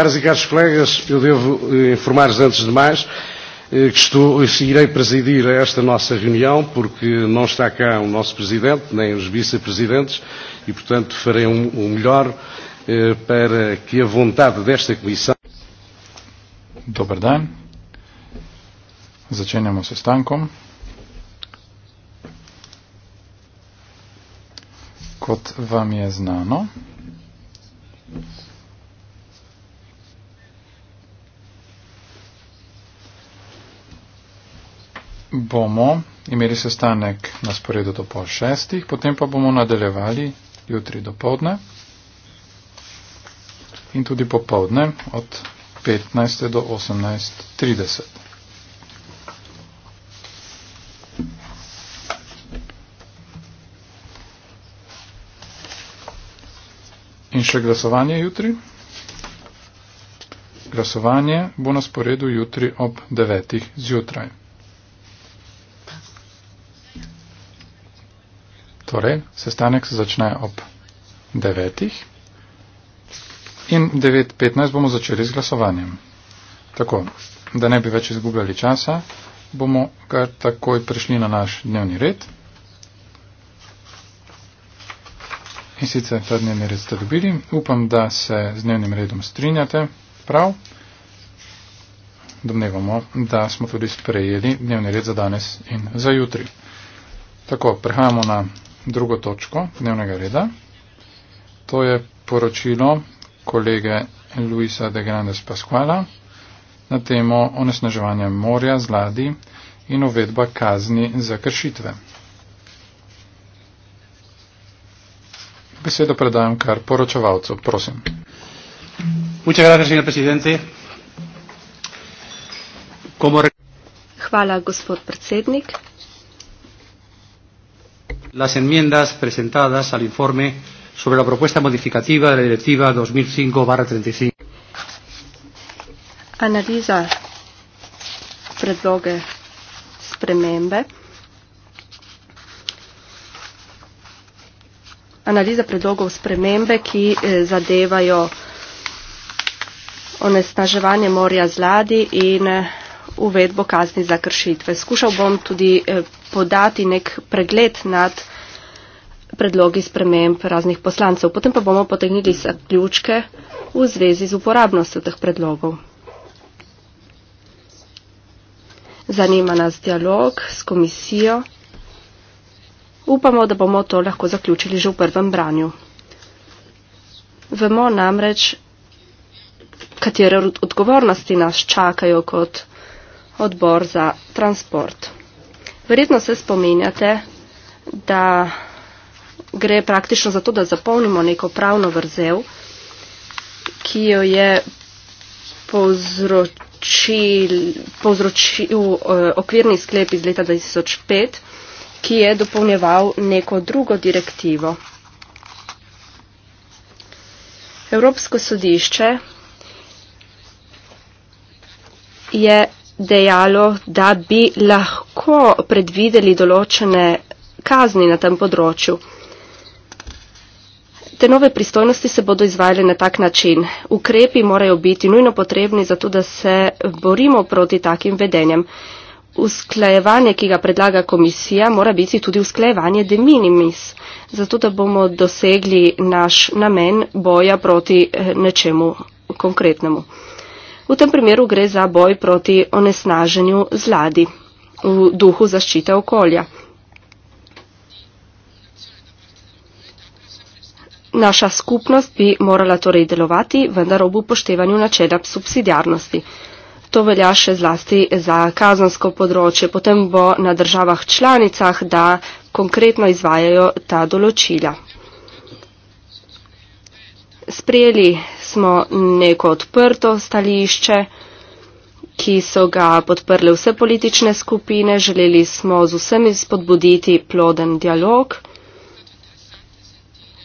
Caras e caros colegas, eu devo eh, informar-vos antes de mais eh, que estou, irei presidir esta nossa reunião porque não está cá o nosso Presidente, nem os Vice-Presidentes e, portanto, farei um, o um, um melhor eh, para que a vontade desta Comissão... Dobar dan. Začenjamo se stankom. Kot vam je znano, bomo imeli sestanek na sporedu do pol šestih, potem pa bomo nadaljevali jutri do povdne in tudi popovdne od 15. do 18.30. In še glasovanje jutri. Glasovanje bo na sporedu jutri ob 9. zjutraj. Torej, sestanek se začne ob devetih in 9.15 bomo začeli z glasovanjem. Tako, da ne bi več izgubljali časa, bomo kar takoj prišli na naš dnevni red. In sicer ta dnevni red ste dobili. Upam, da se z dnevnim redom strinjate prav. Domnevamo, da smo tudi sprejeli dnevni red za danes in za jutri. Tako, prehajamo na drugo točko dnevnega reda. To je poročilo kolege Luisa de Grandes Pasquala na temo onesnaževanja morja z ladi in uvedba kazni za kršitve. Besedo predajam kar poročevalcu. Prosim. Hvala, gospod predsednik las enmiendas presentadas al informe sobre la propuesta modificativa de la Directiva 2005-35. Analiza predloge spremembe. analiza predlogov spremembe, ki eh, zadevajo onesnaževanje morja z ladi in uvedbo kazni za kršitve. Skušal bom tudi eh, podati nek pregled nad predlogi sprememb raznih poslancev. Potem pa bomo potegnili zaključke v zvezi z uporabnostjo teh predlogov. Zanima nas dialog s komisijo. Upamo, da bomo to lahko zaključili že v prvem branju. Vemo namreč, katere odgovornosti nas čakajo kot odbor za transport. Verjetno se spominjate, da gre praktično za to, da zapolnimo neko pravno vrzel, ki jo je povzročil, povzročil eh, okvirni sklep iz leta 2005, ki je dopolnjeval neko drugo direktivo. Evropsko sodišče je dejalo, da bi lahko predvideli določene kazni na tem področju. Te nove pristojnosti se bodo izvajale na tak način. Ukrepi morajo biti nujno potrebni za to, da se borimo proti takim vedenjem. Usklajevanje, ki ga predlaga komisija, mora biti tudi usklajevanje de minimis, zato da bomo dosegli naš namen boja proti eh, nečemu konkretnemu. V tem primeru gre za boj proti onesnaženju zladi v duhu zaščite okolja. Naša skupnost bi morala torej delovati, vendar ob upoštevanju načela subsidiarnosti. To velja še zlasti za kazansko področje. Potem bo na državah članicah, da konkretno izvajajo ta določila. Sprijeli smo neko odprto stališče, ki so ga podprle vse politične skupine. Želeli smo z vsemi spodbuditi ploden dialog.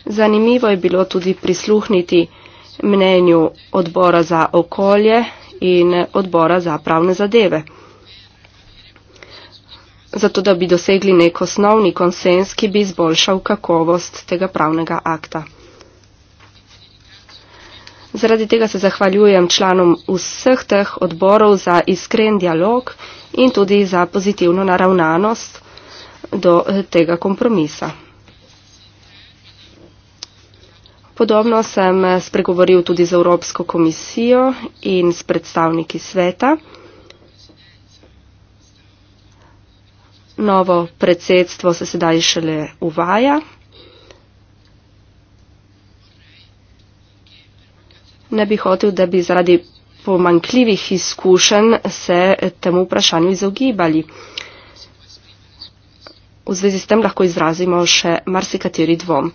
Zanimivo je bilo tudi prisluhniti mnenju odbora za okolje in odbora za pravne zadeve. Zato, da bi dosegli nek osnovni konsens, ki bi izboljšal kakovost tega pravnega akta. Zaradi tega se zahvaljujem članom vseh teh odborov za iskren dialog in tudi za pozitivno naravnanost do eh, tega kompromisa. Podobno sem eh, spregovoril tudi z Evropsko komisijo in s predstavniki sveta. Novo predsedstvo se sedaj šele uvaja. ne bi hotel, da bi zaradi pomankljivih izkušenj se temu vprašanju izogibali. V zvezi s tem lahko izrazimo še marsikateri dvom.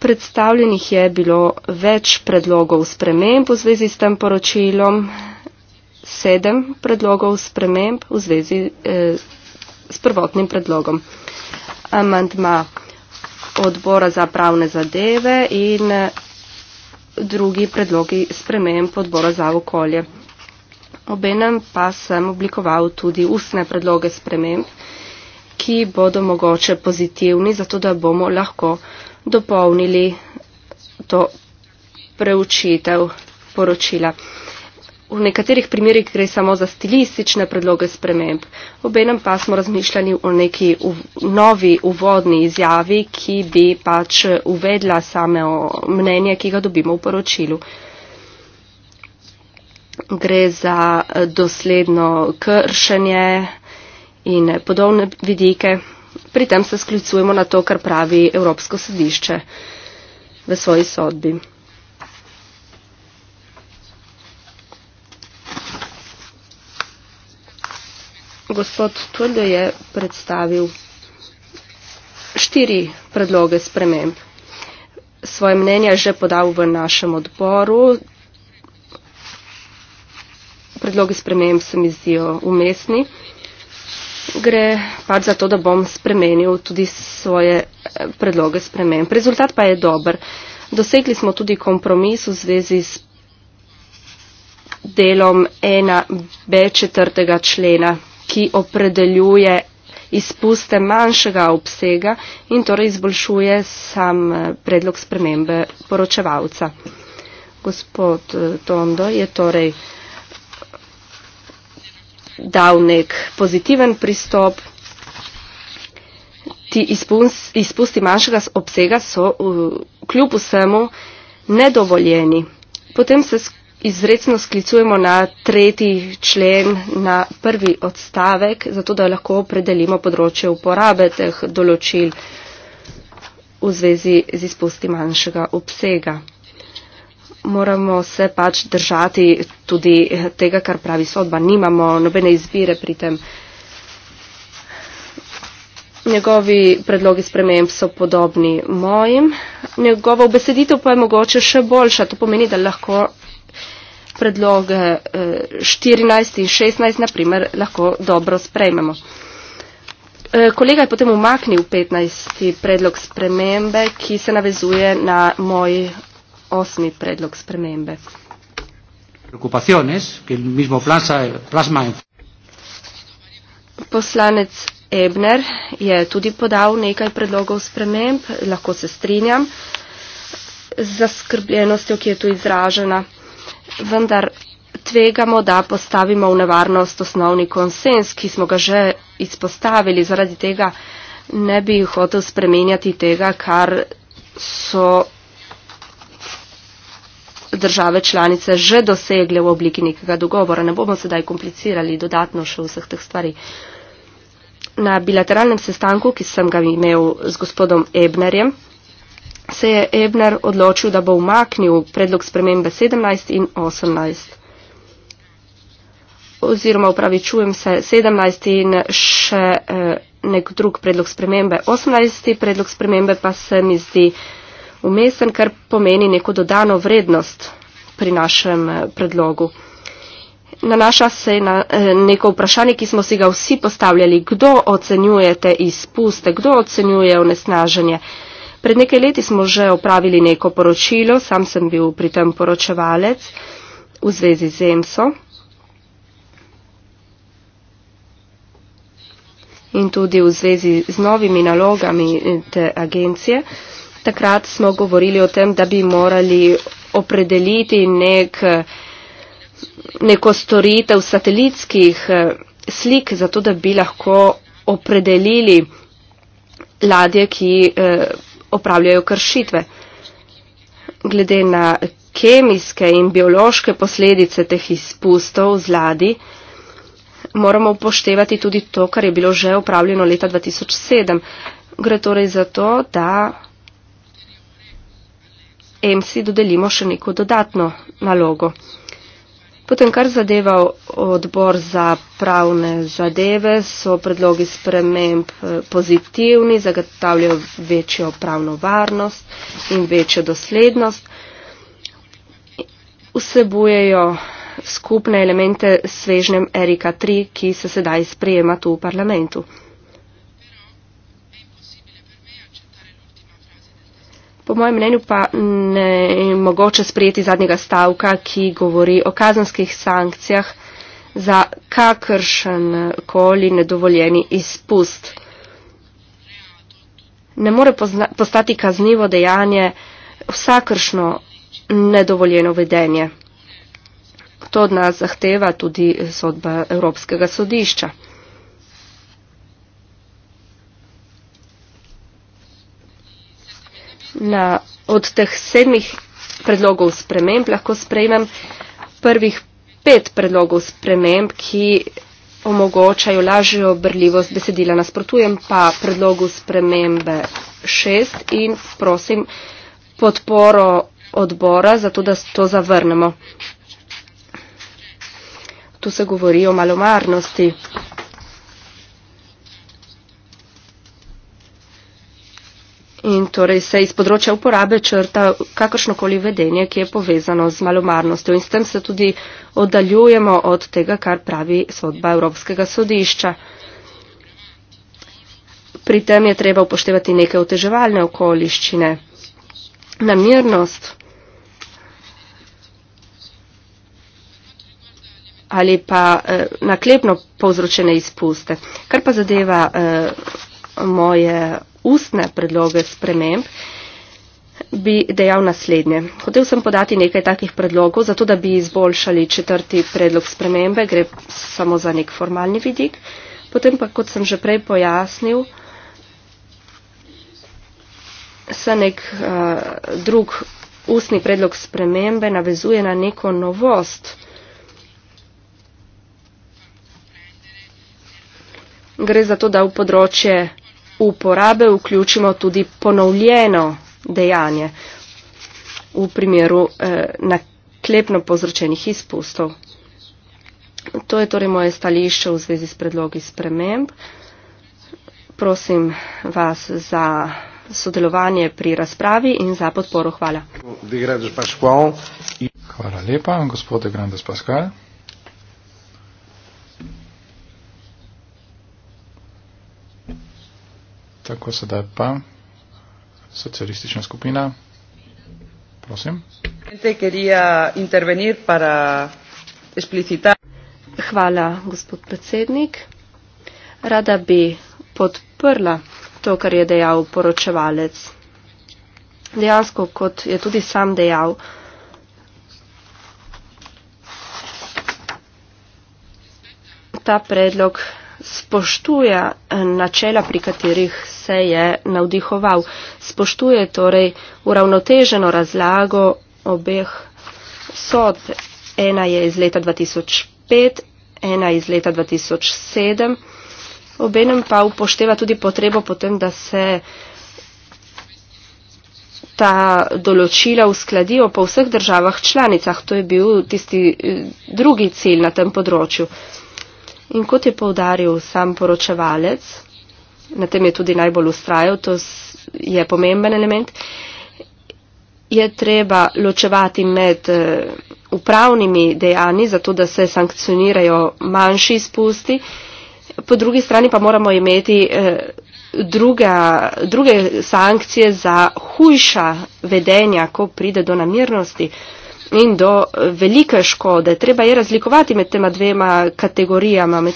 Predstavljenih je bilo več predlogov sprememb v zvezi s tem poročilom, sedem predlogov sprememb v zvezi eh, s prvotnim predlogom. Amandma odbora za pravne zadeve in drugi predlogi spremem podbora za okolje. Obenem pa sem oblikoval tudi ustne predloge sprememb, ki bodo mogoče pozitivni, zato da bomo lahko dopolnili to preučitev poročila v nekaterih primerjih gre samo za stilistične predloge sprememb. Obenem pa smo razmišljali o neki uv, novi uvodni izjavi, ki bi pač uvedla same mnenje, ki ga dobimo v poročilu. Gre za eh, dosledno kršenje in podobne vidike. Pri tem se sklicujemo na to, kar pravi Evropsko sodišče v svoji sodbi. gospod Tulio je predstavil štiri predloge sprememb. Svoje mnenje je že podal v našem odboru. Predlogi sprememb se mi zdijo umestni. Gre pa za to, da bom spremenil tudi svoje eh, predloge sprememb. Rezultat pa je dober. Dosegli smo tudi kompromis v zvezi s delom 1b četrtega člena ki opredeljuje izpuste manjšega obsega in torej izboljšuje sam eh, predlog spremembe poročevalca. Gospod eh, Tondo je torej eh, dal nek pozitiven pristop. Ti izpusti manjšega obsega so kljub vsemu nedovoljeni. Potem se izredno sklicujemo na tretji člen, na prvi odstavek, zato da lahko opredelimo področje uporabe teh določil v zvezi z izpusti manjšega obsega. Moramo se pač držati tudi tega, kar pravi sodba. Nimamo nobene izbire pri tem. Njegovi predlogi sprememb so podobni mojim. Njegova obeseditev pa je mogoče še boljša. To pomeni, da lahko predlog 14 eh, in 16, naprimer, lahko dobro sprejmemo. Eh, kolega je potem umaknil 15. predlog spremembe, ki se navezuje na moj osmi predlog spremembe. Poslanec Ebner je tudi podal nekaj predlogov sprememb, lahko se strinjam z zaskrbljenostjo, ki je tu izražena vendar tvegamo, da postavimo v nevarnost osnovni konsens, ki smo ga že izpostavili. Zaradi tega ne bi hotel spremenjati tega, kar so države članice že dosegle v obliki nekega dogovora. Ne bomo sedaj komplicirali dodatno še vseh teh stvari. Na bilateralnem sestanku, ki sem ga imel z gospodom Ebnerjem, se je Ebner odločil, da bo umaknil predlog spremembe 17 in 18. Oziroma upravičujem se 17 in še eh, nek drug predlog spremembe. 18. predlog spremembe pa se mi zdi umesten, ker pomeni neko dodano vrednost pri našem eh, predlogu. Nanaša se na eh, neko vprašanje, ki smo si ga vsi postavljali. Kdo ocenjujete izpuste, kdo ocenjuje onesnaženje? Pred nekaj leti smo že opravili neko poročilo, sam sem bil pri tem poročevalec v zvezi z EMSO. In tudi v zvezi z novimi nalogami eh, te agencije, takrat smo govorili o tem, da bi morali opredeliti nek, neko storitev satelitskih eh, slik, zato da bi lahko opredelili ladje, ki eh, opravljajo kršitve. Glede na kemijske in biološke posledice teh izpustov z ladi, moramo upoštevati tudi to, kar je bilo že upravljeno leta 2007. Gre torej za to, da EMSI dodelimo še neko dodatno nalogo. Potem, kar zadeva odbor za pravne zadeve, so predlogi sprememb eh, pozitivni, zagotavljajo večjo pravno varnost in večjo doslednost. Vsebujejo skupne elemente svežnem Erika 3, ki se sedaj sprejema tu v parlamentu. Po mojem mnenju pa ne mogoče sprejeti zadnjega stavka, ki govori o kazanskih sankcijah za kakršen koli nedovoljeni izpust. Ne more postati kaznivo dejanje vsakršno nedovoljeno vedenje. To od nas zahteva tudi sodba Evropskega sodišča. na, od teh sedmih predlogov sprememb lahko sprejmem prvih pet predlogov sprememb, ki omogočajo lažjo brljivost besedila. Nasprotujem pa predlogu spremembe šest in prosim podporo odbora, zato da to zavrnemo. Tu se govori o malomarnosti. In torej se iz področja uporabe črta kakršnokoli vedenje, ki je povezano z malomarnostjo in s tem se tudi oddaljujemo od tega, kar pravi sodba Evropskega sodišča. Pri tem je treba upoštevati neke oteževalne okoliščine. Namirnost ali pa eh, naklepno povzročene izpuste. Kar pa zadeva eh, moje ustne predloge sprememb, bi dejal naslednje. Hotev sem podati nekaj takih predlogov, zato da bi izboljšali četrti predlog spremembe, gre samo za nek formalni vidik. Potem pa, kot sem že prej pojasnil, se nek uh, drug ustni predlog spremembe navezuje na neko novost. Gre za to, da v področje uporabe vključimo tudi ponovljeno dejanje v primeru eh, naklepno povzročenih izpustov. To je torej moje stališče v zvezi s predlogi sprememb. Prosim vas za sodelovanje pri razpravi in za podporo. Hvala. Hvala lepa, gospod Grandes Pascal. Tako sedaj pa socialistična skupina. Prosim. Hvala, gospod predsednik. Rada bi podprla to, kar je dejal poročevalec. Dejansko, kot je tudi sam dejal, ta predlog spoštuje eh, načela, pri katerih se je navdihoval. Spoštuje torej uravnoteženo razlago obeh sod. Ena je iz leta 2005, ena iz leta 2007. Obenem pa upošteva tudi potrebo potem, da se ta določila uskladijo po vseh državah članicah. To je bil tisti eh, drugi cilj na tem področju. In kot je povdaril sam poročevalec, na tem je tudi najbolj ustrajal, to je pomemben element, je treba ločevati med eh, upravnimi dejanji, zato da se sankcionirajo manjši izpusti, po drugi strani pa moramo imeti eh, druga, druge sankcije za hujša vedenja, ko pride do namirnosti in do velike škode. Treba je razlikovati med tema dvema kategorijama, med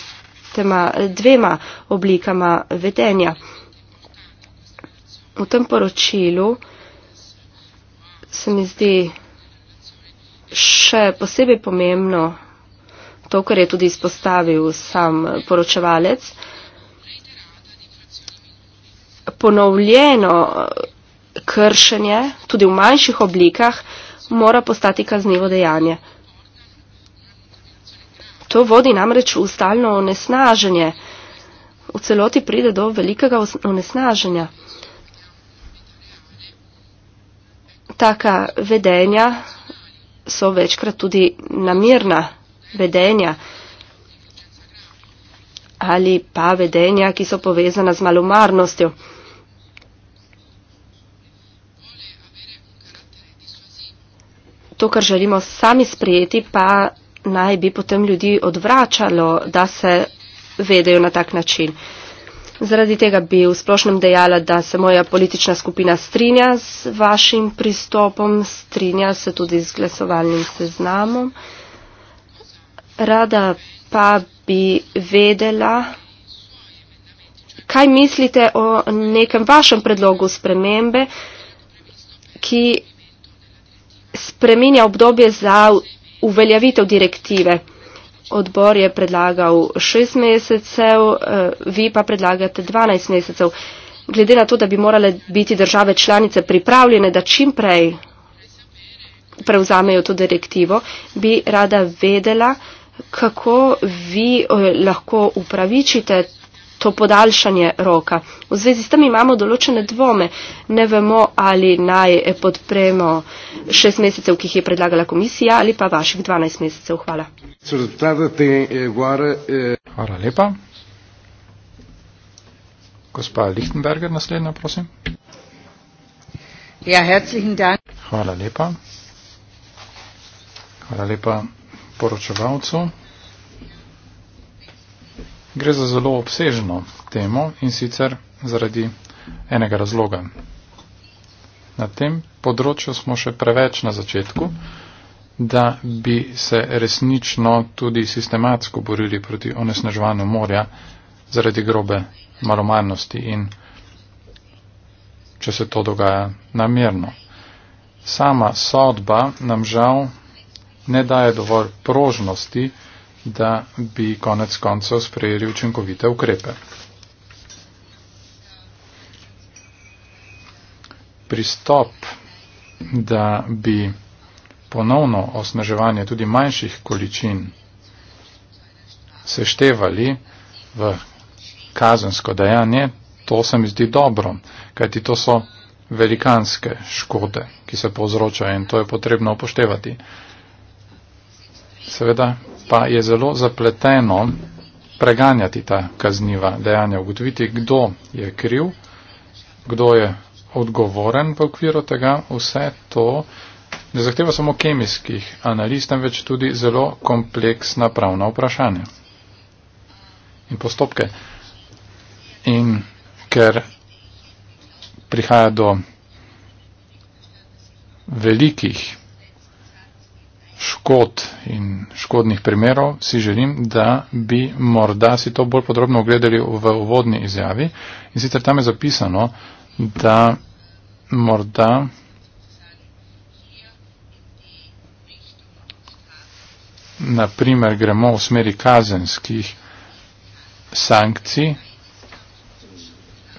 tema dvema oblikama vedenja. V tem poročilu se mi zdi še posebej pomembno to, kar je tudi izpostavil sam poročevalec. Ponovljeno kršenje, tudi v manjših oblikah, mora postati kaznivo dejanje. To vodi namreč v stalno onesnaženje. V celoti pride do velikega onesnaženja. Taka vedenja so večkrat tudi namirna vedenja ali pa vedenja, ki so povezana z malomarnostjo. to, kar želimo sami sprejeti, pa naj bi potem ljudi odvračalo, da se vedejo na tak način. Zaradi tega bi v splošnem dejala, da se moja politična skupina strinja z vašim pristopom, strinja se tudi z glasovalnim seznamom. Rada pa bi vedela, kaj mislite o nekem vašem predlogu spremembe, ki spreminja obdobje za uveljavitev direktive. Odbor je predlagal 6 mesecev, eh, vi pa predlagate 12 mesecev. Glede na to, da bi morale biti države članice pripravljene, da čim prej prevzamejo to direktivo, bi rada vedela, kako vi eh, lahko upravičite to podaljšanje roka. V zvezi s tem imamo določene dvome. Ne vemo, ali naj podpremo šest mesecev, ki jih je predlagala komisija, ali pa vaših dvanajst mesecev. Hvala. Hvala lepa. Gospa Lichtenberger, naslednja, prosim. Ja, herzlichen Dank. Hvala lepa. Hvala lepa poročevalcu. Gre za zelo obsežno temo in sicer zaradi enega razloga. Na tem področju smo še preveč na začetku, da bi se resnično tudi sistematsko borili proti onesnaževanju morja zaradi grobe malomarnosti in če se to dogaja namerno. Sama sodba nam žal ne daje dovolj prožnosti, da bi konec koncev sprejeli učinkovite ukrepe. Pristop, da bi ponovno osnaževanje tudi manjših količin seštevali v kazensko dejanje, to se mi zdi dobro, kajti to so velikanske škode, ki se povzročajo in to je potrebno upoštevati. Seveda, pa je zelo zapleteno preganjati ta kazniva dejanja, ugotoviti, kdo je kriv, kdo je odgovoren v okviru tega, vse to ne zahteva samo kemijskih analiz, temveč tudi zelo kompleksna pravna vprašanja in postopke. In ker prihaja do velikih škod in škodnih primerov, si želim, da bi morda si to bolj podrobno ogledali v uvodni izjavi. In sicer tam je zapisano, da morda. Naprimer, gremo v smeri kazenskih sankcij,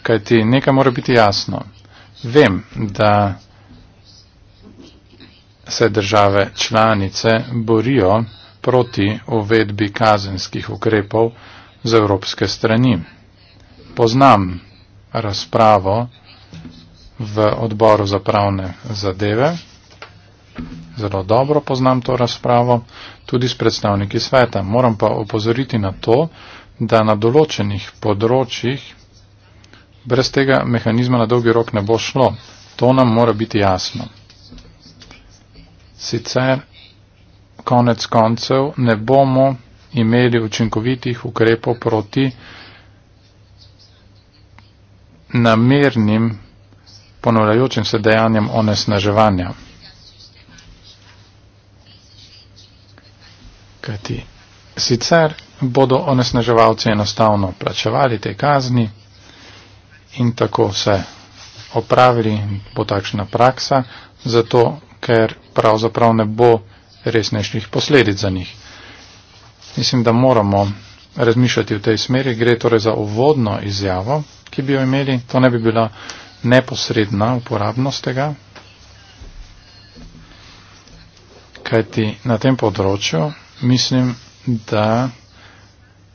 kajti nekaj mora biti jasno. Vem, da se države članice borijo proti uvedbi kazenskih ukrepov z evropske strani. Poznam razpravo v odboru za pravne zadeve, zelo dobro poznam to razpravo, tudi s predstavniki sveta. Moram pa opozoriti na to, da na določenih področjih brez tega mehanizma na dolgi rok ne bo šlo. To nam mora biti jasno sicer konec koncev ne bomo imeli učinkovitih ukrepov proti namernim ponavljajočim se dejanjem onesnaževanja. Kajti sicer bodo onesnaževalci enostavno plačevali te kazni in tako se opravili bo takšna praksa, zato ker pravzaprav ne bo resnešnih posledic za njih. Mislim, da moramo razmišljati v tej smeri. Gre torej za uvodno izjavo, ki bi jo imeli. To ne bi bila neposredna uporabnost tega. Kajti na tem področju mislim, da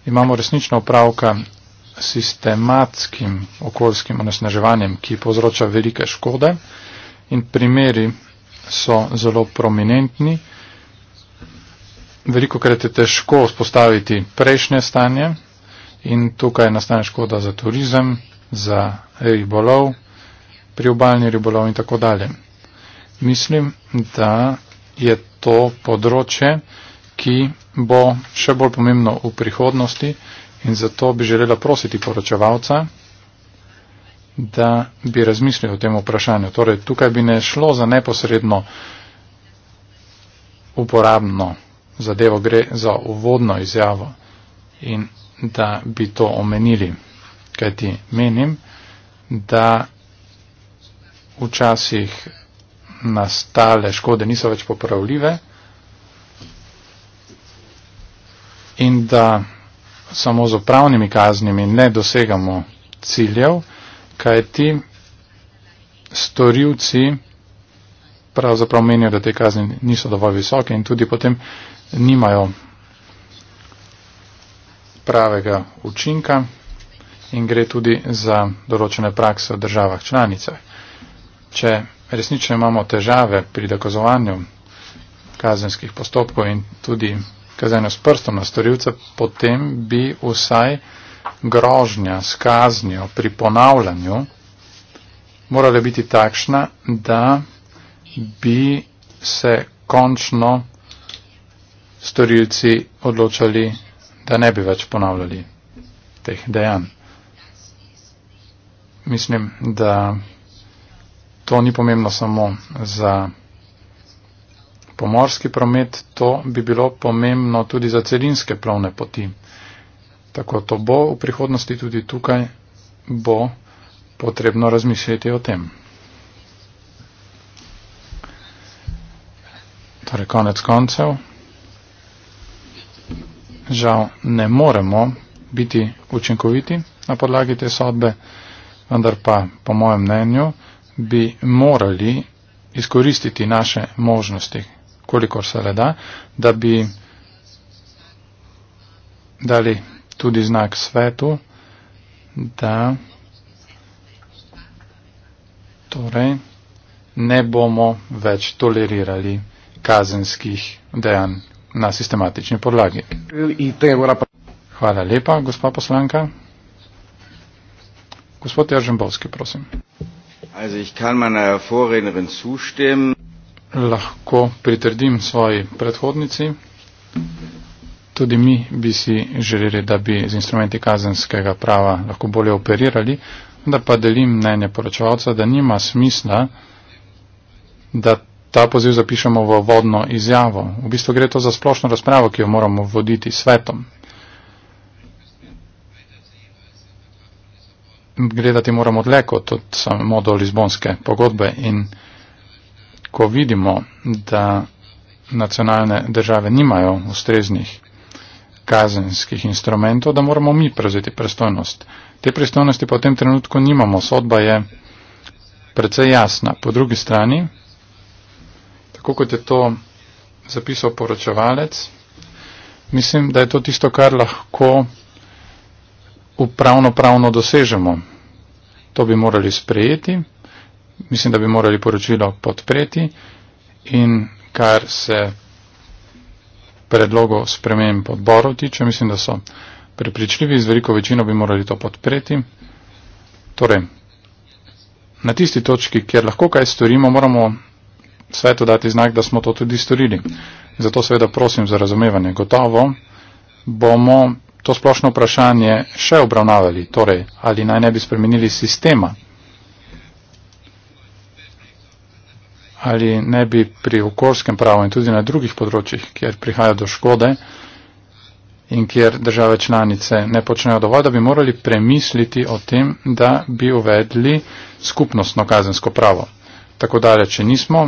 imamo resnično opravka sistematskim okoljskim onesnaževanjem, ki povzroča velike škode in primeri so zelo prominentni. Veliko krat je težko spostaviti prejšnje stanje in tukaj nastane škoda za turizem, za ribolov, priobalni ribolov in tako dalje. Mislim, da je to področje, ki bo še bolj pomembno v prihodnosti in zato bi želela prositi poročevalca, da bi razmislili o tem vprašanju. Torej, tukaj bi ne šlo za neposredno uporabno zadevo, gre za uvodno izjavo in da bi to omenili. Kajti menim, da včasih nastale škode niso več popravljive in da samo z upravnimi kaznimi ne dosegamo ciljev, kaj ti storilci pravzaprav menijo, da te kazni niso dovolj visoke in tudi potem nimajo pravega učinka in gre tudi za določene prakse v državah članicah. Če resnično imamo težave pri dokazovanju kazenskih postopkov in tudi kazenjo s prstom na storilce, potem bi vsaj grožnja s kaznjo pri ponavljanju morala biti takšna, da bi se končno storilci odločali, da ne bi več ponavljali teh dejanj. Mislim, da to ni pomembno samo za pomorski promet, to bi bilo pomembno tudi za celinske plovne poti. Tako to bo v prihodnosti tudi tukaj, bo potrebno razmisliti o tem. Torej, konec koncev, žal ne moremo biti učinkoviti na podlagi te sodbe, vendar pa, po mojem mnenju, bi morali izkoristiti naše možnosti, kolikor se le da, da bi dali tudi znak svetu, da torej, ne bomo več tolerirali kazenskih dejanj na sistematični podlagi. Hvala lepa, gospa poslanka. Gospod Jaržembovski, prosim. Also ich kann meiner Vorrednerin zustimmen. Lahko pritrdim svoji predhodnici tudi mi bi si želeli, da bi z instrumenti kazenskega prava lahko bolje operirali, da pa delim mnenje poročevalca, da nima smisla, da ta poziv zapišemo v vodno izjavo. V bistvu gre to za splošno razpravo, ki jo moramo voditi svetom. Gledati moramo odleko od samo do Lizbonske pogodbe in ko vidimo, da nacionalne države nimajo ustreznih kazenskih instrumentov, da moramo mi prevzeti pristojnost. Te pristojnosti pa v tem trenutku nimamo. Sodba je predvsej jasna. Po drugi strani, tako kot je to zapisal poročevalec, mislim, da je to tisto, kar lahko upravno-pravno dosežemo. To bi morali sprejeti, mislim, da bi morali poročilo podpreti in kar se predlogov spremem podborov tiče, mislim, da so prepričljivi, z veliko večino bi morali to podpreti. Torej, na tisti točki, kjer lahko kaj storimo, moramo svetu dati znak, da smo to tudi storili. Zato seveda prosim za razumevanje. Gotovo bomo to splošno vprašanje še obravnavali, torej, ali naj ne bi spremenili sistema. ali ne bi pri okoljskem pravu in tudi na drugih področjih, kjer prihaja do škode in kjer države članice ne počnejo dovolj, da bi morali premisliti o tem, da bi uvedli skupnostno kazensko pravo. Tako daleč nismo,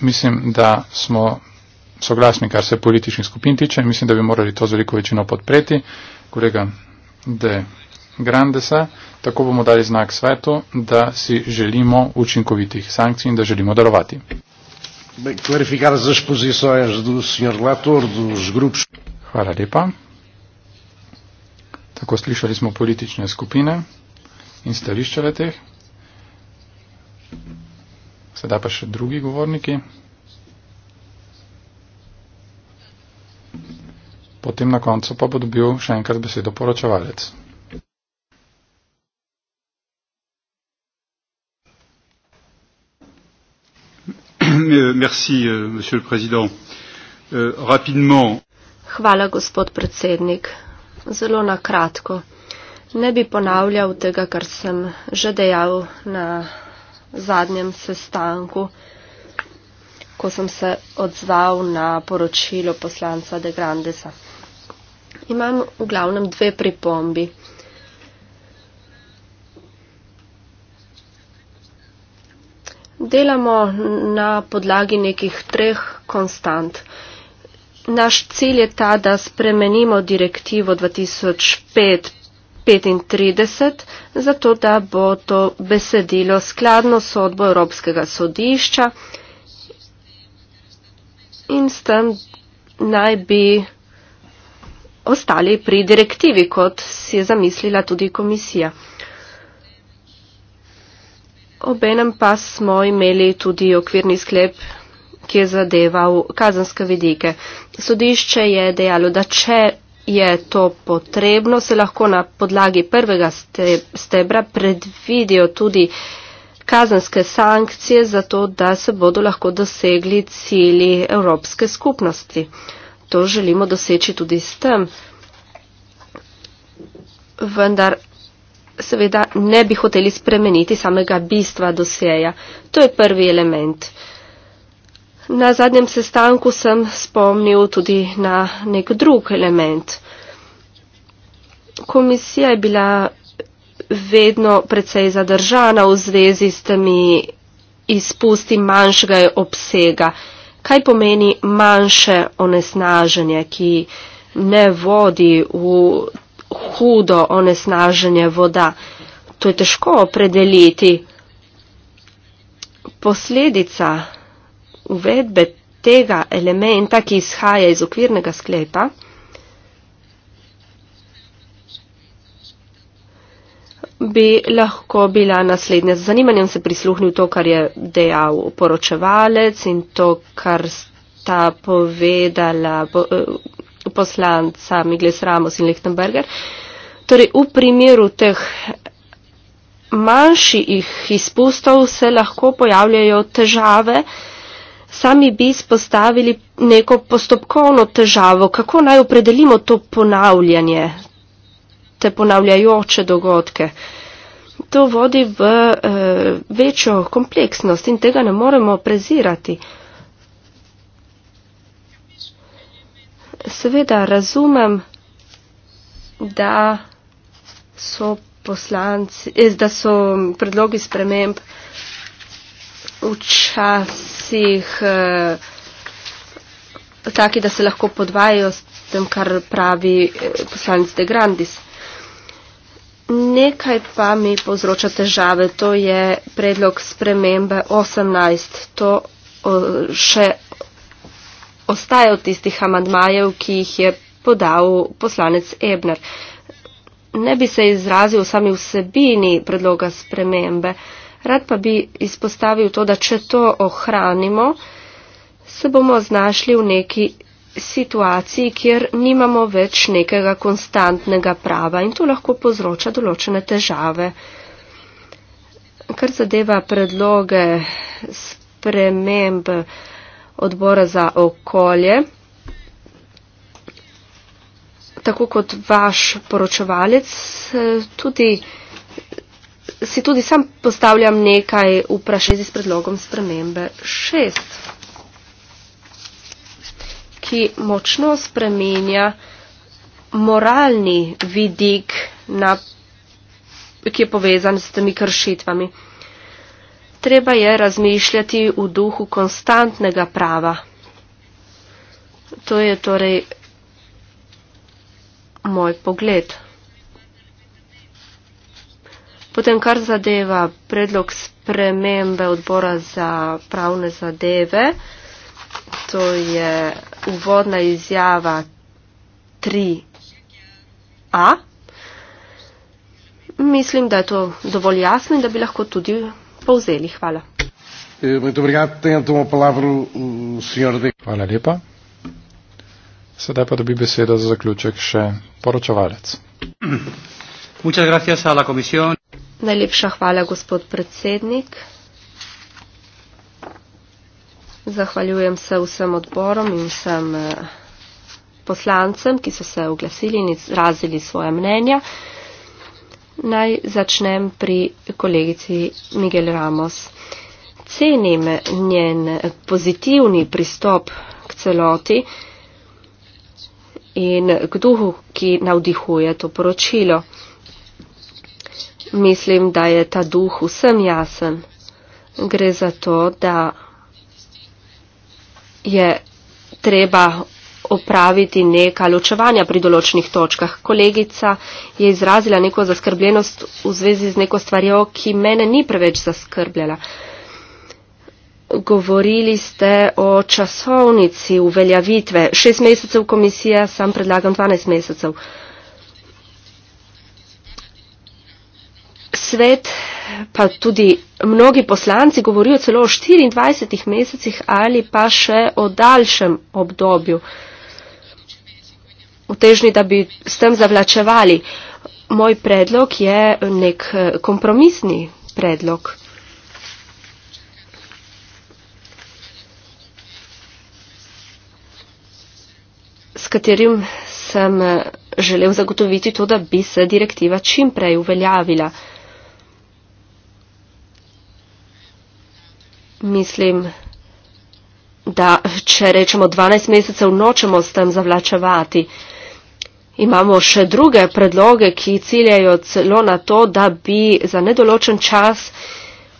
mislim, da smo soglasni, kar se političnih skupin tiče, mislim, da bi morali to z veliko večino podpreti. Kolega, da Grandesa, tako bomo dali znak svetu, da si želimo učinkovitih sankcij in da želimo darovati. Hvala lepa. Tako slišali smo politične skupine in stališče le teh. Sedaj pa še drugi govorniki. Potem na koncu pa bo dobil še enkrat besedo poročevalec. Euh, merci, euh, monsieur le président. Euh, rapidement. Hvala, gospod predsednik. Zelo na kratko. Ne bi ponavljal tega, kar sem že dejal na zadnjem sestanku, ko sem se odzval na poročilo poslanca De Grandesa. Imam v glavnem dve pripombi. delamo na podlagi nekih treh konstant. Naš cilj je ta, da spremenimo direktivo 2005-35, zato da bo to besedilo skladno sodbo Evropskega sodišča in s tem naj bi ostali pri direktivi, kot si je zamislila tudi komisija. Obenem pa smo imeli tudi okvirni sklep, ki je zadeval kazenske vidike. Sodišče je dejalo, da če je to potrebno, se lahko na podlagi prvega stebra predvidijo tudi kazenske sankcije, zato da se bodo lahko dosegli cili Evropske skupnosti. To želimo doseči tudi s tem. Vendar seveda ne bi hoteli spremeniti samega bistva dosjeja. To je prvi element. Na zadnjem sestanku sem spomnil tudi na nek drug element. Komisija je bila vedno precej zadržana v zvezi s temi izpusti manjšega obsega. Kaj pomeni manjše onesnaženje, ki ne vodi v hudo onesnaženje voda. To je težko opredeliti. Posledica uvedbe tega elementa, ki izhaja iz okvirnega sklepa, bi lahko bila naslednja. Z zanimanjem se prisluhnil to, kar je dejal poročevalec in to, kar sta povedala eh, poslanca Migles Ramos in Lichtenberger. Torej, v primeru teh manjših izpustov se lahko pojavljajo težave. Sami bi spostavili neko postopkovno težavo, kako naj opredelimo to ponavljanje, te ponavljajoče dogodke. To vodi v e, večjo kompleksnost in tega ne moremo prezirati. seveda razumem, da so poslanci, eh, da so predlogi sprememb včasih eh, taki, da se lahko podvajajo s tem, kar pravi eh, poslanec De Grandis. Nekaj pa mi povzroča težave, to je predlog spremembe 18, to še ostaja od tistih amadmajev, ki jih je podal poslanec Ebner. Ne bi se izrazil sami vsebini predloga spremembe, rad pa bi izpostavil to, da če to ohranimo, se bomo znašli v neki situaciji, kjer nimamo več nekega konstantnega prava in to lahko povzroča določene težave. Kar zadeva predloge spremembe, odbora za okolje, tako kot vaš poročevalec, tudi, si tudi sam postavljam nekaj vprašanj z predlogom spremembe 6, ki močno spremenja moralni vidik, na, ki je povezan s temi kršitvami treba je razmišljati v duhu konstantnega prava. To je torej moj pogled. Potem, kar zadeva predlog spremembe odbora za pravne zadeve, to je uvodna izjava 3a. Mislim, da je to dovolj jasno in da bi lahko tudi povzeli. Hvala. Eh, hvala lepa. Sedaj pa dobi besedo za zaključek še poročevalec. Najlepša hvala, gospod predsednik. Zahvaljujem se vsem odborom in vsem eh, poslancem, ki so se oglasili in izrazili svoje mnenja. Naj začnem pri kolegici Miguel Ramos. Cenim njen pozitivni pristop k celoti in k duhu, ki navdihuje to poročilo. Mislim, da je ta duh vsem jasen. Gre za to, da je treba opraviti neka ločevanja pri določenih točkah. Kolegica je izrazila neko zaskrbljenost v zvezi z neko stvarjo, ki mene ni preveč zaskrbljala. Govorili ste o časovnici uveljavitve. Šest mesecev komisija, sam predlagam 12 mesecev. Svet, pa tudi mnogi poslanci govorijo celo o 24 mesecih ali pa še o daljšem obdobju v težni, da bi s tem zavlačevali. Moj predlog je nek eh, kompromisni predlog. s katerim sem eh, želel zagotoviti to, da bi se direktiva čim prej uveljavila. Mislim, da če rečemo 12 mesecev, nočemo s tem zavlačevati. Uh, Imamo še druge predloge, ki ciljajo celo na to, da bi za nedoločen čas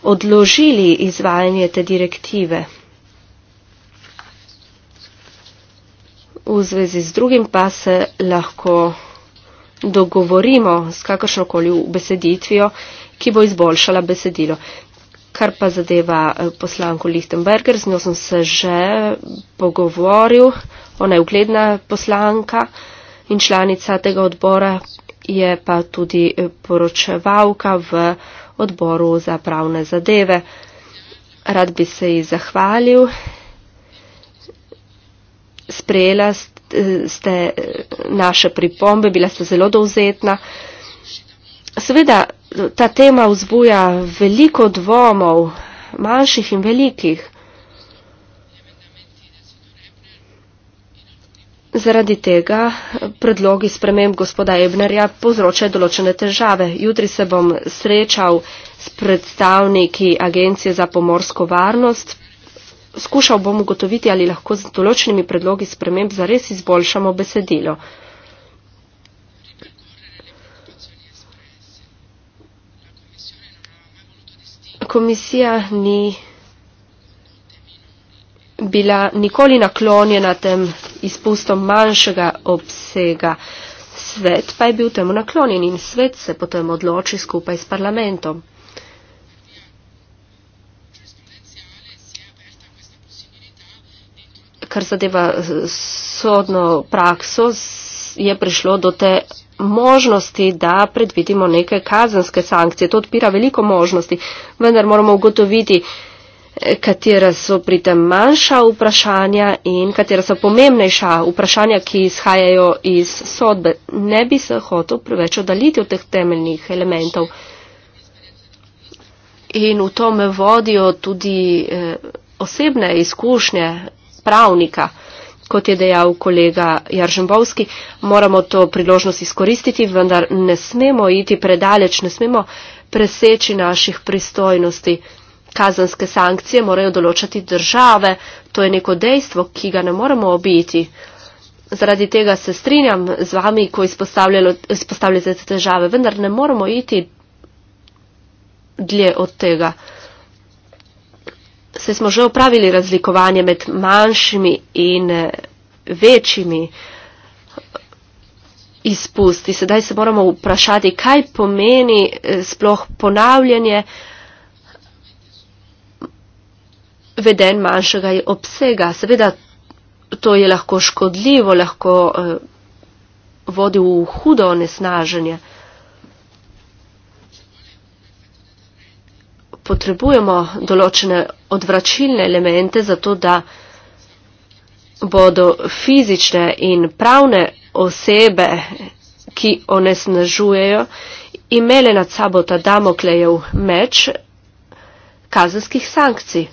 odložili izvajanje te direktive. V zvezi z drugim pa se lahko dogovorimo s kakršnokoli beseditvijo, ki bo izboljšala besedilo. Kar pa zadeva eh, poslanko Lichtenberger, z njo sem se že pogovoril, ona je ugledna poslanka in članica tega odbora je pa tudi eh, poročevalka v odboru za pravne zadeve. Rad bi se ji zahvalil. Sprejela eh, ste eh, naše pripombe, bila ste zelo dovzetna. Seveda, ta tema vzbuja veliko dvomov, manjših in velikih. Zaradi tega eh, predlogi sprememb gospoda Ebnerja povzročajo določene težave. Jutri se bom srečal s predstavniki Agencije za pomorsko varnost. Skušal bom ugotoviti, ali lahko z določenimi predlogi sprememb zares izboljšamo besedilo. Komisija ni bila nikoli naklonjena tem izpustom manjšega obsega. Svet pa je bil temu naklonjen in svet se potem odloči skupaj s parlamentom. Kar zadeva sodno prakso, je prišlo do te možnosti, da predvidimo neke kazenske sankcije. To odpira veliko možnosti, vendar moramo ugotoviti, katera so pri tem manjša vprašanja in katera so pomembnejša vprašanja, ki izhajajo iz sodbe. Ne bi se hotel preveč oddaliti od teh temeljnih elementov. In v to me vodijo tudi eh, osebne izkušnje pravnika. Kot je dejal kolega Jaržembovski, moramo to priložnost izkoristiti, vendar ne smemo iti predaleč, ne smemo preseči naših pristojnosti. Kazanske sankcije morajo določati države, to je neko dejstvo, ki ga ne moremo obiti. Zaradi tega se strinjam z vami, ko izpostavljate te težave, vendar ne moremo iti dlje od tega. Se smo že upravili razlikovanje med manjšimi in eh, večjimi izpusti. Sedaj se moramo vprašati, kaj pomeni eh, sploh ponavljanje veden manjšega obsega. Seveda to je lahko škodljivo, lahko eh, vodi v hudo onesnaženje. Potrebujemo določene odvračilne elemente za to, da bodo fizične in pravne osebe, ki onesnažujejo, imele nad sabo ta damoklejev meč kazenskih sankcij.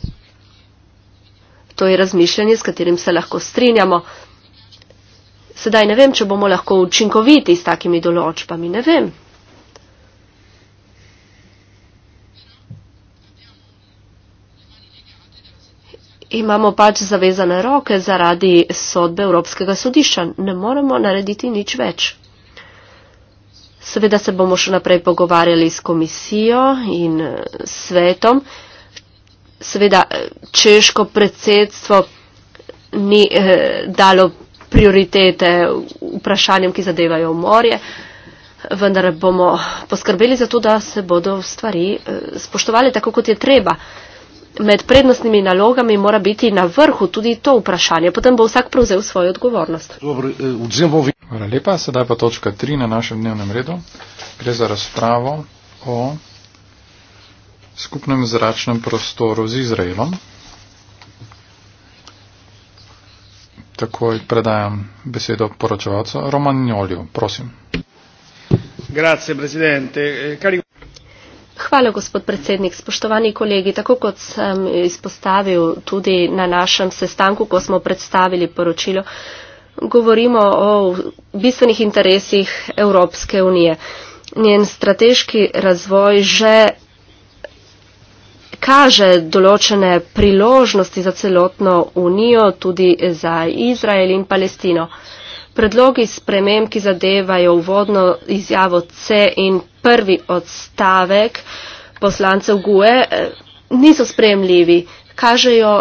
To je razmišljanje, s katerim se lahko strinjamo. Sedaj ne vem, če bomo lahko učinkoviti s takimi določbami, ne vem. Imamo pač zavezane roke zaradi sodbe Evropskega sodišča. Ne moremo narediti nič več. Seveda se bomo še naprej pogovarjali s komisijo in svetom seveda eh, češko predsedstvo ni eh, dalo prioritete vprašanjem, ki zadevajo morje, vendar bomo poskrbeli za to, da se bodo stvari eh, spoštovali tako, kot je treba. Med prednostnimi nalogami mora biti na vrhu tudi to vprašanje, potem bo vsak prevzel svojo odgovornost. Eh, Hvala lepa, sedaj pa točka 3 na našem dnevnem redu. Gre za razpravo o skupnem zračnem prostoru z Izraelom. Takoj predajam besedo poročevalcu Romagnoliju. Prosim. Grazie, presidente. Eh, cari... Hvala, gospod predsednik. Spoštovani kolegi, tako kot sem izpostavil tudi na našem sestanku, ko smo predstavili poročilo, govorimo o bistvenih interesih Evropske unije. Njen strateški razvoj že kaže določene priložnosti za celotno unijo, tudi za Izrael in Palestino. Predlogi sprememb, ki zadevajo uvodno izjavo C in prvi odstavek poslancev GUE, niso spremljivi. Kažejo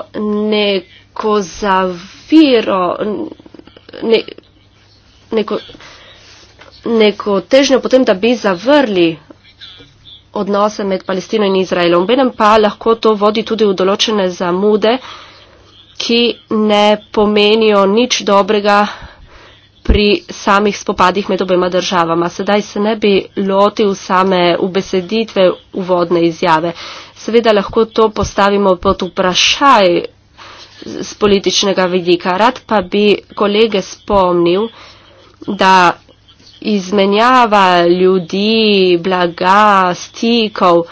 neko zaviro, ne, neko, neko težnjo potem, da bi zavrli odnose med Palestino in Izraelom. Benem pa lahko to vodi tudi v določene zamude, ki ne pomenijo nič dobrega pri samih spopadih med obema državama. Sedaj se ne bi lotil same ubeseditve uvodne izjave. Seveda lahko to postavimo pod vprašaj z političnega vidika. Rad pa bi kolege spomnil, da izmenjava ljudi, blaga, stikov,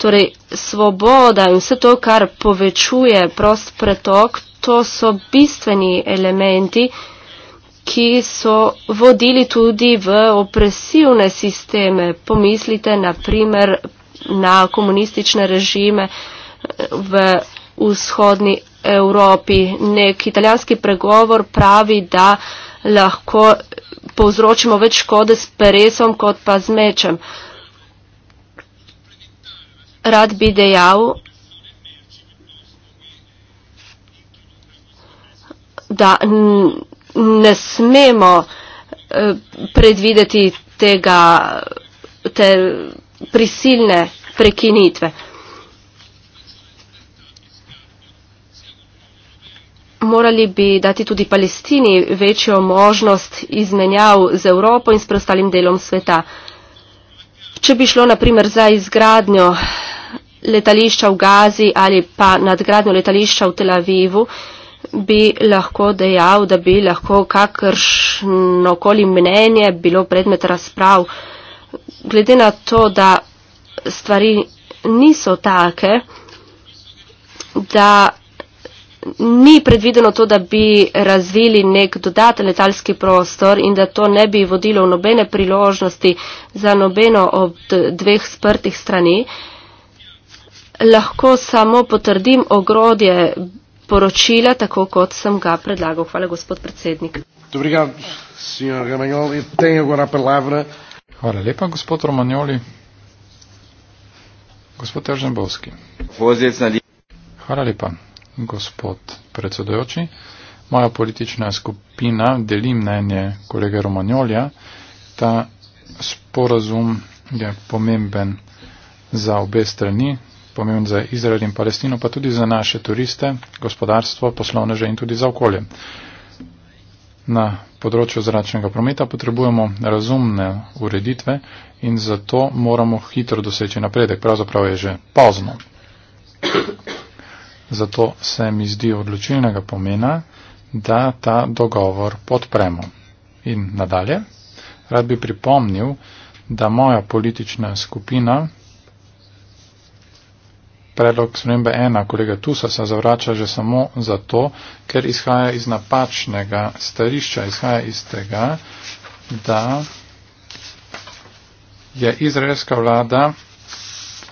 torej svoboda in vse to, kar povečuje prost pretok, to so bistveni elementi, ki so vodili tudi v opresivne sisteme. Pomislite na primer na komunistične režime eh, v vzhodni Evropi. Nek italijanski pregovor pravi, da lahko povzročimo več škode s peresom, kot pa z mečem. Rad bi dejal, da ne smemo eh, predvideti tega, te prisilne prekinitve. morali bi dati tudi Palestini večjo možnost izmenjav z Evropo in s preostalim delom sveta. Če bi šlo naprimer za izgradnjo letališča v Gazi ali pa nadgradnjo letališča v Tel Avivu, bi lahko dejal, da bi lahko kakršnokoli mnenje bilo predmet razprav. Glede na to, da stvari niso take, da ni predvideno to, da bi razvili nek dodaten letalski prostor in da to ne bi vodilo v nobene priložnosti za nobeno od dveh sprtih strani. Lahko samo potrdim ogrodje poročila, tako kot sem ga predlagal. Hvala, gospod predsednik. Hvala lepa, gospod Romanjoli. Gospod Eržen Bovski. Hvala lepa gospod predsedojoči. Moja politična skupina deli mnenje kolege Romanjolja. Ta sporazum je pomemben za obe strani, pomemben za Izrael in Palestino, pa tudi za naše turiste, gospodarstvo, poslovneže in tudi za okolje. Na področju zračnega prometa potrebujemo razumne ureditve in zato moramo hitro doseči napredek. Pravzaprav je že pozno. Zato se mi zdi odločilnega pomena, da ta dogovor podpremo. In nadalje, rad bi pripomnil, da moja politična skupina predlog spremembe ena kolega Tusa se zavrača že samo zato, ker izhaja iz napačnega starišča, izhaja iz tega, da je izraelska vlada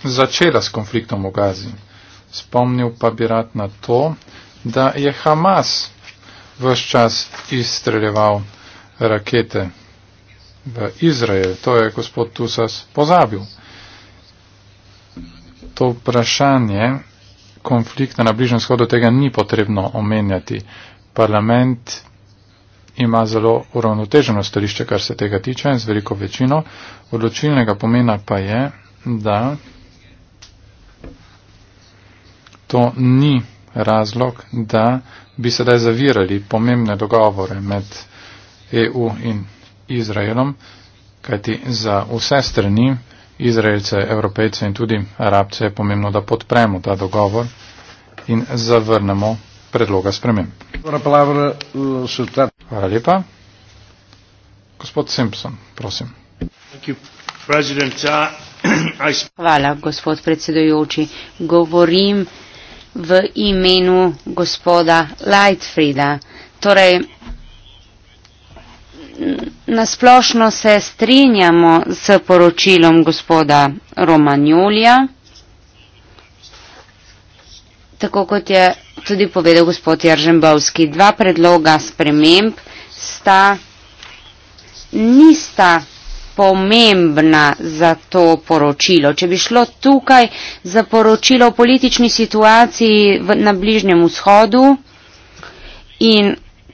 začela s konfliktom v Gazi spomnil pa bi rad na to, da je Hamas vse čas izstreljeval rakete v Izrael. To je gospod Tusas pozabil. To vprašanje konflikta na Bližnem shodu tega ni potrebno omenjati. Parlament ima zelo uravnoteženo stališče, kar se tega tiče, z veliko večino. Odločilnega pomena pa je, da to ni razlog, da bi sedaj zavirali pomembne dogovore med EU in Izraelom, kajti za vse strani, Izraelce, Evropejce in tudi Arabce je pomembno, da podpremo ta dogovor in zavrnemo predloga sprememb. Hvala lepa. Gospod Simpson, prosim. Uh, Hvala, gospod predsedujoči. Govorim v imenu gospoda Lightfrida. Torej, nasplošno se strinjamo s poročilom gospoda Romanjolja, tako kot je tudi povedal gospod Jaržembovski. Dva predloga sprememb sta, nista pomembna za to poročilo. Če bi šlo tukaj za poročilo o politični situaciji v, na Bližnjem vzhodu in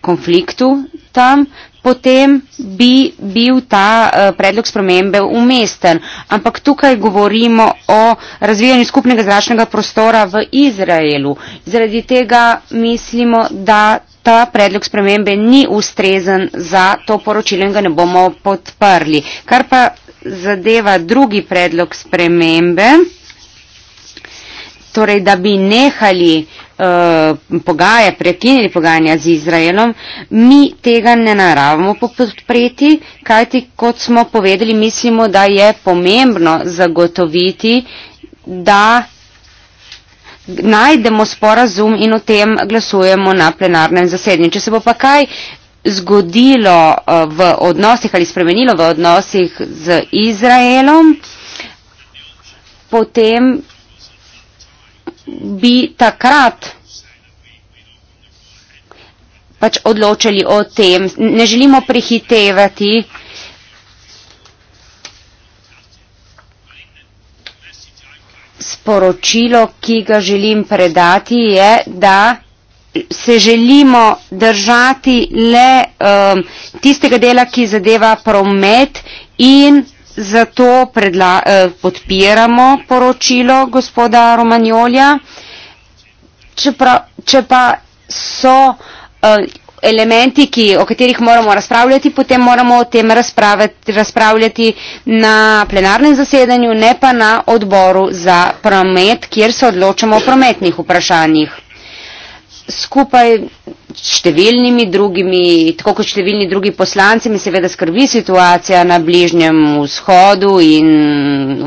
konfliktu tam, potem bi bil ta eh, predlog spremembe umesten. Ampak tukaj govorimo o razvijanju skupnega zračnega prostora v Izraelu. Zaradi tega mislimo, da ta predlog spremembe ni ustrezen za to poročilo in ga ne bomo podprli. Kar pa zadeva drugi predlog spremembe, torej da bi nehali uh, eh, pogaja, prekinili pogajanja z Izraelom, mi tega ne naravamo podpreti, kajti kot smo povedali, mislimo, da je pomembno zagotoviti, da najdemo sporazum in o tem glasujemo na plenarnem zasednju. Če se bo pa kaj zgodilo eh, v odnosih ali spremenilo v odnosih z Izraelom, potem bi takrat pač odločili o tem. Ne želimo prehitevati sporočilo, ki ga želim predati, je, da se želimo držati le um, tistega dela, ki zadeva promet in zato predla, eh, podpiramo poročilo gospoda Romanjolja. Če pa, če pa so eh, elementi, ki, o katerih moramo razpravljati, potem moramo o tem razpravljati, razpravljati na plenarnem zasedanju, ne pa na odboru za promet, kjer se odločamo o prometnih vprašanjih. Skupaj številnimi drugimi, tako kot številni drugi poslanci, mi seveda skrbi situacija na Bližnjem vzhodu in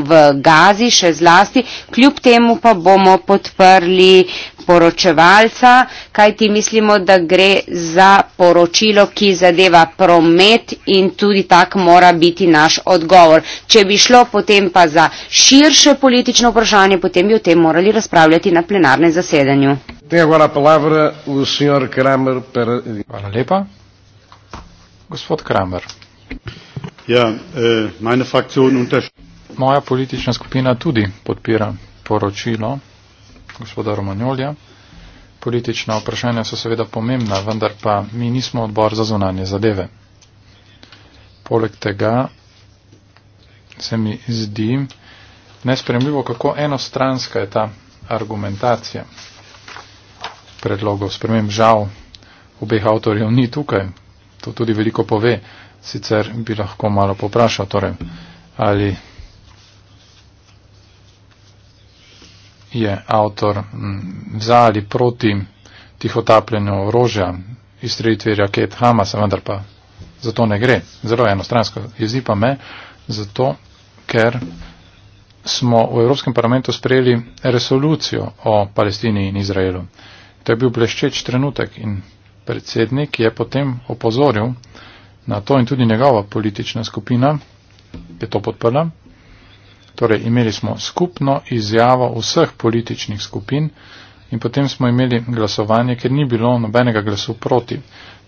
v Gazi še zlasti, kljub temu pa bomo podprli uh, poročevalca, kaj ti mislimo, da gre za poročilo, ki zadeva promet in tudi tak mora biti naš odgovor. Če bi šlo potem pa za širše politično vprašanje, potem bi o tem morali razpravljati na plenarnem zasedanju. Hvala lepa. Gospod Kramer. Ja, eh, moja politična skupina tudi podpira poročilo gospoda Romanjolja. Politična vprašanja so seveda pomembna, vendar pa mi nismo odbor za zunanje zadeve. Poleg tega se mi zdi nespremljivo, kako enostranska je ta argumentacija predlogov. Spremem žal obeh avtorjev ni tukaj. To tudi veliko pove. Sicer bi lahko malo poprašal, torej, ali je avtor za ali proti tihotapljenju orožja izstrelitvi raket Hamasa, vendar pa za to ne gre. Zelo enostransko jezi pa me, zato ker smo v Evropskem parlamentu sprejeli resolucijo o Palestini in Izraelu. To je bil bleščeč trenutek in predsednik je potem opozoril na to in tudi njegova politična skupina je to podprla, Torej imeli smo skupno izjavo vseh političnih skupin in potem smo imeli glasovanje, ker ni bilo nobenega glasu proti.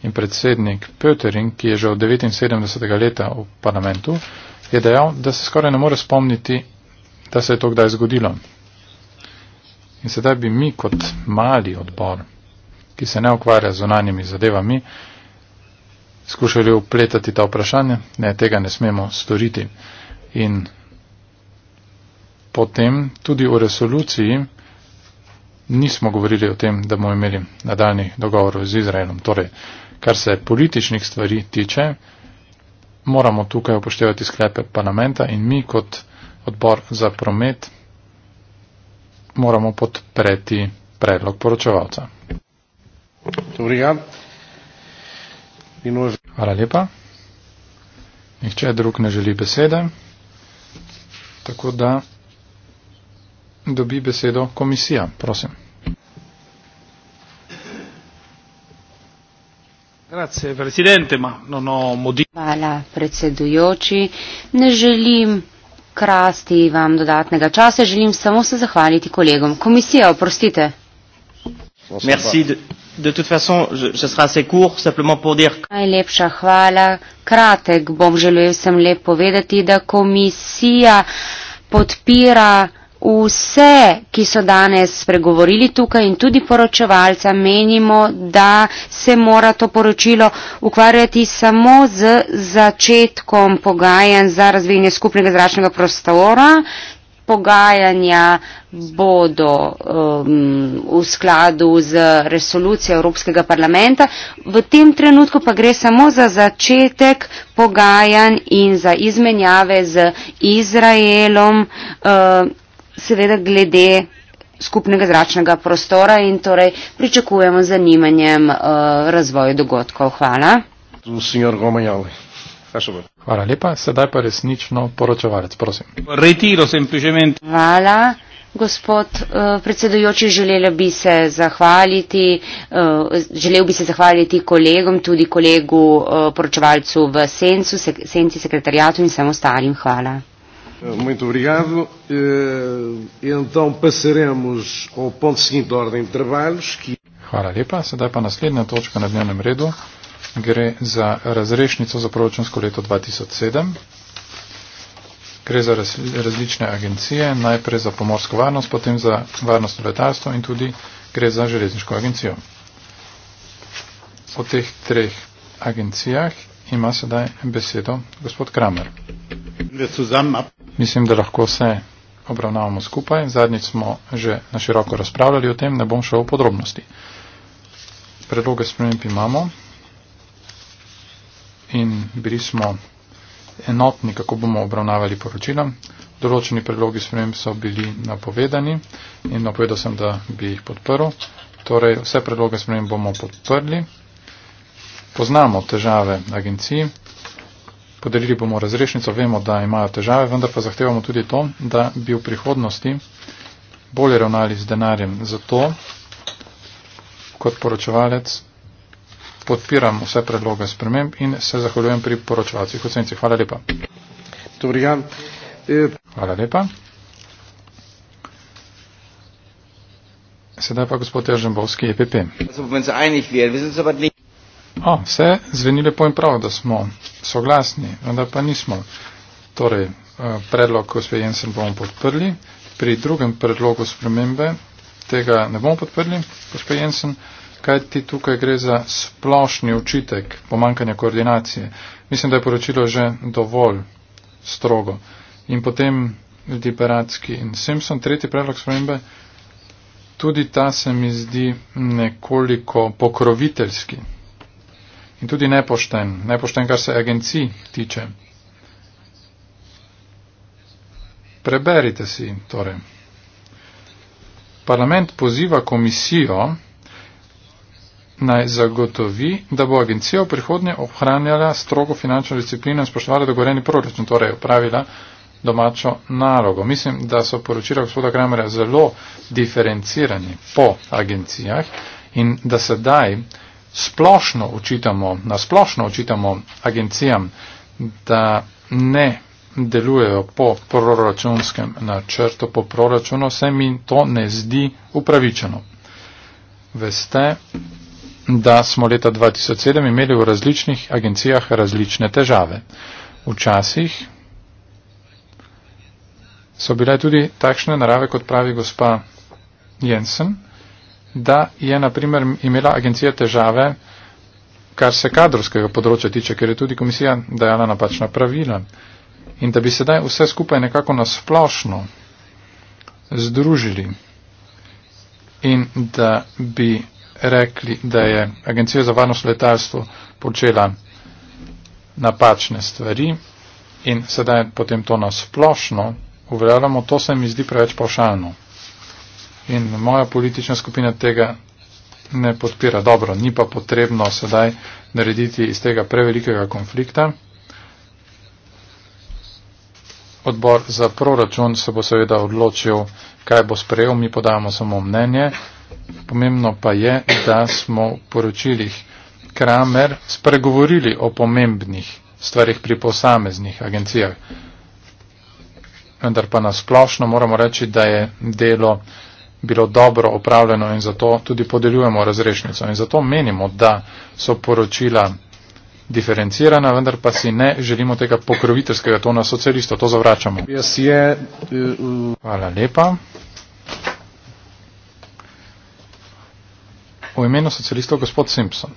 In predsednik Pötering, ki je že od 79. leta v parlamentu, je dejal, da se skoraj ne more spomniti, da se je to kdaj zgodilo. In sedaj bi mi kot mali odbor, ki se ne ukvarja z onanjimi zadevami, skušali upletati ta vprašanja. Ne, tega ne smemo storiti. In potem tudi v resoluciji nismo govorili o tem, da bomo imeli nadaljni dogovor z Izraelom. Torej, kar se političnih stvari tiče, moramo tukaj upoštevati sklepe parlamenta in mi kot odbor za promet moramo podpreti predlog poročevalca. Hvala lepa. Nihče drug ne želi besede. Tako da dobi besedo komisija. Prosim. Hvala, predsedujoči. Ne želim krasti vam dodatnega časa, želim samo se zahvaliti kolegom. Komisija, oprostite. Najlepša hvala. Kratek bom želel sem lep povedati, da komisija podpira Vse, ki so danes spregovorili tukaj in tudi poročevalca, menimo, da se mora to poročilo ukvarjati samo z začetkom pogajanj za razvijanje skupnega zračnega prostora. Pogajanja bodo um, v skladu z resolucijo Evropskega parlamenta. V tem trenutku pa gre samo za začetek pogajanj in za izmenjave z Izraelom uh, seveda glede skupnega zračnega prostora in torej pričakujemo z zanimanjem uh, razvoj dogodkov. Hvala. Hvala lepa. Sedaj pa resnično poročevalec, prosim. Hvala. Gospod uh, predsedujoči, bi se zahvaliti, uh, želel bi se zahvaliti kolegom, tudi kolegu uh, poročevalcu v Sencu, sek Senci sekretarjatu in samostalim. Hvala. Muito obrigado. Eh, então passaremos ao ponto seguinte da ordem de trabalhos. Que... Hvala lepa. Sedaj pa naslednja točka na dnevnem redu. Gre za razrešnico za proračunsko leto 2007. Gre za različne agencije, najprej za pomorsko varnost, potem za varnost v letalstvu in tudi gre za železniško agencijo. O teh treh agencijah ima sedaj besedo gospod Kramer. Zusammen mislim, da lahko vse obravnavamo skupaj. Zadnjič smo že na široko razpravljali o tem, ne bom šel v podrobnosti. Predloge sprememb imamo in bili smo enotni, kako bomo obravnavali poročila. Določeni predlogi sprememb so bili napovedani in napovedal sem, da bi jih podprl. Torej, vse predloge sprememb bomo podprli. Poznamo težave agencije podelili bomo razrešnico, vemo, da imajo težave, vendar pa zahtevamo tudi to, da bi v prihodnosti bolje ravnali z denarjem. Zato kot poročevalec podpiram vse predloge sprememb in se zahvaljujem pri poročevalcih ocenci. Hvala lepa. E, Hvala lepa. Sedaj pa gospod Jaržembovski, EPP. O, vse zveni lepo in prav, da smo soglasni, vendar pa nismo. Torej, eh, predlog gospe Jensen bomo podprli, pri drugem predlogu spremembe tega ne bomo podprli, gospe Jensen, kaj ti tukaj gre za splošni očitek pomankanja koordinacije. Mislim, da je poročilo že dovolj strogo. In potem Liberatski in Simpson, tretji predlog spremembe, tudi ta se mi zdi nekoliko pokroviteljski in tudi nepošten, nepošten, kar se agencij tiče. Preberite si torej. Parlament poziva komisijo naj zagotovi, da bo agencija v prihodnje ohranjala strogo finančno disciplino in spoštovala dogoreni proračun, torej upravila domačo nalogo. Mislim, da so poročila gospoda Kramerja zelo diferencirani po agencijah in da sedaj splošno očitamo, na splošno očitamo agencijam, da ne delujejo po proračunskem načrtu, po proračunu, se mi to ne zdi upravičeno. Veste, da smo leta 2007 imeli v različnih agencijah različne težave. Včasih so bile tudi takšne narave, kot pravi gospa Jensen, da je na primer imela agencija težave, kar se kadrovskega področja tiče, ker je tudi komisija dajala napačna pravila. In da bi sedaj vse skupaj nekako nasplošno združili in da bi rekli, da je agencija za varnost letalstvo počela napačne stvari in sedaj potem to nasplošno uveljavljamo, to se mi zdi preveč pošalno in moja politična skupina tega ne podpira. Dobro, ni pa potrebno sedaj narediti iz tega prevelikega konflikta. Odbor za proračun se bo seveda odločil, kaj bo sprejel, mi podajamo samo mnenje. Pomembno pa je, da smo v poročilih Kramer spregovorili o pomembnih stvarih pri posameznih agencijah. Vendar pa nasplošno moramo reči, da je delo bilo dobro opravljeno in zato tudi podeljujemo razrešnico. In zato menimo, da so poročila diferencirana, vendar pa si ne želimo tega pokroviteljskega tona socialistov, to zavračamo. Eh, Hvala lepa. V imenu socialistov gospod Simpson.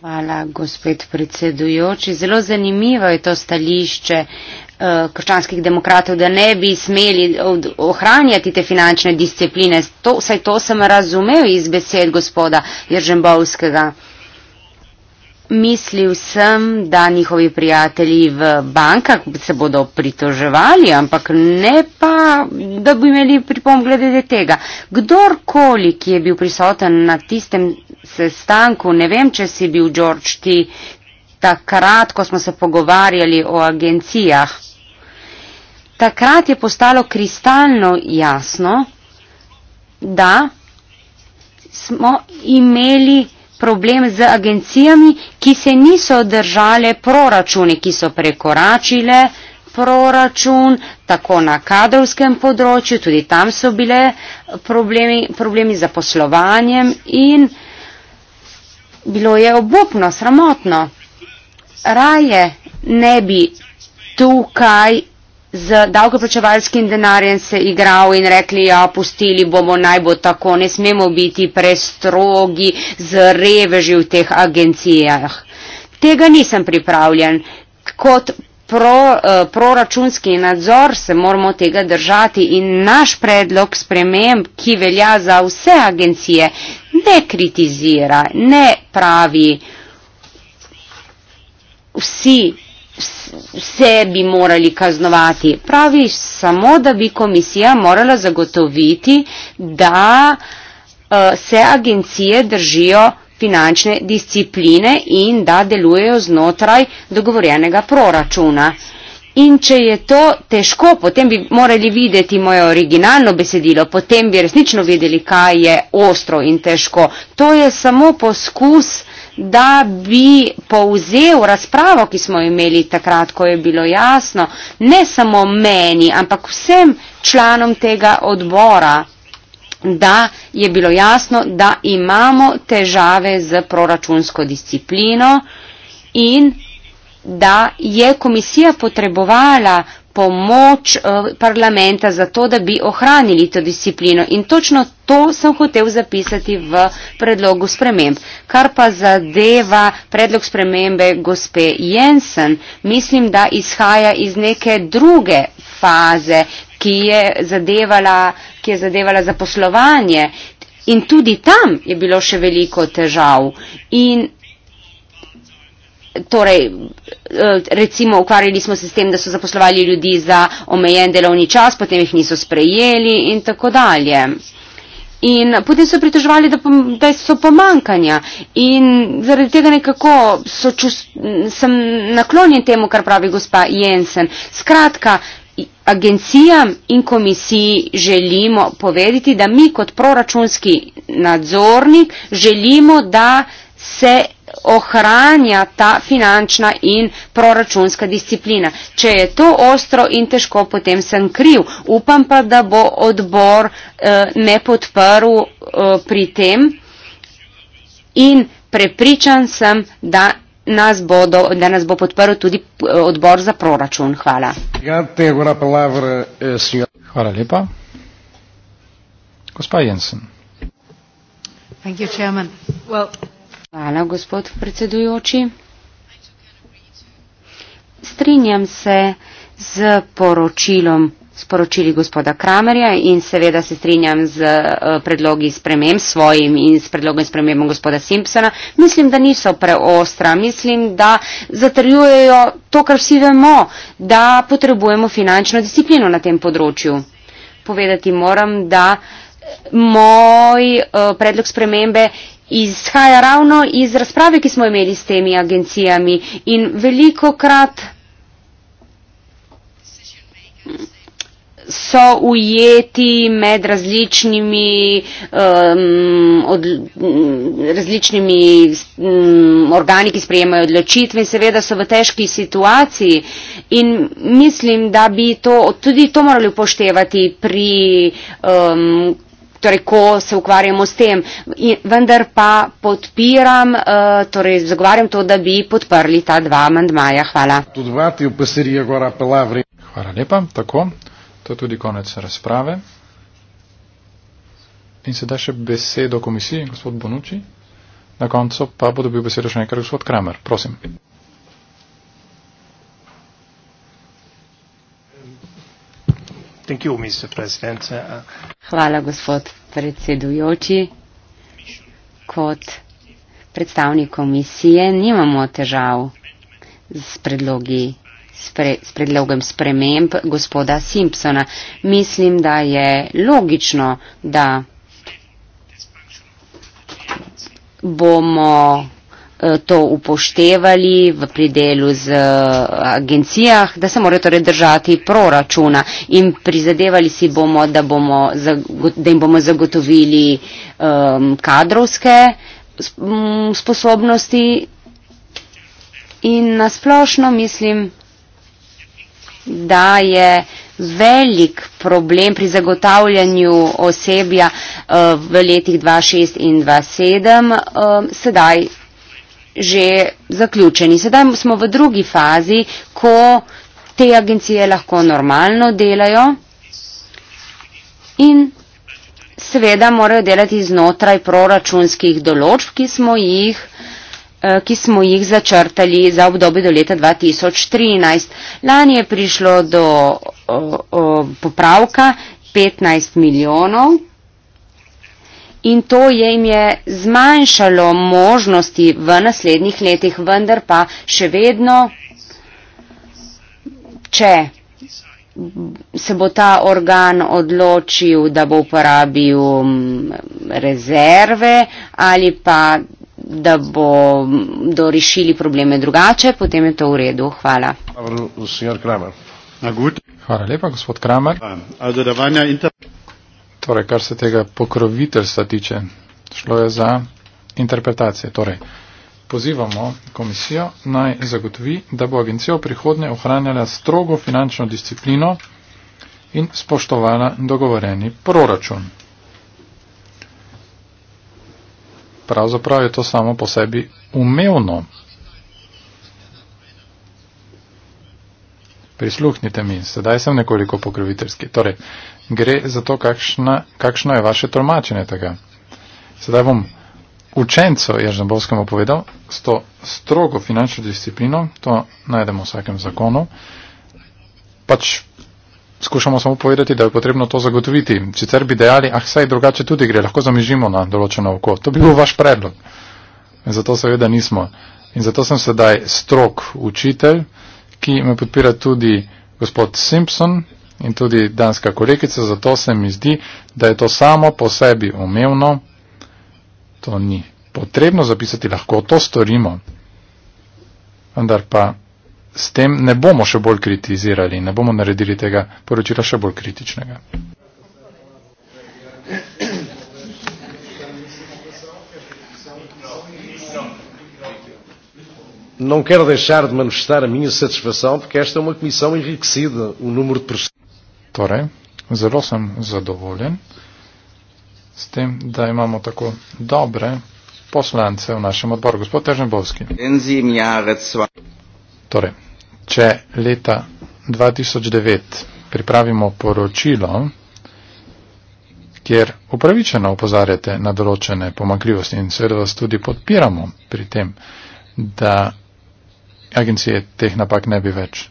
Hvala, gospod predsedujoči. Zelo zanimivo je to stališče. Uh, Eh, krščanskih demokratov, da ne bi smeli ohranjati te finančne discipline. To, saj to sem razumel iz besed gospoda Jeržembovskega. Mislil sem, da njihovi prijatelji v bankah se bodo pritoževali, ampak ne pa, da bi imeli pripom glede tega. Kdorkoli, ki je bil prisoten na tistem sestanku, ne vem, če si bil, George, ti takrat, ko smo se pogovarjali o agencijah takrat je postalo kristalno jasno, da smo imeli problem z agencijami, ki se niso držale proračune, ki so prekoračile proračun, tako na kadrovskem področju, tudi tam so bile problemi, problemi za poslovanjem in bilo je obupno, sramotno. Raje ne bi tukaj z davkoplačevalskim denarjem se igral in rekli, ja, pustili bomo naj bo tako, ne smemo biti prestrogi z reveži v teh agencijah. Tega nisem pripravljen. Kot pro, eh, proračunski nadzor se moramo tega držati in naš predlog sprememb, ki velja za vse agencije, ne kritizira, ne pravi. Vsi vse bi morali kaznovati. Pravi samo, da bi komisija morala zagotoviti, da eh, se agencije držijo finančne discipline in da delujejo znotraj dogovorjenega proračuna. In če je to težko, potem bi morali videti moje originalno besedilo, potem bi resnično videli, kaj je ostro in težko. To je samo poskus uh, da bi povzel razpravo, ki smo imeli takrat, ko je bilo jasno, ne samo meni, ampak vsem članom tega odbora, da je bilo jasno, da imamo težave z proračunsko disciplino in da je komisija potrebovala pomoč eh, parlamenta za to, da bi ohranili to disciplino. In točno to sem hotel zapisati v predlogu sprememb. Kar pa zadeva predlog spremembe gospe Jensen, mislim, da izhaja iz neke druge faze, ki je zadevala, ki je zadevala zaposlovanje. In tudi tam je bilo še veliko težav. In torej, eh, recimo ukvarjali smo se s tem, da so zaposlovali ljudi za omejen delovni čas, potem jih niso sprejeli in tako dalje. In potem so pritoževali, da, da so pomankanja in zaradi tega nekako čust, sem naklonjen temu, kar pravi gospa Jensen. Skratka, agencijam in komisiji želimo povedati, da mi kot proračunski nadzornik želimo, da se ohranja ta finančna in proračunska disciplina. Če je to ostro in težko, potem sem kriv. Upam pa, da bo odbor eh, me podprl eh, pri tem in prepričan sem, da nas, bodo, da nas bo podprl tudi eh, odbor za proračun. Hvala. Hvala lepa. Gospa Jensen. Thank you, Chairman. Well, Hvala, gospod predsedujoči. Strinjam se z poročilom sporočili gospoda Kramerja in seveda se strinjam z eh, predlogi sprememb svojim in s predlogom sprememb gospoda Simpsona. Mislim, da niso preostra, mislim, da zatrjujejo to, kar vsi vemo, da potrebujemo finančno disciplino na tem področju. Povedati moram, da moj eh, predlog spremembe izhaja ravno iz razprave, ki smo imeli s temi agencijami in veliko krat so ujeti med različnimi, um, od, različnimi um, organi, ki sprejemajo odločitve in seveda so v težki situaciji. In mislim, da bi to, tudi to morali upoštevati pri um, torej ko se ukvarjamo s tem. In, vendar pa podpiram, uh, torej zagovarjam to, da bi podprli ta dva amandmaja. Hvala. Hvala lepa. Tako, to je tudi konec razprave. In sedaj še besedo komisiji, gospod Bonuči. Na koncu pa bo dobil besedo še enkrat gospod Kramer. Prosim. Hvala, gospod predsedujoči. Kot predstavnik komisije nimamo težav s, predlogi, spre, s predlogem sprememb gospoda Simpsona. Mislim, da je logično, da bomo Eh, to upoštevali v predelu z eh, agencijah, da se morajo torej držati proračuna in prizadevali si bomo, da, bomo, da jim bomo zagotovili um, kadrovske sposobnosti in nasplošno mislim, da je velik problem pri zagotavljanju osebja uh, v letih 2006 in 2007 uh, ehm, sedaj že zaključeni. Sedaj smo v drugi fazi, ko te agencije lahko normalno delajo in seveda morajo delati znotraj proračunskih določb, ki smo jih eh, ki smo jih začrtali za obdobje do leta 2013. Lani je prišlo do o, o, popravka 15 milijonov in to jim je zmanjšalo možnosti v naslednjih letih, vendar pa še vedno, če se bo ta organ odločil, da bo uporabil rezerve ali pa da bo dorešili probleme drugače, potem je to v redu. Hvala. Hvala lepa, gospod Kramer torej, kar se tega pokroviteljstva tiče, šlo je za interpretacije. Torej, pozivamo komisijo naj zagotovi, da bo agencija v prihodnje ohranjala strogo finančno disciplino in spoštovala dogovoreni proračun. Pravzaprav je to samo po sebi umevno, prisluhnite mi, sedaj sem nekoliko pokroviteljski. Torej, gre za to, kakšna, kakšno je vaše tolmačenje tega. Sedaj bom učencu Ježnabovskemu povedal s to strogo finančno disciplino, to najdemo v vsakem zakonu, pač skušamo samo povedati, da je potrebno to zagotoviti. Sicer bi dejali, ah, saj drugače tudi gre, lahko zamižimo na določeno oko. To bi bil vaš predlog. In zato seveda nismo. In zato sem sedaj strok učitelj, ki me podpira tudi gospod Simpson in tudi danska kolegica, zato se mi zdi, da je to samo po sebi umevno, to ni potrebno zapisati, lahko to storimo. Vendar pa s tem ne bomo še bolj kritizirali, ne bomo naredili tega poročila še bolj kritičnega. não quero deixar de manifestar a minha satisfação porque esta é uma comissão enriquecida, o número de Torej, zelo sem zadovoljen s tem, da imamo tako dobre poslance v našem odboru. Gospod Težnebovski. Torej, če leta 2009 pripravimo poročilo, kjer upravičeno upozarjate na določene pomakljivosti in seveda vas tudi podpiramo pri tem, da agencije teh napak ne bi več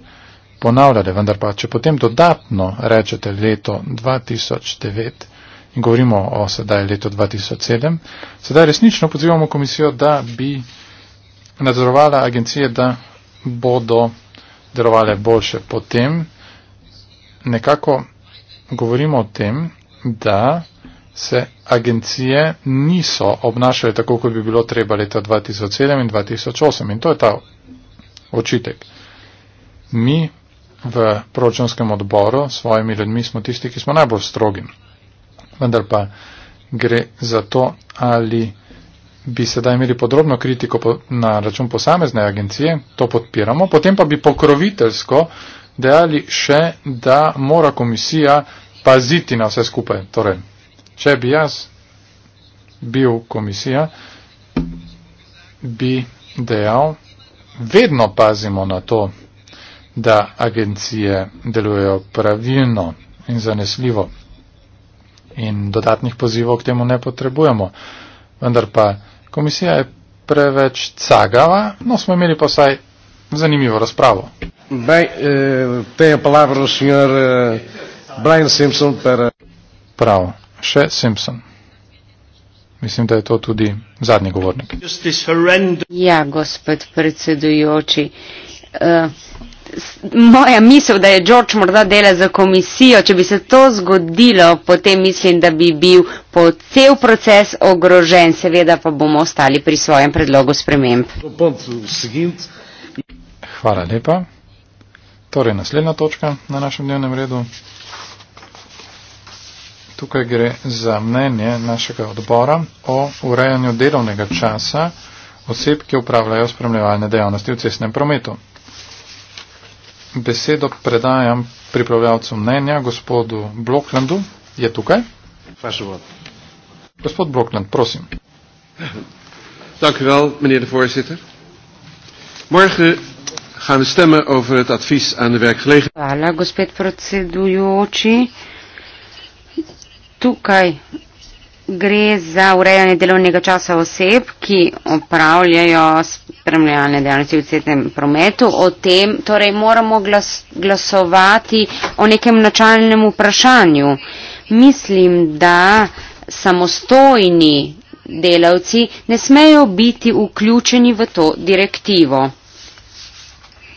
ponavljale, vendar pa, če potem dodatno rečete leto 2009 in govorimo o sedaj leto 2007, sedaj resnično pozivamo komisijo, da bi nadzorovala agencije, da bodo delovale boljše. Potem nekako govorimo o tem, da se agencije niso obnašale tako, kot bi bilo treba leta 2007 in 2008. In to je ta očitek. Mi v proračunskem odboru s svojimi ljudmi smo tisti, ki smo najbolj strogi. Vendar pa gre za to, ali bi sedaj imeli podrobno kritiko na račun posamezne agencije, to podpiramo, potem pa bi pokroviteljsko dejali še, da mora komisija paziti na vse skupaj. Torej, če bi jaz bil komisija, bi dejal, vedno pazimo na to, da agencije delujejo pravilno in zanesljivo. In dodatnih pozivov k temu ne potrebujemo. Vendar pa komisija je preveč cagava, no smo imeli pa vsaj zanimivo razpravo. Eh, eh, Prav, še Simpson. Mislim, da je to tudi zadnji govornik. Ja, gospod predsedujoči. Uh, moja misel, da je George morda dela za komisijo, če bi se to zgodilo, potem mislim, da bi bil po cel proces ogrožen. Seveda pa bomo ostali pri svojem predlogu sprememb. Hvala lepa. Torej, naslednja točka na našem dnevnem redu tukaj gre za mnenje našega odbora o urejanju delovnega časa oseb, ki upravljajo spremljevalne dejavnosti v cestnem prometu. Besedo predajam pripravljavcu mnenja, gospodu Bloklandu. Je tukaj? Hvala. Gospod Blokland, prosim. Dank u wel, meneer de voorzitter. Morgen gaan we stemmen over het advies aan de werkgelegenheid. Hvala, gospod predsedujoči tukaj gre za urejanje delovnega časa oseb, ki opravljajo spremljalne dejavnosti v cestnem prometu. O tem torej moramo glas, glasovati o nekem načalnem vprašanju. Mislim, da samostojni delavci ne smejo biti vključeni v to direktivo.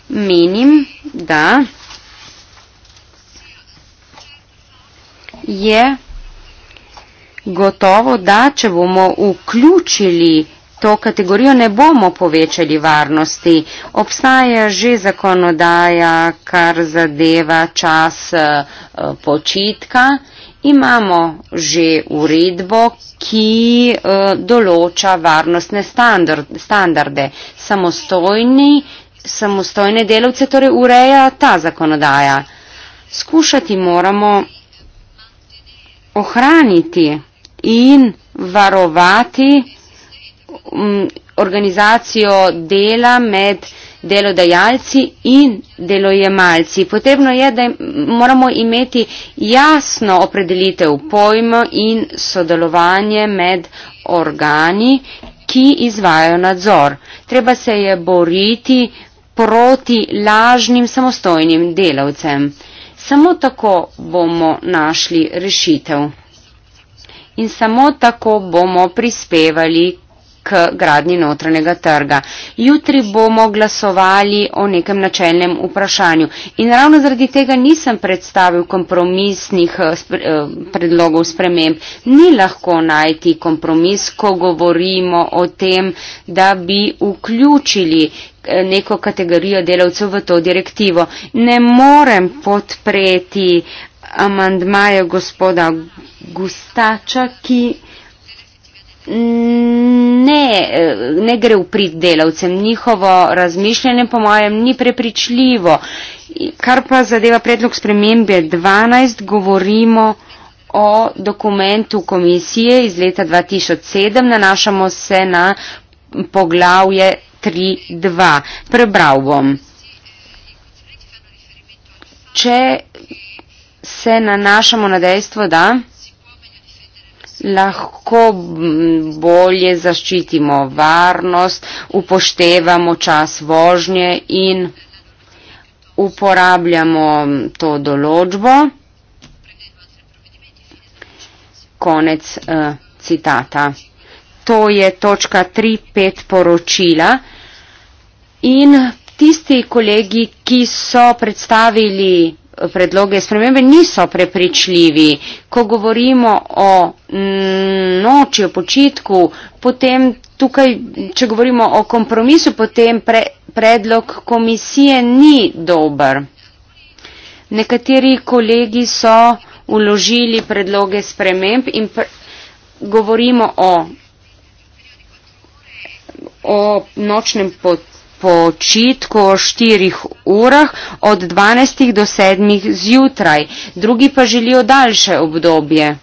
Menim, da je gotovo, da če bomo vključili to kategorijo, ne bomo povečali varnosti. Obstaja že zakonodaja, kar zadeva čas eh, počitka. Imamo že uredbo, ki eh, določa varnostne standarde. Samostojni, samostojne delavce torej ureja ta zakonodaja. Skušati moramo ohraniti in varovati um, organizacijo dela med delodajalci in delojemalci. Potrebno je, da moramo imeti jasno opredelitev pojma in sodelovanje med organi, ki izvajajo nadzor. Treba se je boriti proti lažnim samostojnim delavcem. Samo tako bomo našli rešitev in samo tako bomo prispevali k gradni notranjega trga. Jutri bomo glasovali o nekem načelnem vprašanju in ravno zaradi tega nisem predstavil kompromisnih eh, eh, predlogov sprememb. Ni lahko najti kompromis, ko govorimo o tem, da bi vključili eh, neko kategorijo delavcev v to direktivo. Ne morem podpreti amandmaje gospoda Gustača, ki ne, ne gre v prid delavcem. Njihovo razmišljanje, po mojem, ni prepričljivo. Kar pa zadeva predlog spremembe 12, govorimo o dokumentu komisije iz leta 2007, nanašamo se na poglavje 3.2. Prebral bom. Če se nanašamo na dejstvo, da lahko bolje zaščitimo varnost, upoštevamo čas vožnje in uporabljamo to določbo. Konec uh, citata. To je točka 3.5 poročila. In tisti kolegi, ki so predstavili predloge spremembe niso prepričljivi. Ko govorimo o mm, noči, o počitku, potem tukaj, če govorimo o kompromisu, potem pre, predlog komisije ni dober. Nekateri kolegi so uložili predloge sprememb in pre, govorimo o, o nočnem počitku počitku o štirih urah od 12. do 7. zjutraj, drugi pa želijo daljše obdobje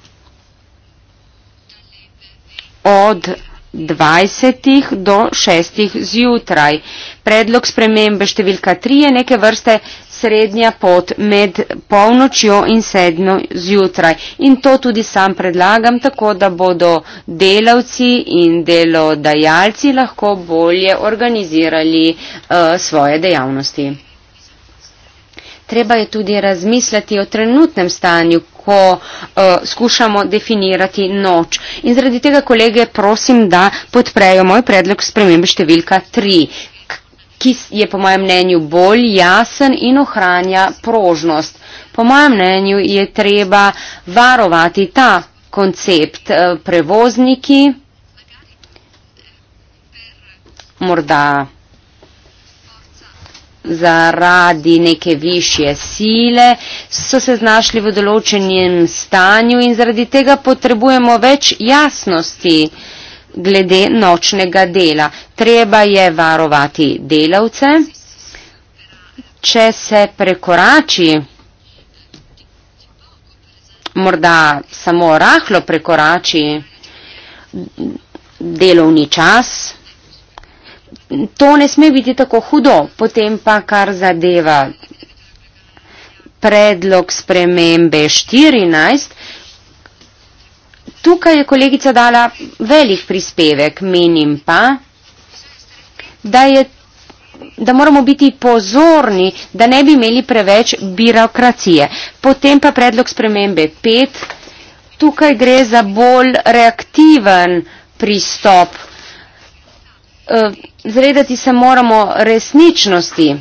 od 20. do 6. zjutraj. Predlog spremembe številka 3 je neke vrste srednja pot med polnočjo in sedmo zjutraj. In to tudi sam predlagam, tako da bodo delavci in delodajalci lahko bolje organizirali uh, svoje dejavnosti treba je tudi razmisliti o trenutnem stanju, ko uh, skušamo definirati noč. In zaradi tega, kolege, prosim, da podprejo moj predlog spremembe številka 3 ki je po mojem mnenju bolj jasen in ohranja prožnost. Po mojem mnenju je treba varovati ta koncept. Eh, prevozniki morda zaradi neke višje sile, so se znašli v določenem stanju in zaradi tega potrebujemo več jasnosti glede nočnega dela. Treba je varovati delavce. Če se prekorači, morda samo rahlo prekorači delovni čas, to ne sme biti tako hudo, potem pa kar zadeva predlog spremembe 14. Tukaj je kolegica dala velik prispevek, menim pa, da, je, da moramo biti pozorni, da ne bi imeli preveč birokracije. Potem pa predlog spremembe 5. Tukaj gre za bolj reaktiven pristop Eh, zredati se moramo resničnosti.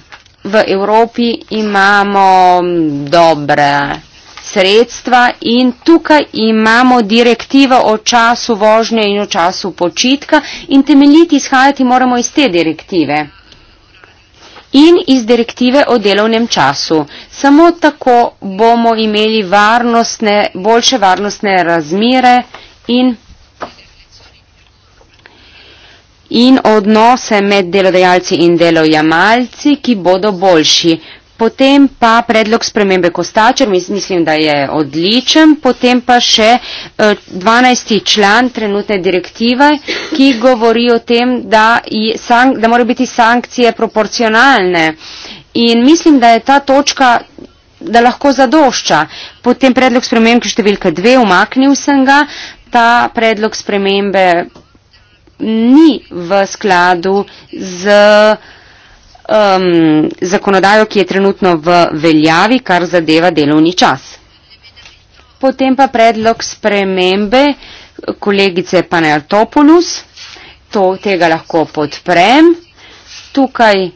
V Evropi imamo mm, dobre sredstva in tukaj imamo direktivo o času vožnje in o času počitka in temeljiti izhajati moramo iz te direktive in iz direktive o delovnem času. Samo tako bomo imeli varnostne, boljše varnostne razmire in in odnose med delodajalci in delojamalci, ki bodo boljši. Potem pa predlog spremembe Kostačer, mislim, da je odličen. Potem pa še 12. Eh, član trenutne direktive, ki govori o tem, da, da morajo biti sankcije proporcionalne. In mislim, da je ta točka, da lahko zadošča. Potem predlog spremembe številka 2, umaknil sem ga. Ta predlog spremembe ni v skladu z um, zakonodajo, ki je trenutno v veljavi, kar zadeva delovni čas. Potem pa predlog spremembe kolegice Paneatopoulos, to tega lahko podprem. Tukaj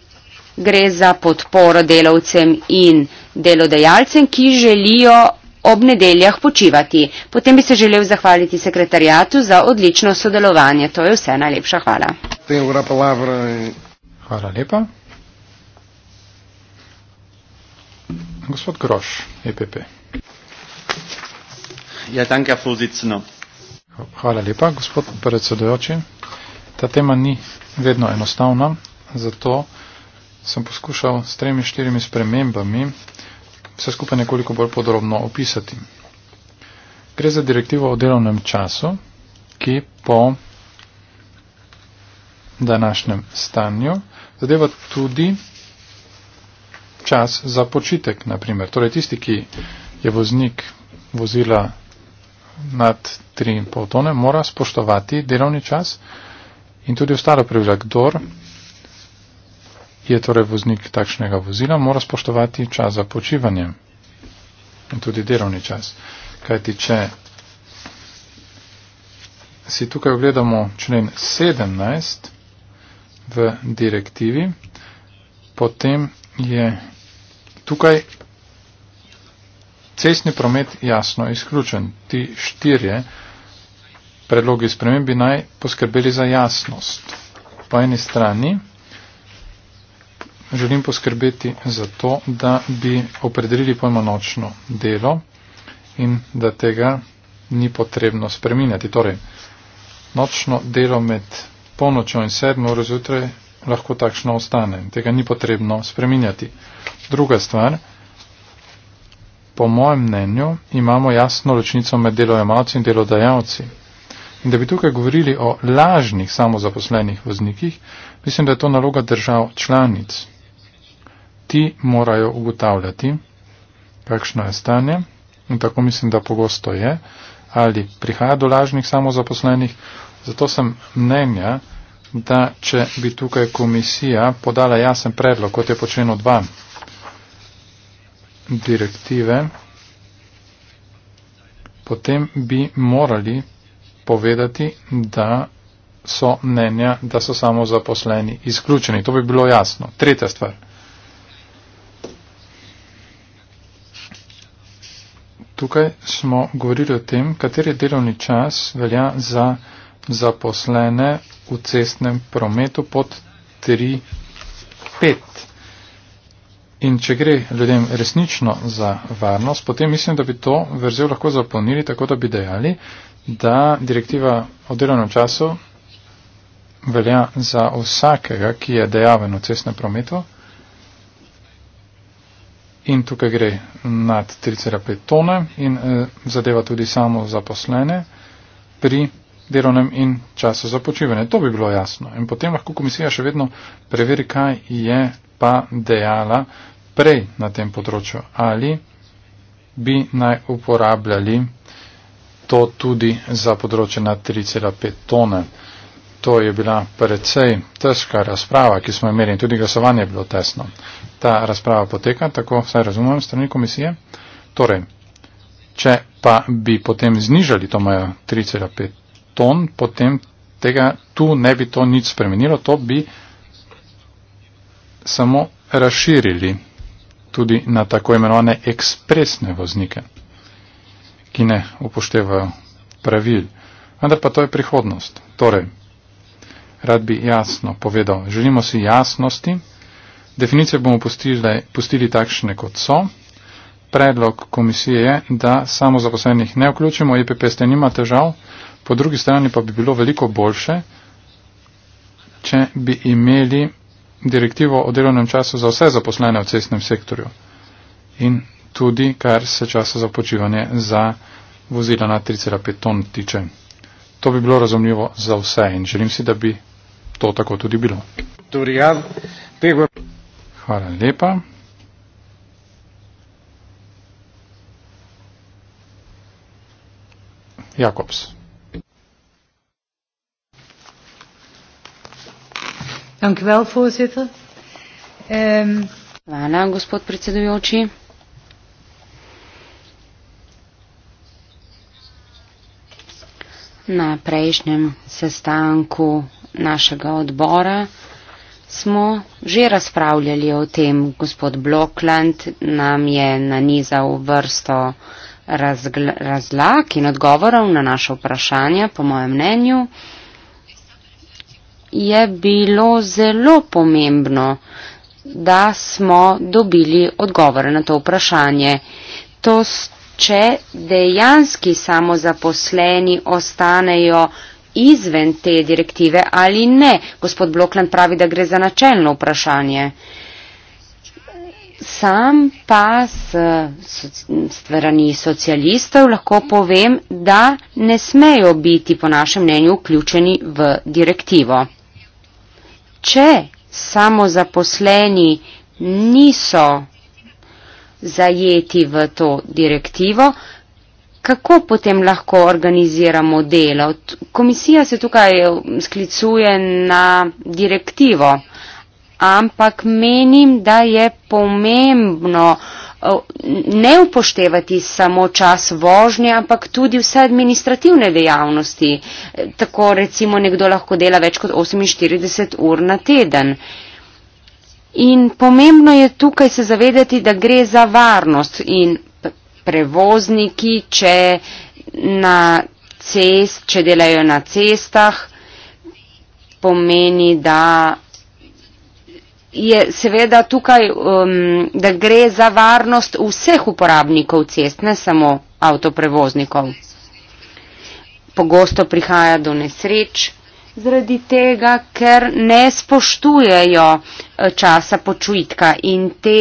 gre za podporo delavcem in delodajalcem, ki želijo ob nedeljah počivati. Potem bi se želel zahvaliti sekretarijatu za odlično sodelovanje. To je vse. Najlepša hvala. Hvala lepa. Gospod Groš, EPP. Ja, danke, hvala lepa, gospod predsedojoči. Ta tema ni vedno enostavna, zato sem poskušal s tremi, štirimi spremembami vse skupaj nekoliko bolj podrobno opisati. Gre za direktivo o delovnem času, ki po današnjem stanju zadeva tudi čas za počitek, naprimer. Torej tisti, ki je voznik vozila nad 3,5 tone, mora spoštovati delovni čas in tudi ostalo pravila, kdor je torej voznik takšnega vozila, mora spoštovati čas za počivanje in tudi delovni čas. Kajti, če si tukaj ogledamo člen 17 v direktivi, potem je tukaj cestni promet jasno izključen. Ti štirje predlogi spremembi naj poskrbeli za jasnost. Po eni strani želim poskrbeti za to, da bi opredelili pojmo nočno delo in da tega ni potrebno spreminjati. Torej, nočno delo med polnočjo in sedmo uro zjutraj lahko takšno ostane. Tega ni potrebno spreminjati. Druga stvar, po mojem mnenju imamo jasno ločnico med delojemalci in delodajalci. In da bi tukaj govorili o lažnih samozaposlenih voznikih, mislim, da je to naloga držav članic ti morajo ugotavljati, kakšno je stanje. In tako mislim, da pogosto je, ali prihaja do lažnih samozaposlenih. Zato sem mnenja, da če bi tukaj komisija podala jasen predlog, kot je počeno dva direktive, potem bi morali povedati, da so mnenja, da so samozaposleni izključeni. To bi bilo jasno. Tretja stvar. tukaj smo govorili o tem, kateri delovni čas velja za zaposlene v cestnem prometu pod 3.5. In če gre ljudem resnično za varnost, potem mislim, da bi to verzel lahko zapolnili tako, da bi dejali, da direktiva o delovnem času velja za vsakega, ki je dejaven v cestnem prometu in tukaj gre nad 3,5 tone in eh, zadeva tudi samo zaposlene pri delovnem in času za počivanje. To bi bilo jasno. In potem lahko komisija še vedno preveri, kaj je pa dejala prej na tem področju. Ali bi naj uporabljali to tudi za področje nad 3,5 tone. To je bila predvsej težka razprava, ki smo imeli in tudi glasovanje je bilo tesno. Ta razprava poteka, tako vsaj razumem, strani komisije. Torej, če pa bi potem znižali to mojo 3,5 ton, potem tega tu ne bi to nič spremenilo, to bi samo razširili tudi na tako imenovane ekspresne voznike, ki ne upoštevajo pravil. Vendar pa to je prihodnost. Torej, rad bi jasno povedal. Želimo si jasnosti, definicije bomo pustili, pustili takšne kot so. Predlog komisije je, da samo zaposlenih ne vključimo, EPP ste nima težav, po drugi strani pa bi bilo veliko boljše, če bi imeli direktivo o delovnem času za vse zaposlene v cestnem sektorju in tudi kar se časa za počivanje za vozila na 3,5 ton tiče. To bi bilo razumljivo za vse in želim si, da bi to tako tudi bilo. Hvala lepa. Jakobs. Dank wel, voorzitter. Um... Hvala, gospod predsedujoči. Na prejšnjem sestanku našega odbora smo že razpravljali o tem. Gospod Blokland nam je nanizal vrsto razlag in odgovorov na naše vprašanja, po mojem mnenju. Je bilo zelo pomembno, da smo dobili odgovore na to vprašanje. To, če dejanski samozaposleni ostanejo izven te direktive ali ne. Gospod Blokland pravi, da gre za načelno vprašanje. Sam pa s stvarani socialistov lahko povem, da ne smejo biti po našem mnenju vključeni v direktivo. Če samo zaposleni niso zajeti v to direktivo, kako potem lahko organiziramo delo? Komisija se tukaj eh, sklicuje na direktivo, ampak menim, da je pomembno eh, ne upoštevati samo čas vožnje, ampak tudi vse administrativne dejavnosti. Eh, tako recimo nekdo lahko dela več kot 48 ur na teden. In pomembno je tukaj se zavedati, da gre za varnost in prevozniki, če, na cest, če delajo na cestah, pomeni, da je seveda tukaj, um, da gre za varnost vseh uporabnikov cest, ne samo avtoprevoznikov. Pogosto prihaja do nesreč. Zaradi tega, ker ne spoštujejo eh, časa počitka in te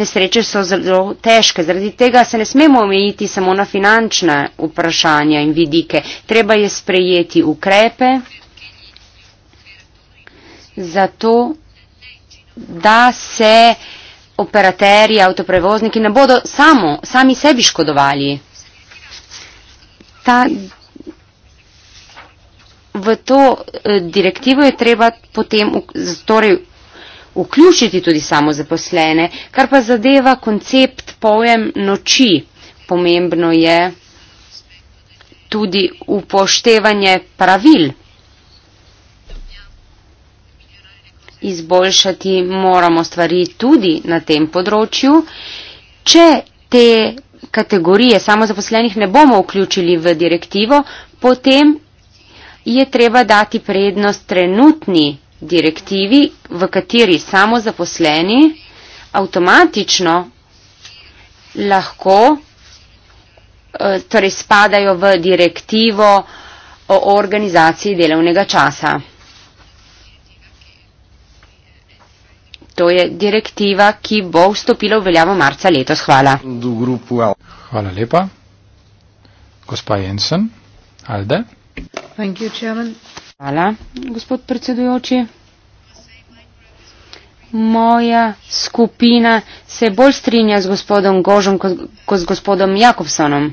nesreče so zelo težke. Zaradi tega se ne smemo omejiti samo na finančne vprašanja in vidike. Treba je sprejeti ukrepe zato, da se operaterji, avtoprevozniki ne bodo samo, sami sebi škodovali. Ta v to eh, direktivo je treba potem torej vključiti tudi samozaposlene, kar pa zadeva koncept pojem noči. Pomembno je tudi upoštevanje pravil. Izboljšati moramo stvari tudi na tem področju. Če te kategorije samozaposlenih ne bomo vključili v direktivo, potem je treba dati prednost trenutni direktivi, v kateri samo zaposleni avtomatično lahko, eh, torej spadajo v direktivo o organizaciji delovnega časa. To je direktiva, ki bo vstopila v veljavo marca letos. Hvala. Hvala lepa. Gospa Jensen, Alde. Hvala, gospod predsedujoči. Moja skupina se bolj strinja z gospodom Gožom kot ko z gospodom Jakobsonom.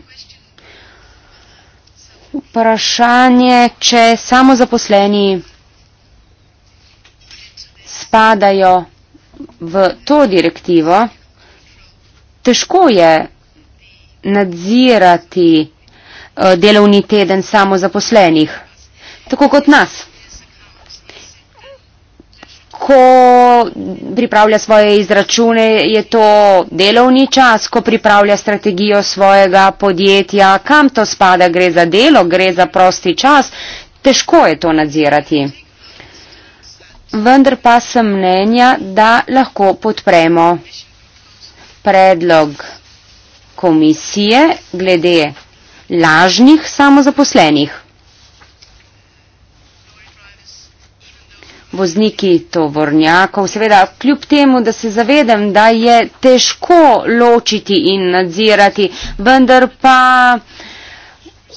Vprašanje, če samo zaposleni spadajo v to direktivo, težko je nadzirati Eh, delovni teden samo zaposlenih, tako kot nas. Ko pripravlja svoje izračune, je to delovni čas, ko pripravlja strategijo svojega podjetja, kam to spada, gre za delo, gre za prosti čas, težko je to nadzirati. Vendar pa sem mnenja, da lahko podpremo predlog komisije glede lažnih samozaposlenih. Vozniki tovornjakov, seveda, kljub temu, da se zavedam, da je težko ločiti in nadzirati, vendar pa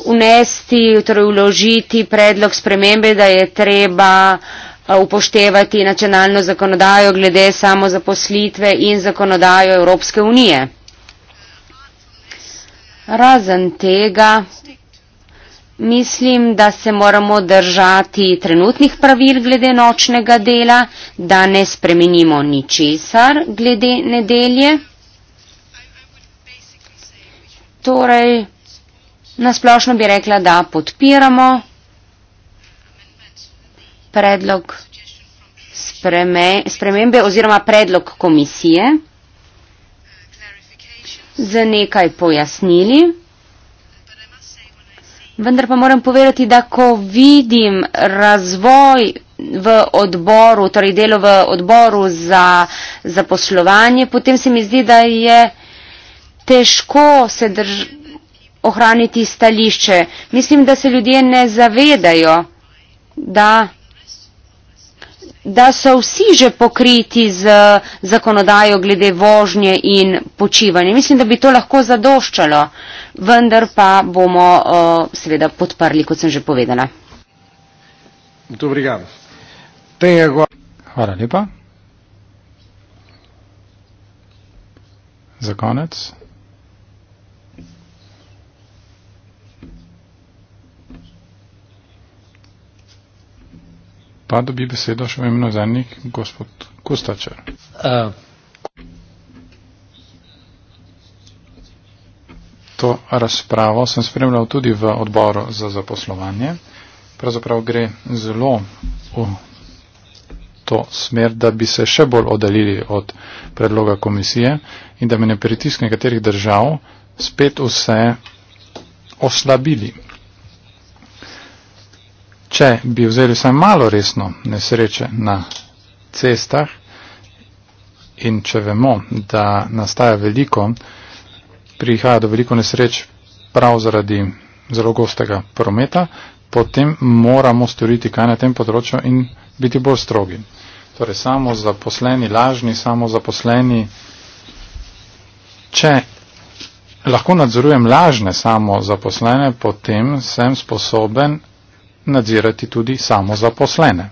unesti, torej uložiti predlog spremembe, da je treba upoštevati nacionalno zakonodajo glede samozaposlitve in zakonodajo Evropske unije. Razen tega, mislim, da se moramo držati trenutnih pravil glede nočnega dela, da ne spremenimo ničesar glede nedelje. Torej, nasplošno bi rekla, da podpiramo predlog spremembe oziroma predlog komisije z nekaj pojasnili. Vendar pa moram povedati, da ko vidim razvoj v odboru, torej delo v odboru za zaposlovanje, potem se mi zdi, da je težko se drž ohraniti stališče. Mislim, da se ljudje ne zavedajo, da da so vsi že pokriti z zakonodajo glede vožnje in počivanja. Mislim, da bi to lahko zadoščalo, vendar pa bomo uh, seveda podprli, kot sem že povedala. Hvala lepa. Za konec. pa dobi besedo še v imenu zadnjih, gospod Kustačar. Uh. To razpravo sem spremljal tudi v odboru za zaposlovanje. Pravzaprav gre zelo v to smer, da bi se še bolj odalili od predloga komisije in da bi ne pritisk nekaterih držav spet vse oslabili če bi vzeli vsaj malo resno nesreče na cestah in če vemo, da nastaja veliko, prihaja do veliko nesreč prav zaradi zelo gostega prometa, potem moramo storiti kaj na tem področju in biti bolj strogi. Torej samo zaposleni, lažni, samo zaposleni, če lahko nadzorujem lažne samo zaposlene, potem sem sposoben nadzirati tudi samo zaposlene.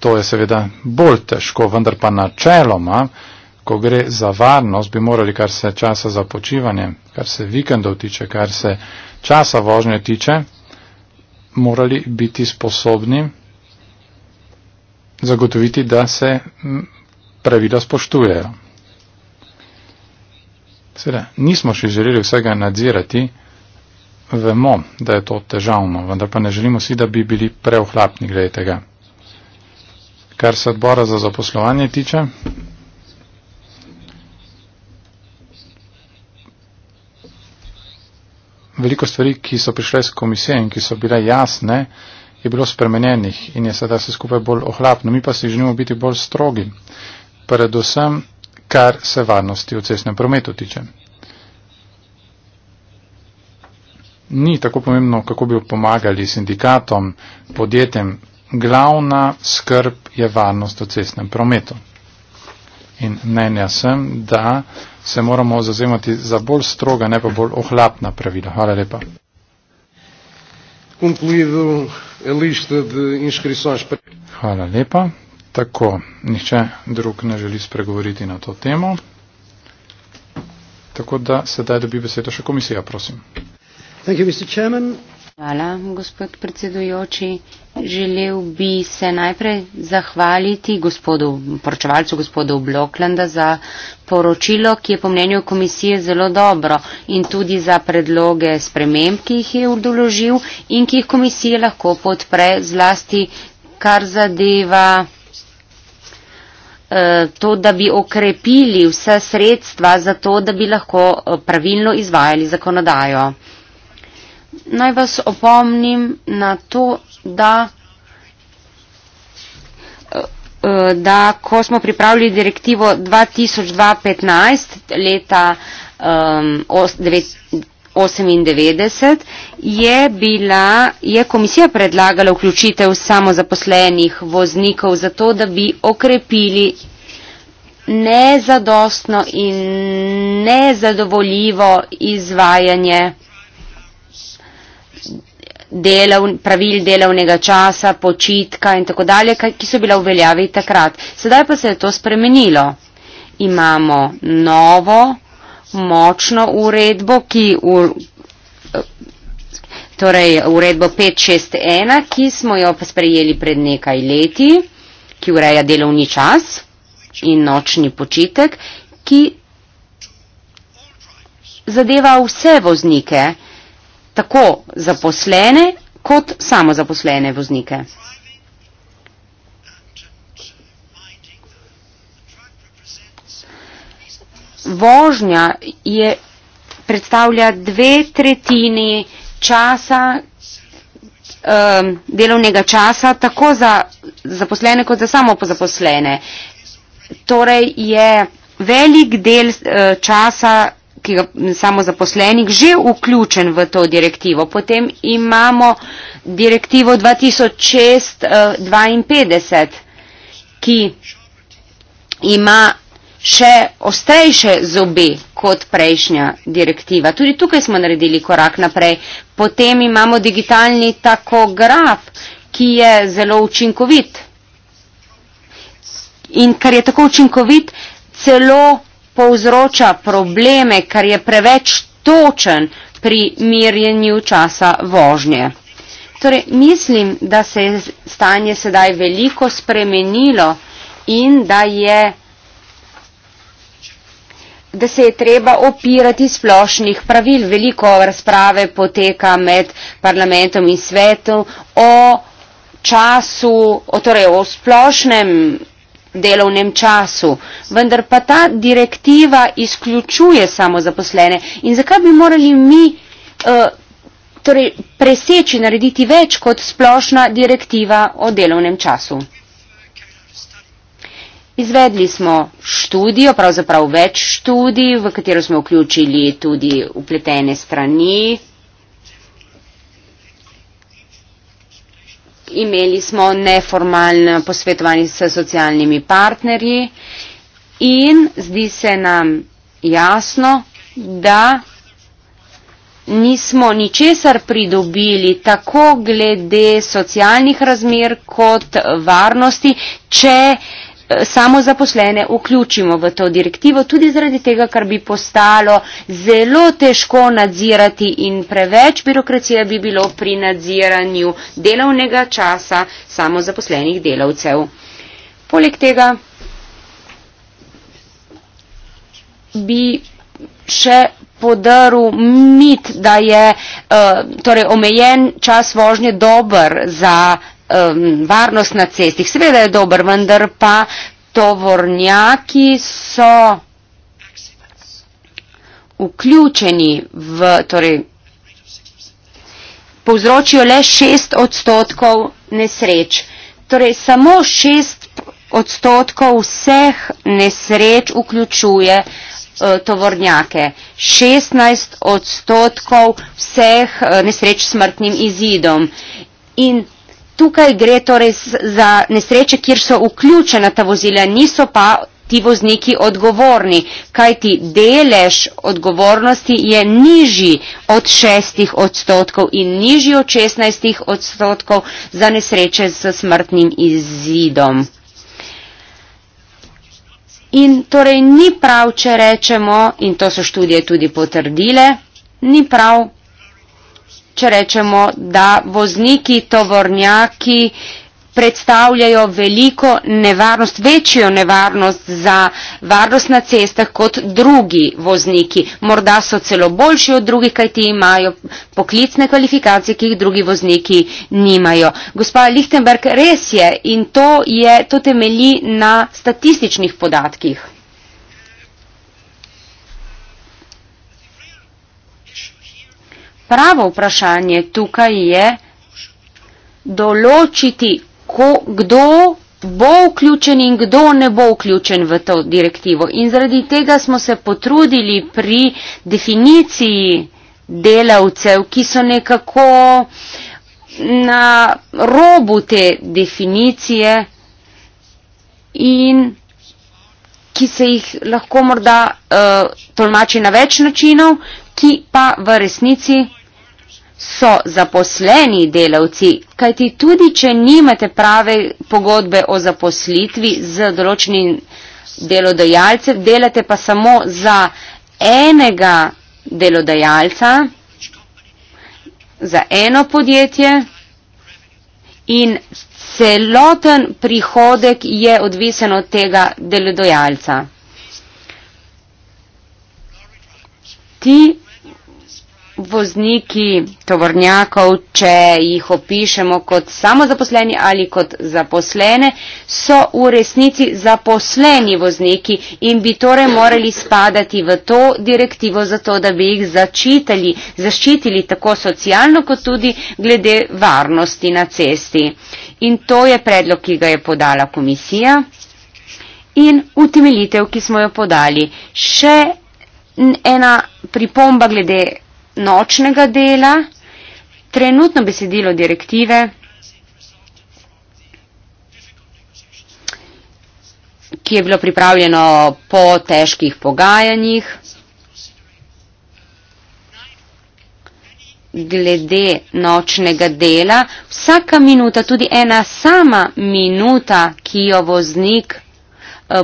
To je seveda bolj težko, vendar pa načeloma, ko gre za varnost, bi morali, kar se časa za počivanje, kar se vikendov tiče, kar se časa vožnje tiče, morali biti sposobni zagotoviti, da se pravila spoštujejo. Seveda, nismo še želeli vsega nadzirati, vemo, da je to težavno, vendar pa ne želimo si, da bi bili preohlapni glede tega. Kar se odbora za zaposlovanje tiče, veliko stvari, ki so prišle s komisijem, ki so bile jasne, je bilo spremenjenih in je sedaj se skupaj bolj ohlapno. Mi pa si želimo biti bolj strogi, predvsem kar se varnosti v cestnem prometu tiče. ni tako pomembno, kako bi pomagali sindikatom, podjetjem. Glavna skrb je varnost v cestnem prometu. In mnenja sem, da se moramo zazemati za bolj stroga, ne pa bolj ohlapna pravila. Hvala lepa. Hvala lepa. Tako, nihče drug ne želi spregovoriti na to temo. Tako da sedaj dobi besedo še komisija, prosim. Hvala, gospod predsedujoči. Želel bi se najprej zahvaliti gospodu poročevalcu, gospodu Bloklanda, za poročilo, ki je po mnenju komisije zelo dobro in tudi za predloge sprememb, ki jih je udoložil in ki jih komisija lahko podpre zlasti, kar zadeva eh, to, da bi okrepili vse sredstva za to, da bi lahko eh, pravilno izvajali zakonodajo naj vas opomnim na to, da, eh, eh, da ko smo pripravili direktivo 2002-15 leta um, ehm, 98, je, bila, je komisija predlagala vključitev samozaposlenih voznikov zato, da bi okrepili nezadostno in nezadovoljivo izvajanje delav, pravil delovnega časa, počitka in tako dalje, ki so bila uveljavi takrat. Sedaj pa se je to spremenilo. Imamo novo, močno uredbo, ki v, torej uredbo 561, ki smo jo pa sprejeli pred nekaj leti, ki ureja delovni čas in nočni počitek, ki zadeva vse voznike tako zaposlene kot samozaposlene voznike. Vožnja je, predstavlja dve tretjini časa, um, delovnega časa, tako za zaposlene kot za samozaposlene. Torej je velik del uh, časa ki ga samozaposlenik že vključen v to direktivo. Potem imamo direktivo 2006-52, eh, ki ima še ostrejše zobe kot prejšnja direktiva. Tudi tukaj smo naredili korak naprej. Potem imamo digitalni takograf, ki je zelo učinkovit. In ker je tako učinkovit, celo povzroča probleme, ker je preveč točen pri mirjenju časa vožnje. Torej, mislim, da se je stanje sedaj veliko spremenilo in da, je, da se je treba opirati splošnih pravil. Veliko razprave poteka med parlamentom in svetom o času, o, torej, o splošnem delovnem času. Vendar pa ta direktiva izključuje samozaposlene. In zakaj bi morali mi uh, torej preseči, narediti več kot splošna direktiva o delovnem času? Izvedli smo študijo, pravzaprav več študij, v katero smo vključili tudi upletene strani, imeli smo neformalen posvetovanje s socialnimi partnerji in zdi se nam jasno, da nismo ničesar pridobili tako glede socialnih razmer kot varnosti, če eh, Eh, samo zaposlene vključimo v to direktivo, tudi zaradi tega, ker bi postalo zelo težko nadzirati in preveč birokracije bi bilo pri nadziranju delovnega časa samo zaposlenih delavcev. Poleg tega bi še podaril mit, da je uh, torej omejen čas vožnje dober za um, varnost na cestih. Seveda je dober, vendar pa tovornjaki so vključeni v, torej, povzročijo le šest odstotkov nesreč. Torej, samo šest odstotkov vseh nesreč vključuje e, tovornjake. 16 odstotkov vseh e, nesreč s smrtnim izidom. In tukaj gre torej za nesreče, kjer so vključena ta vozila, niso pa ti vozniki odgovorni, kaj ti delež odgovornosti je nižji od 6 odstotkov in nižji od 16 odstotkov za nesreče s smrtnim izidom. In torej ni prav, če rečemo, in to so študije tudi potrdile, ni prav, če rečemo, da vozniki tovornjaki predstavljajo veliko nevarnost, večjo nevarnost za varnost na cestah kot drugi vozniki. Morda so celo boljši od drugih, kaj ti imajo poklicne kvalifikacije, ki jih drugi vozniki nimajo. Gospa Lichtenberg, res je in to, je, to temelji na statističnih podatkih. Pravo vprašanje tukaj je določiti, ko, kdo bo vključen in kdo ne bo vključen v to direktivo. In zaradi tega smo se potrudili pri definiciji delavcev, ki so nekako na robu te definicije in ki se jih lahko morda uh, tolmači na več načinov, ki pa v resnici so zaposleni delavci, kajti tudi, če nimate prave pogodbe o zaposlitvi z določenim delodajalcem, delate pa samo za enega delodajalca, za eno podjetje in celoten prihodek je odvisen od tega delodajalca. Ti vozniki tovornjakov, če jih opišemo kot samozaposleni ali kot zaposlene, so v resnici zaposleni vozniki in bi torej morali spadati v to direktivo, zato da bi jih začitali, zaščitili tako socialno kot tudi glede varnosti na cesti. In to je predlog, ki ga je podala komisija in utemeljitev, ki smo jo podali. Še ena pripomba glede nočnega dela. Trenutno besedilo direktive ki je bilo pripravljeno po težkih pogajanjih glede nočnega dela. Vsaka minuta, tudi ena sama minuta, ki jo voznik eh,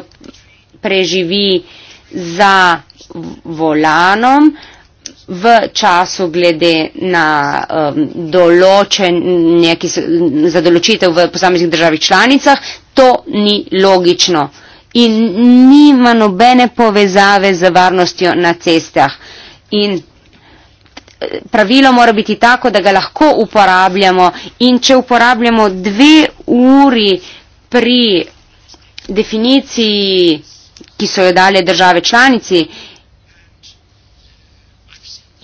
preživi za volanom, v času glede na um, določen, neki, za določitev v posameznih državih članicah, to ni logično in nima nobene povezave z varnostjo na cestah. In eh, pravilo mora biti tako, da ga lahko uporabljamo in če uporabljamo dve uri pri definiciji, ki so jo dali države članici,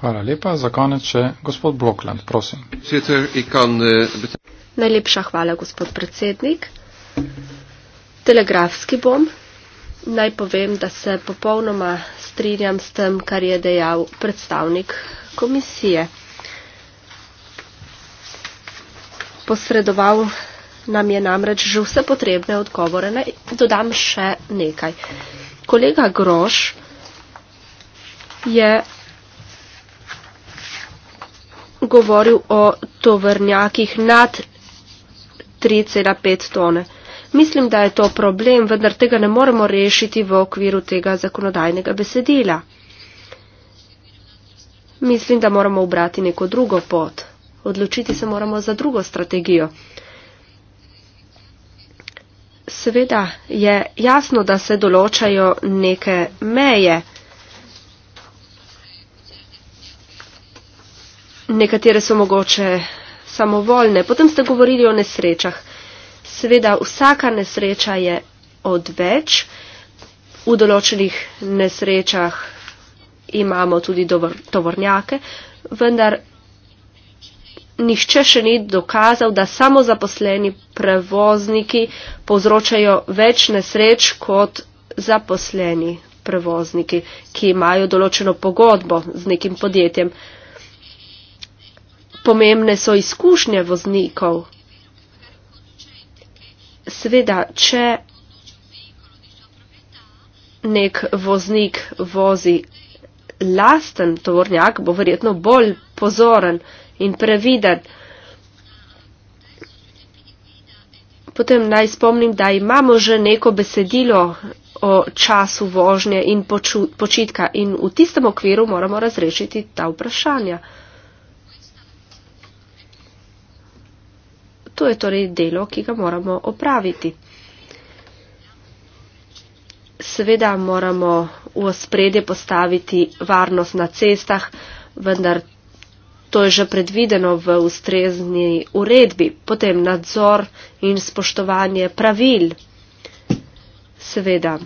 Hvala lepa. Za konec še gospod Blokland, prosim. Eh, Najlepša hvala, gospod predsednik. Telegrafski bom. Naj povem, da se popolnoma strinjam s tem, kar je dejal predstavnik komisije. Posredoval nam je namreč že vse potrebne odgovore. Naj dodam še nekaj. Kolega Groš je govoril o tovrnjakih nad 3,5 tone. Mislim, da je to problem, vendar tega ne moremo rešiti v okviru tega zakonodajnega besedila. Mislim, da moramo obrati neko drugo pot. Odločiti se moramo za drugo strategijo. Seveda je jasno, da se določajo neke meje. nekatere so mogoče samovoljne. Potem ste govorili o nesrečah. Seveda, vsaka nesreča je odveč. V določenih nesrečah imamo tudi dovor, tovornjake, vendar nihče še ni dokazal, da samo zaposleni prevozniki povzročajo več nesreč kot zaposleni prevozniki, ki imajo določeno pogodbo z nekim podjetjem pomembne so izkušnje voznikov. Sveda, če nek voznik vozi lasten tovornjak, bo verjetno bolj pozoren in previden. Potem naj spomnim, da imamo že neko besedilo o času vožnje in počitka in v tistem okviru moramo razrešiti ta vprašanja. To je torej delo, ki ga moramo opraviti. Seveda moramo v spredje postaviti varnost na cestah, vendar to je že predvideno v ustrezni uredbi. Potem nadzor in spoštovanje pravil. Seveda.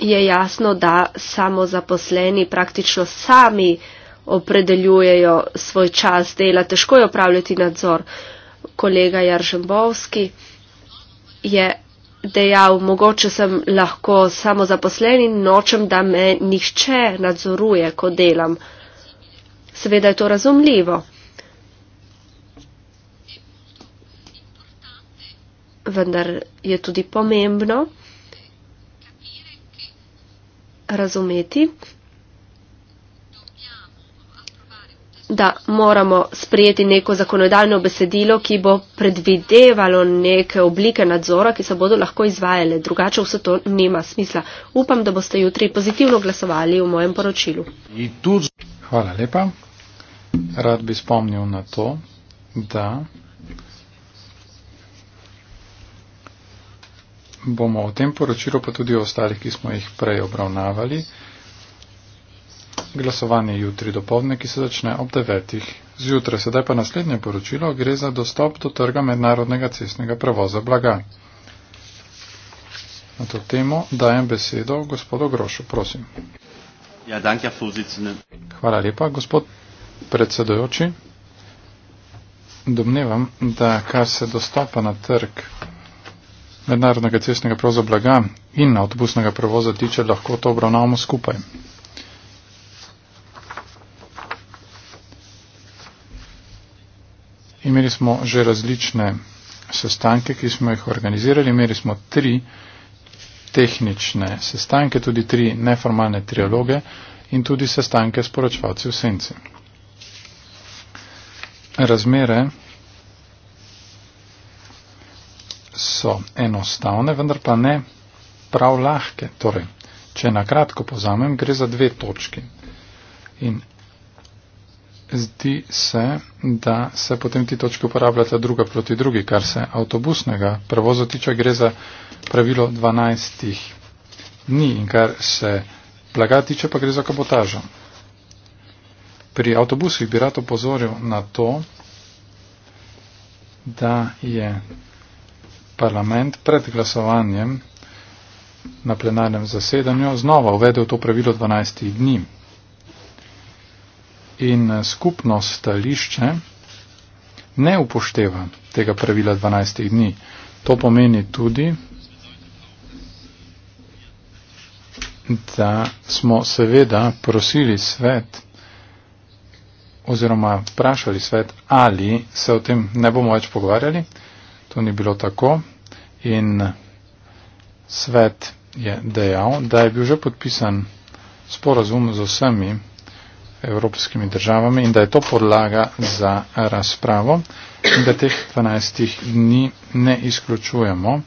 je jasno, da samo zaposleni praktično sami opredeljujejo svoj čas dela, težko je opravljati nadzor. Kolega Jaržembovski je dejal, mogoče sem lahko samo zaposleni, nočem, da me nihče nadzoruje, ko delam. Seveda je to razumljivo. Vendar je tudi pomembno, razumeti, da moramo sprejeti neko zakonodajno besedilo, ki bo predvidevalo neke oblike nadzora, ki se bodo lahko izvajale. Drugače vse to nima smisla. Upam, da boste jutri pozitivno glasovali v mojem poročilu. Hvala lepa. Rad bi spomnil na to, da. bomo o tem poročilu, pa tudi o ostalih, ki smo jih prej obravnavali. Glasovanje jutri do povdne, ki se začne ob 9. zjutraj. Sedaj pa naslednje poročilo gre za dostop do trga mednarodnega cestnega prevoza blaga. Na to temo dajem besedo gospodu Grošu, prosim. Ja, danke, Hvala lepa, gospod predsedojoči. Domnevam, da kar se dostopa na trg mednarodnega cestnega prevoza blaga in avtobusnega prevoza tiče, lahko to obravnavamo skupaj. Imeli smo že različne sestanke, ki smo jih organizirali. Imeli smo tri tehnične sestanke, tudi tri neformalne trialoge in tudi sestanke s poročevalci v senci. Razmere so enostavne, vendar pa ne prav lahke. Torej, če nakratko pozamem, gre za dve točki. In zdi se, da se potem ti točki uporabljata druga proti drugi, kar se avtobusnega prevoza tiče, gre za pravilo 12 dni in kar se blaga tiče, pa gre za kabotažo. Pri avtobusih bi rad opozoril na to, da je parlament pred glasovanjem na plenarnem zasedanju znova uvedel to pravilo 12 dni. In eh, skupno stališče ne upošteva tega pravila 12 dni. To pomeni tudi, da smo seveda prosili svet oziroma vprašali svet, ali se o tem ne bomo več pogovarjali, To ni bilo tako in svet je dejal, da je bil že podpisan sporazum z vsemi evropskimi državami in da je to podlaga za razpravo in da teh 12 dni ne izključujemo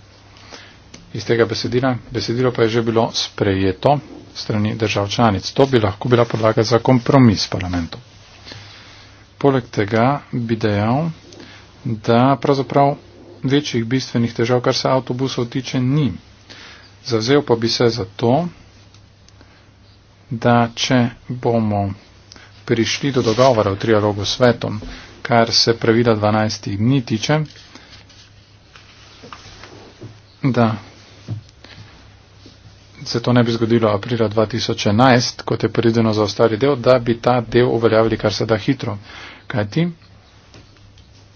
iz tega besedila. Besedilo pa je že bilo sprejeto strani držav članic. To bi lahko bila podlaga za kompromis parlamentu. Poleg tega bi dejal, da pravzaprav večjih bistvenih težav, kar se avtobusov tiče, ni. Zavzel pa bi se za to, da če bomo prišli do dogovora v trialogu s svetom, kar se pravila 12 dni tiče, da se to ne bi zgodilo aprila 2011, kot je predvideno za ostali del, da bi ta del uveljavili kar se da hitro. Kaj ti?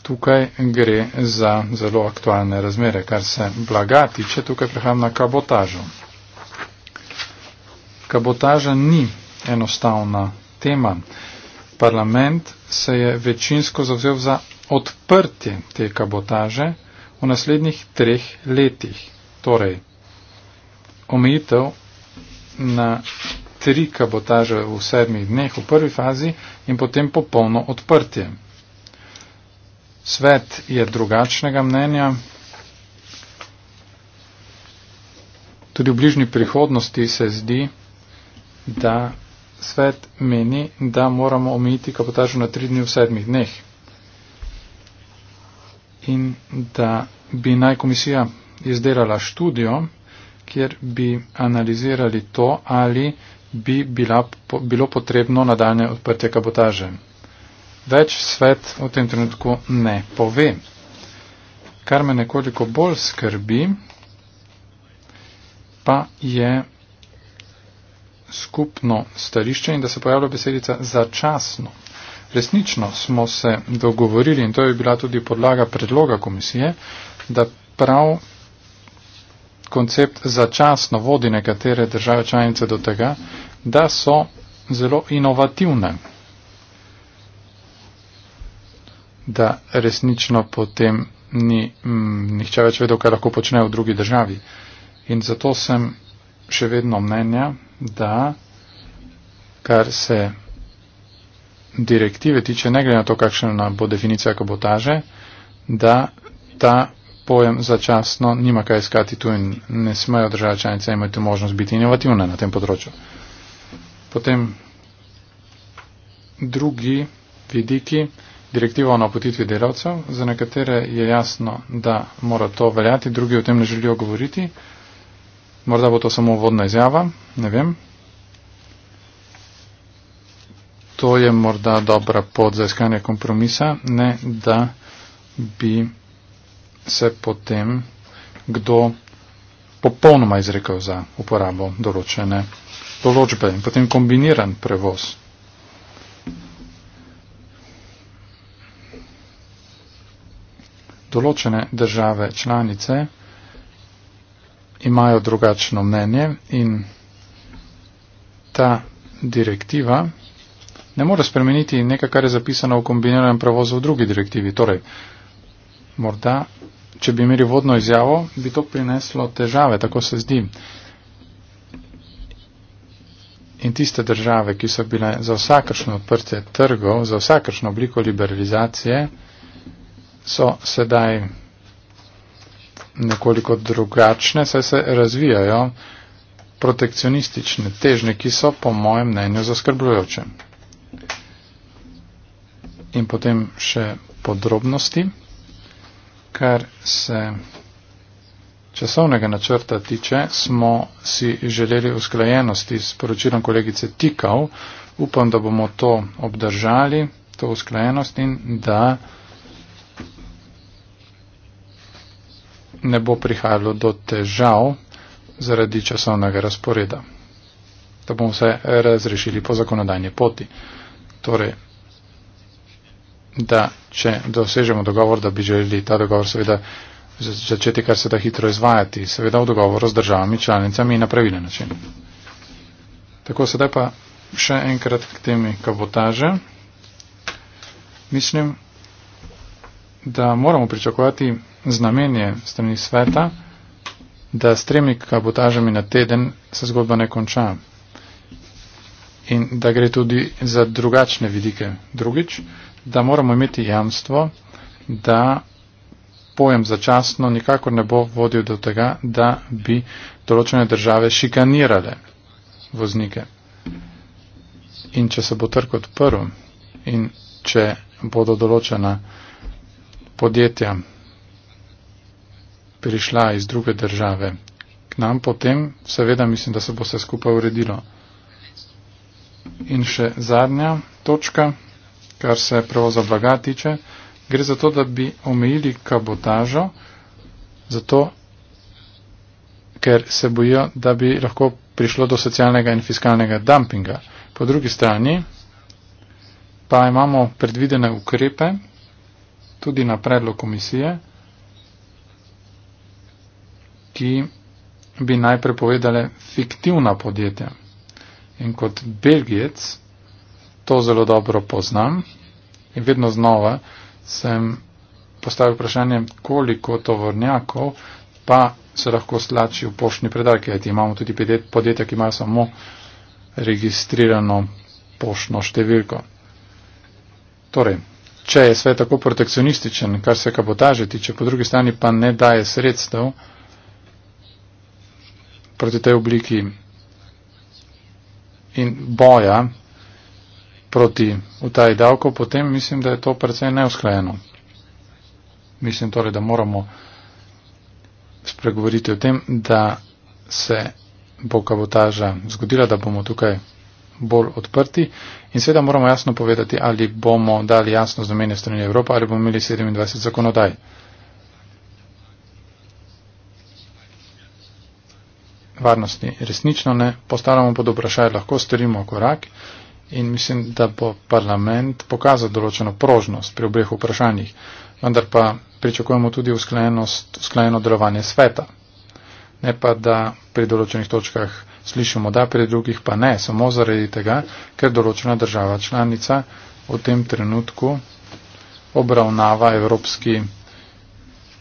tukaj gre za zelo aktualne razmere, kar se blaga tiče, tukaj prehajam na kabotažo. Kabotaža ni enostavna tema. Parlament se je večinsko zavzel za odprtje te kabotaže v naslednjih treh letih. Torej, omejitev na tri kabotaže v sedmih dneh v prvi fazi in potem popolno odprtje. Svet je drugačnega mnenja. Tudi v bližnji prihodnosti se zdi, da svet meni, da moramo omejiti kapotažo na tri dni v sedmih dneh. In da bi naj komisija izdelala študijo, kjer bi analizirali to, ali bi bila, po, bilo potrebno nadaljne odprtje kapotaže. Več svet v tem trenutku ne pove. Kar me nekoliko bolj skrbi, pa je skupno starišče in da se pojavlja besedica začasno. Resnično smo se dogovorili in to je bila tudi podlaga predloga komisije, da prav koncept začasno vodi nekatere države članice do tega, da so zelo inovativne da resnično potem ni m, mm, nihče več vedel, kaj lahko počne v drugi državi. In zato sem še vedno mnenja, da kar se direktive tiče, ne glede na to, kakšna bo definicija kabotaže, da ta pojem začasno nima kaj iskati tu in ne smejo države članice imeti možnost biti inovativne na tem področju. Potem drugi vidiki, direktiva o napotitvi delavcev, za nekatere je jasno, da mora to veljati, drugi o tem ne želijo govoriti. Morda bo to samo vodna izjava, ne vem. To je morda dobra pot za iskanje kompromisa, ne da bi se potem kdo popolnoma izrekel za uporabo določene določbe in potem kombiniran prevoz določene države članice imajo drugačno mnenje in ta direktiva ne more spremeniti nekaj, kar je zapisano v kombiniranem pravozu v drugi direktivi. Torej, morda, če bi imeli vodno izjavo, bi to prineslo težave, tako se zdi. In tiste države, ki so bile za vsakršno odprtje trgov, za vsakršno obliko liberalizacije, so sedaj nekoliko drugačne, saj se razvijajo protekcionistične težne, ki so po mojem mnenju zaskrbljujoče. In potem še podrobnosti, kar se časovnega načrta tiče, smo si želeli usklajenosti s poročilom kolegice Tikal. Upam, da bomo to obdržali, to usklajenost in da ne bo prihajalo do težav zaradi časovnega razporeda. Da bomo vse razrešili po zakonodajni poti. Torej, da če dosežemo dogovor, da bi želeli ta dogovor seveda začeti kar se da hitro izvajati, seveda v dogovoru z državami, članicami in na pravilen način. Tako sedaj pa še enkrat k temi kabotaže. Mislim, da moramo pričakovati znamenje strani sveta, da s tremi kabotažami na teden se zgodba ne konča. In da gre tudi za drugačne vidike. Drugič, da moramo imeti jamstvo, da pojem začasno nikakor ne bo vodil do tega, da bi določene države šikanirale voznike. In če se bo trg odprl in če bodo določena podjetja prišla iz druge države k nam potem, seveda mislim, da se bo vse skupaj uredilo. In še zadnja točka, kar se prevoza blaga tiče, gre za to, da bi omejili kabotažo, zato, ker se bojijo, da bi lahko prišlo do socialnega in fiskalnega dumpinga. Po drugi strani pa imamo predvidene ukrepe, tudi na predlog komisije, ki bi najprej povedale fiktivna podjetja. In kot Belgijec to zelo dobro poznam in vedno znova sem postavil vprašanje, koliko tovornjakov pa se lahko slači v poštni predaj, ker imamo tudi podjetja, ki imajo samo registrirano poštno številko. Torej, če je svet tako protekcionističen, kar se kapotaže tiče, po drugi strani pa ne daje sredstev, proti tej obliki in boja proti utaji davkov, potem mislim, da je to predvsej neusklajeno. Mislim torej, da moramo spregovoriti o tem, da se bo kabotaža zgodila, da bomo tukaj bolj odprti in seveda moramo jasno povedati, ali bomo dali jasno znamenje strani Evropa ali bomo imeli 27 zakonodaj. varnosti. Resnično ne, postavljamo pod vprašaj, lahko storimo korak in mislim, da bo parlament pokazal določeno prožnost pri obeh vprašanjih, vendar pa pričakujemo tudi usklajeno delovanje sveta. Ne pa, da pri določenih točkah slišimo da, pri drugih pa ne, samo zaradi tega, ker določena država članica v tem trenutku obravnava evropski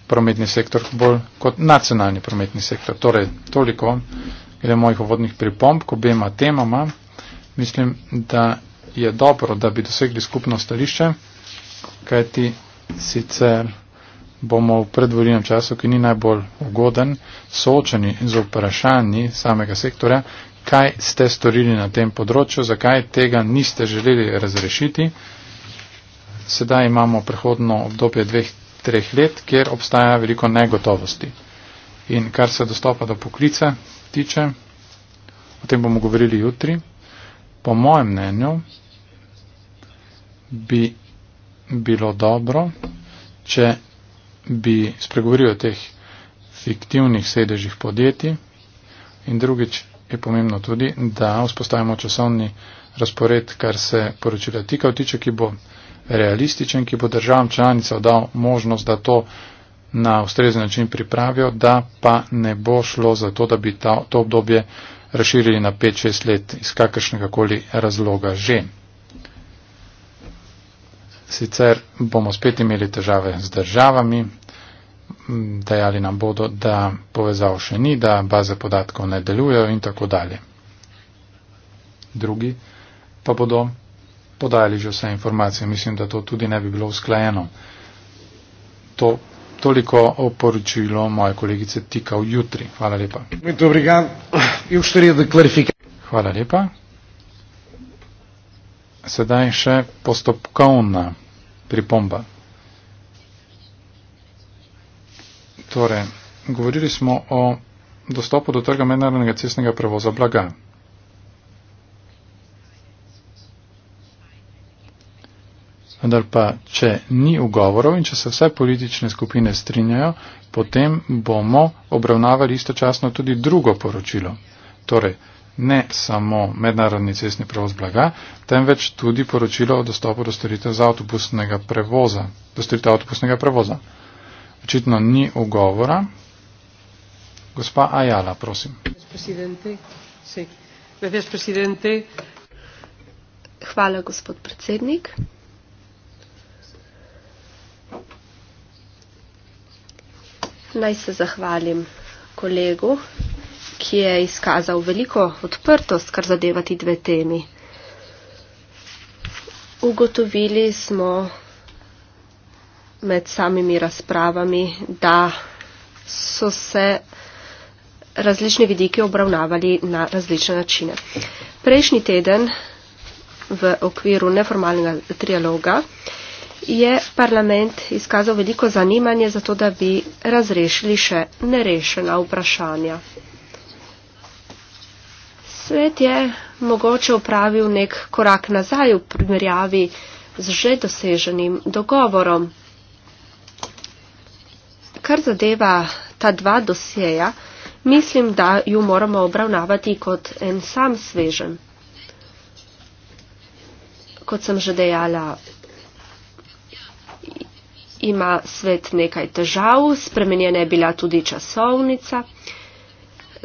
prometni sektor bolj kot nacionalni prometni sektor. Torej, toliko glede mojih uvodnih pripomb k obema temama. Mislim, da je dobro, da bi dosegli skupno stališče, kajti sicer bomo v predvoljenem času, ki ni najbolj ugoden, soočeni z vprašanji samega sektorja, kaj ste storili na tem področju, zakaj tega niste želeli razrešiti. Sedaj imamo prehodno obdobje dveh treh let, kjer obstaja veliko negotovosti. In kar se dostopa do poklica tiče, o tem bomo govorili jutri, po mojem mnenju bi bilo dobro, če bi spregovoril o teh fiktivnih sedežih podjetij in drugič je pomembno tudi, da vzpostavimo časovni razpored, kar se poročila tika vtiče, ki bo realističen, ki bo državam članicam dal možnost, da to na ustrezen način pripravijo, da pa ne bo šlo za to, da bi ta, to obdobje razširili na 5-6 let iz kakršnega koli razloga že. Sicer bomo spet imeli težave z državami, dajali nam bodo, da povezav še ni, da baze podatkov ne delujejo in tako dalje. Drugi pa bodo podajali že vse informacije. Mislim, da to tudi ne bi bilo usklajeno. To, toliko o poročilo moje kolegice tika v jutri. Hvala lepa. Hvala lepa. Sedaj še postopkovna pripomba. Torej, govorili smo o dostopu do trga mednarodnega cestnega prevoza blaga. vendar pa, če ni ugovorov in če se vse politične skupine strinjajo, potem bomo obravnavali istočasno tudi drugo poročilo. Torej, ne samo mednarodni cestni prevoz blaga, temveč tudi poročilo o dostopu do storitev za avtobusnega prevoza. Do storitev avtobusnega prevoza. Očitno ni ugovora. Gospa Ajala, prosim. Hvala, gospod predsednik. Naj se zahvalim kolegu, ki je izkazal veliko odprtost, kar zadeva ti dve temi. Ugotovili smo med samimi razpravami, da so se različne vidiki obravnavali na različne načine. Prejšnji teden v okviru neformalnega trialoga je parlament izkazal veliko zanimanje za to, da bi razrešili še nerešena vprašanja. Svet je mogoče upravil nek korak nazaj v primerjavi z že doseženim dogovorom. Kar zadeva ta dva dosjeja, mislim, da ju moramo obravnavati kot en sam svežen. Kot sem že dejala, ima svet nekaj težav, spremenjena je bila tudi časovnica.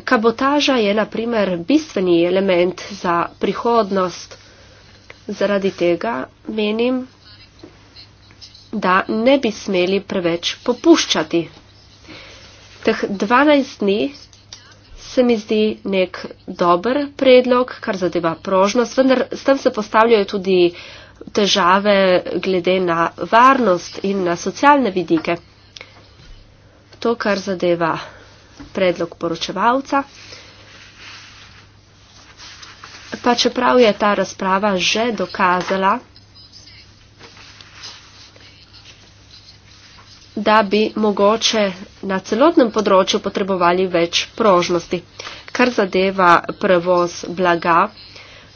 Kabotaža je na primer bistveni element za prihodnost. Zaradi tega menim, da ne bi smeli preveč popuščati. Teh 12 dni se mi zdi nek dober predlog, kar zadeva prožnost, vendar s tem se postavljajo tudi uh, težave glede na varnost in na socialne vidike. To, kar zadeva predlog poročevalca. Pa čeprav je ta razprava že dokazala, da bi mogoče na celotnem področju potrebovali več prožnosti, kar zadeva prevoz blaga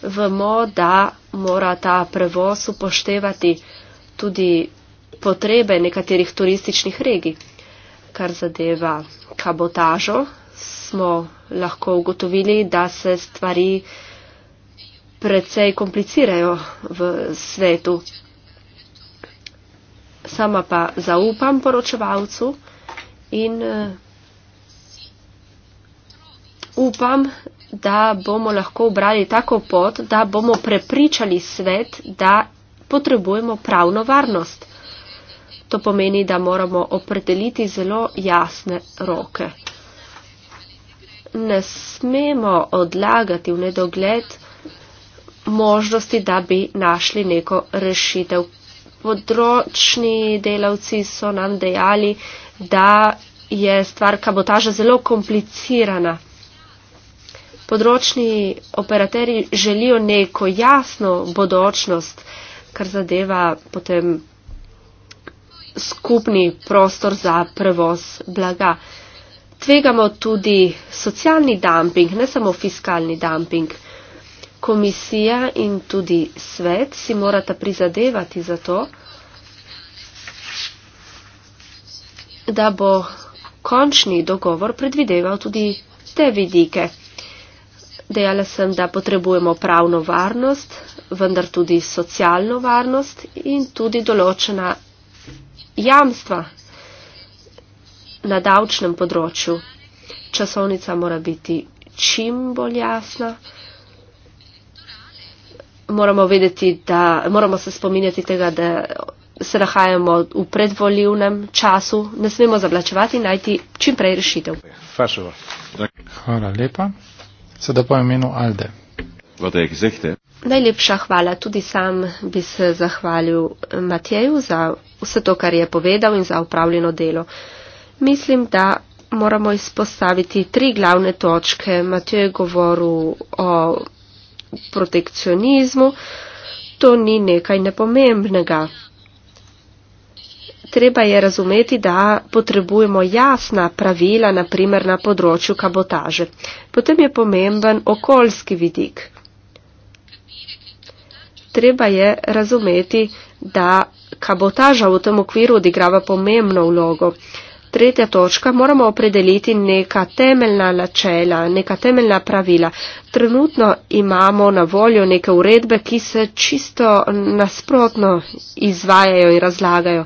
vemo, da mora ta prevoz upoštevati tudi potrebe nekaterih turističnih regij. Kar zadeva kabotažo, smo lahko ugotovili, da se stvari precej komplicirajo v svetu. Sama pa zaupam poročevalcu in eh, upam, da bomo lahko obrali tako pot, da bomo prepričali svet, da potrebujemo pravno varnost. To pomeni, da moramo opredeliti zelo jasne roke. Ne smemo odlagati v nedogled možnosti, da bi našli neko rešitev. Področni delavci so nam dejali, da je stvar kabotaža zelo komplicirana področni operateri želijo neko jasno bodočnost, kar zadeva potem skupni prostor za prevoz blaga. Tvegamo tudi socialni dumping, ne samo fiskalni dumping. Komisija in tudi svet si morata prizadevati za to, da bo končni dogovor predvideval tudi te vidike. Dejala sem, da potrebujemo pravno varnost, vendar tudi socialno varnost in tudi določena jamstva na davčnem področju. Časovnica mora biti čim bolj jasna. Moramo, vedeti, da, moramo se spominjati tega, da se nahajamo v predvoljivnem času. Ne smemo zavlačevati in najti čim prej rešitev. Hvala lepa. Sedaj pa imenu Alde. Najlepša hvala. Tudi sam bi se zahvalil Matjeju za vse to, kar je povedal in za upravljeno delo. Mislim, da moramo izpostaviti tri glavne točke. Matjej je govoril o protekcionizmu. To ni nekaj nepomembnega treba je razumeti, da potrebujemo jasna pravila, naprimer na področju kabotaže. Potem je pomemben okoljski vidik. Treba je razumeti, da kabotaža v tem okviru odigrava pomembno vlogo. Tretja točka, moramo opredeliti neka temeljna načela, neka temeljna pravila. Trenutno imamo na voljo neke uredbe, ki se čisto nasprotno izvajajo in razlagajo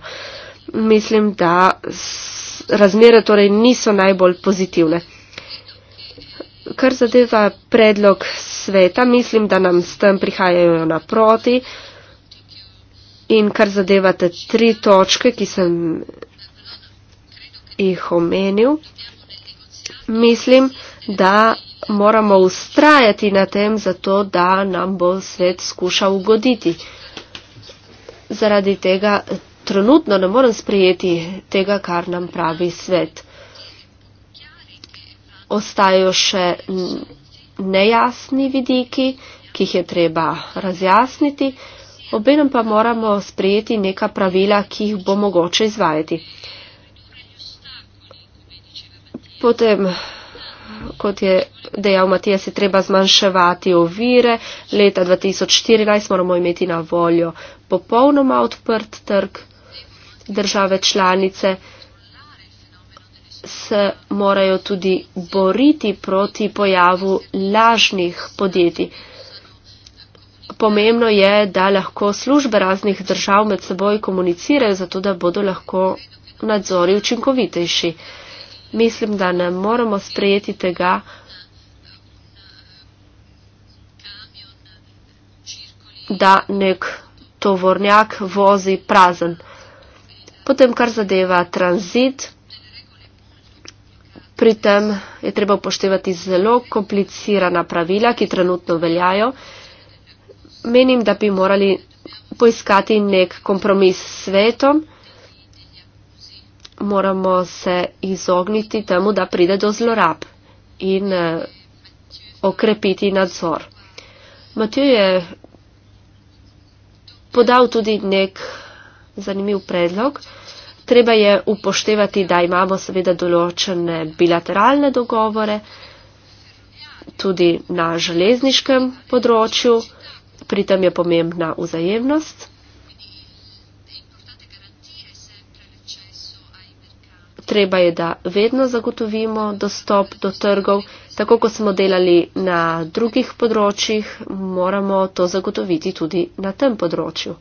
mislim, da razmere torej niso najbolj pozitivne. Kar zadeva predlog sveta, mislim, da nam s tem prihajajo naproti. In kar zadeva te tri točke, ki sem jih omenil, mislim, da moramo ustrajati na tem, zato da nam bo svet skušal ugoditi. Zaradi tega trenutno ne morem sprejeti tega, kar nam pravi svet. Ostajajo še nejasni vidiki, ki jih je treba razjasniti, obenem pa moramo sprejeti neka pravila, ki jih bo mogoče izvajati. Potem, kot je dejal Matijas, je treba zmanjševati ovire. Leta 2014 moramo imeti na voljo popolnoma odprt trg države članice se morajo tudi boriti proti pojavu lažnih podjetij. Pomembno je, da lahko službe raznih držav med seboj komunicirajo, zato da bodo lahko nadzori učinkovitejši. Mislim, da ne moremo sprejeti tega, da nek tovornjak vozi prazen. Potem, kar zadeva tranzit, pri tem je treba upoštevati zelo komplicirana pravila, ki trenutno veljajo. Menim, da bi morali poiskati nek kompromis s svetom. Moramo se izogniti temu, da pride do zlorab in eh, okrepiti nadzor. Matiju je podal tudi nek zanimiv predlog. Treba je upoštevati, da imamo seveda določene bilateralne dogovore tudi na železniškem področju, pri tem je pomembna vzajemnost. Treba je, da vedno zagotovimo dostop do trgov, tako kot smo delali na drugih področjih, moramo to zagotoviti tudi na tem področju.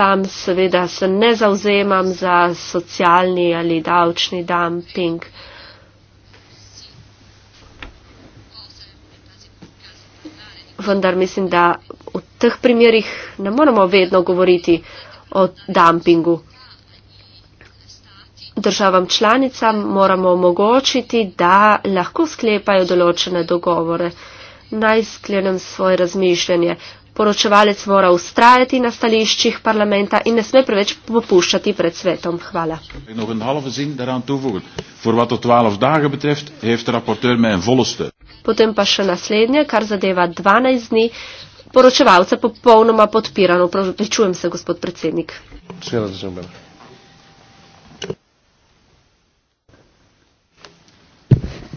sam seveda se ne zauzemam za socialni ali davčni dumping. Vendar mislim, da v teh primerjih ne moramo vedno govoriti o dumpingu. Državam članicam moramo omogočiti, da lahko sklepajo določene dogovore. Naj sklenem svoje razmišljanje poročevalec mora ustrajati na stališčih parlamenta in ne sme preveč popuščati pred svetom. Hvala. Potem pa še naslednje, kar zadeva 12 dni. Poročevalce popolnoma podpirano. Prečujem se, gospod predsednik.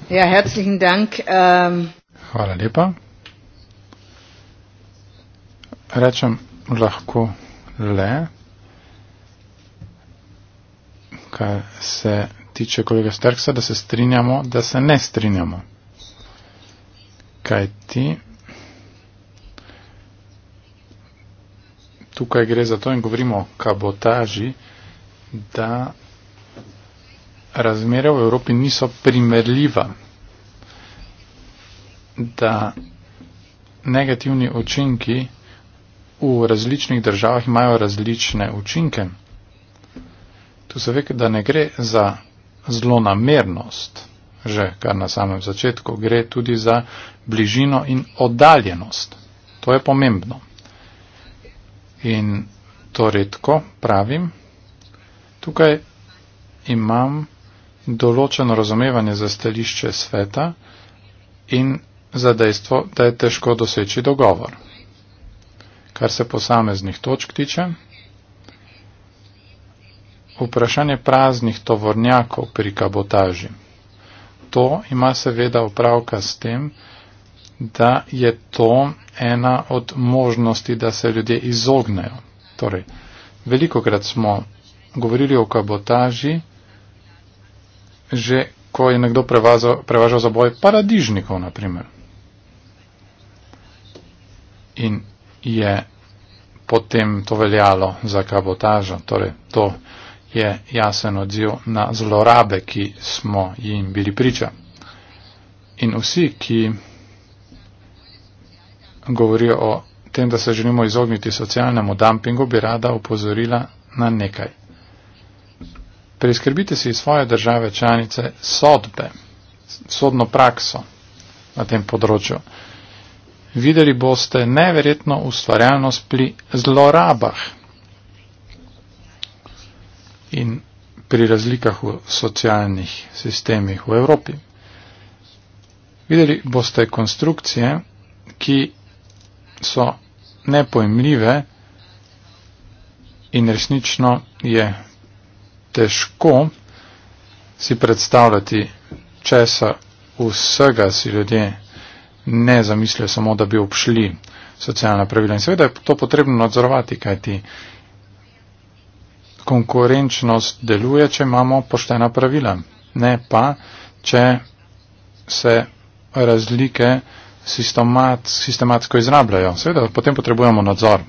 Ja, herzlichen Dank. Um... Hvala lepa rečem lahko le, kar se tiče kolega Sterksa, da se strinjamo, da se ne strinjamo. Kaj ti? Tukaj gre za to in govorimo o kabotaži, da razmere v Evropi niso primerljiva, da negativni učinki v različnih državah imajo različne učinke. Tu se ve, da ne gre za zlonamernost, že kar na samem začetku, gre tudi za bližino in oddaljenost. To je pomembno. In to redko pravim. Tukaj imam določeno razumevanje za stališče sveta in za dejstvo, da je težko doseči dogovor kar se posameznih točk tiče. Vprašanje praznih tovornjakov pri kabotaži. To ima seveda upravka s tem, da je to ena od možnosti, da se ljudje izognejo. Torej, veliko krat smo govorili o kabotaži, že ko je nekdo prevažal, prevažal za boj paradižnikov, naprimer. In je potem to veljalo za kabotažo. Torej, to je jasen odziv na zlorabe, ki smo jim bili priča. In vsi, ki govorijo o tem, da se želimo izogniti socialnemu dumpingu, bi rada upozorila na nekaj. Preskrbite si svoje države članice sodbe, sodno prakso na tem področju videli boste neverjetno ustvarjalnost pri zlorabah in pri razlikah v socialnih sistemih v Evropi. Videli boste konstrukcije, ki so nepojmljive in resnično je težko si predstavljati, česa vsega si ljudje ne zamislijo samo, da bi obšli socialna pravila. In seveda je to potrebno nadzorovati, kajti konkurenčnost deluje, če imamo poštena pravila. Ne pa, če se razlike sistemat, sistematsko izrabljajo. Seveda potem potrebujemo nadzor.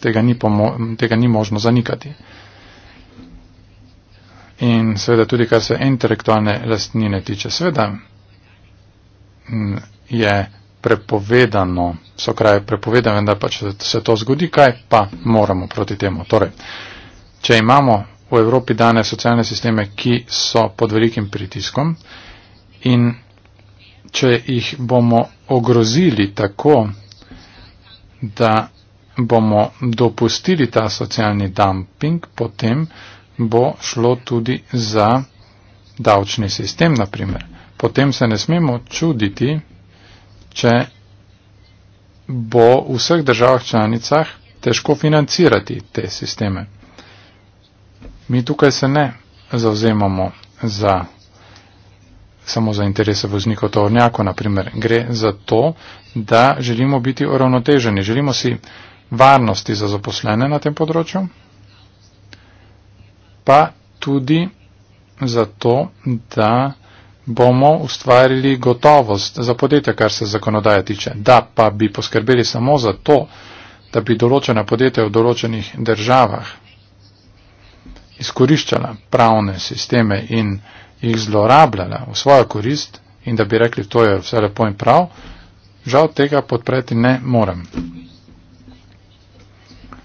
Tega ni, pomo, tega ni možno zanikati. In seveda tudi, kar se intelektualne lastnine tiče. Seveda, je prepovedano, so kraje prepovedane, vendar pa če se to zgodi, kaj pa moramo proti temu. Torej, če imamo v Evropi danes socialne sisteme, ki so pod velikim pritiskom in če jih bomo ogrozili tako, da bomo dopustili ta socialni dumping, potem bo šlo tudi za davčni sistem, naprimer. Potem se ne smemo čuditi, če bo v vseh državah članicah težko financirati te sisteme. Mi tukaj se ne zauzemamo za, samo za interese voznikov tovornjako, naprimer. Gre za to, da želimo biti uravnoteženi, želimo si varnosti za zaposlene na tem področju, pa tudi za to, da bomo ustvarili gotovost za podjetja, kar se zakonodaje tiče. Da pa bi poskrbeli samo za to, da bi določena podjetja v določenih državah izkoriščala pravne sisteme in jih zlorabljala v svojo korist in da bi rekli, to je vse lepo in prav, žal tega podpreti ne morem.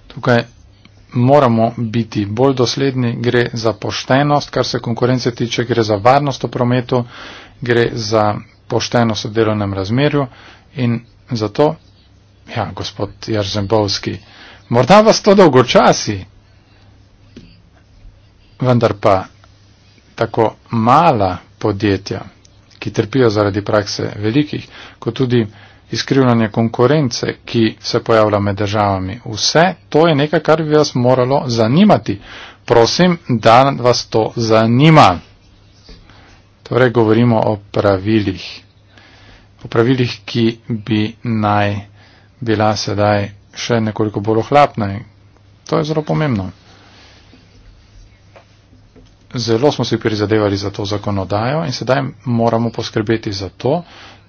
Tukaj moramo biti bolj dosledni, gre za poštenost, kar se konkurence tiče, gre za varnost v prometu, gre za poštenost v delovnem razmerju in zato, ja, gospod Jarzembovski, morda vas to dolgočasi, vendar pa tako mala podjetja, ki trpijo zaradi prakse velikih, kot tudi izkrivljanje konkurence, ki se pojavlja med državami. Vse to je nekaj, kar bi vas moralo zanimati. Prosim, da vas to zanima. Torej, govorimo o pravilih. O pravilih, ki bi naj bila sedaj še nekoliko bolj ohlapna. To je zelo pomembno. Zelo smo si prizadevali za to zakonodajo in sedaj moramo poskrbeti za to,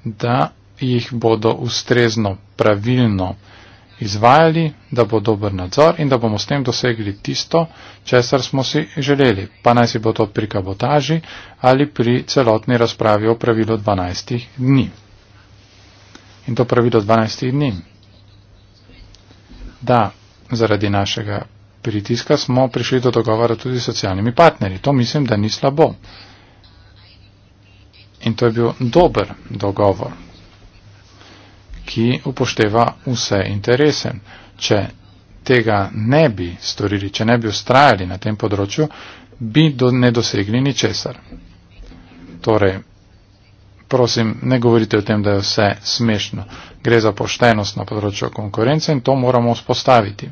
da jih bodo ustrezno, pravilno izvajali, da bo dober nadzor in da bomo s tem dosegli tisto, česar smo si želeli. Pa naj si bo to pri kabotaži ali pri celotni razpravi o pravilu 12 dni. In to pravilo 12 dni. Da, zaradi našega pritiska smo prišli do dogovora tudi s socialnimi partnerji. To mislim, da ni slabo. In to je bil dober dogovor, ki upošteva vse interese. Če tega ne bi storili, če ne bi ustrajali na tem področju, bi do, ne dosegli ničesar. Torej, prosim, ne govorite o tem, da je vse smešno. Gre za poštenost na področju konkurence in to moramo vzpostaviti.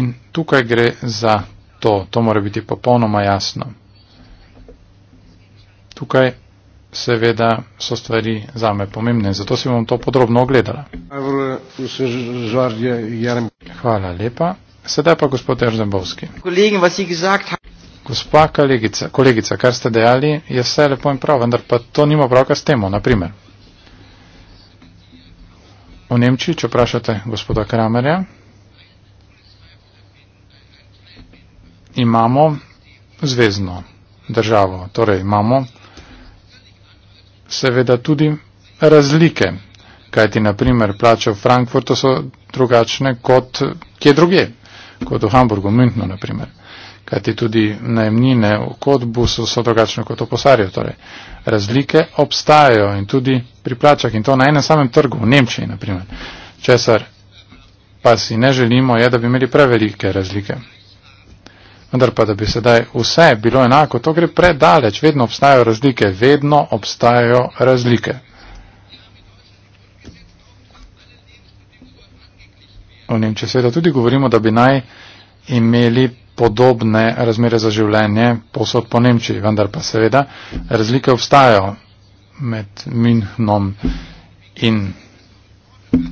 In tukaj gre za to, to mora biti popolnoma jasno. Tukaj seveda so stvari zame pomembne. Zato si bom to podrobno ogledala. Hvala lepa. Sedaj pa gospod Erzembovski. Gospa kolegica, kolegica, kar ste dejali, je vse lepo in prav, vendar pa to nima pravka s temo, naprimer. V Nemčiji, če vprašate gospoda Kramerja, imamo zvezno državo, torej imamo seveda tudi razlike, kajti naprimer plače v Frankfurtu so drugačne kot kje druge, kot v Hamburgu, Münchenu naprimer, kajti tudi najemnine kot busu so drugačne kot v Posarju. Torej, razlike obstajajo in tudi pri plačah in to na enem samem trgu, v Nemčiji naprimer. Česar pa si ne želimo je, da bi imeli prevelike razlike. Vendar pa, da bi sedaj vse bilo enako, to gre predaleč, vedno obstajajo razlike, vedno obstajajo razlike. O Nemčiji seveda tudi govorimo, da bi naj imeli podobne razmere za življenje posod po Nemčiji, vendar pa seveda razlike obstajajo med Münchnom in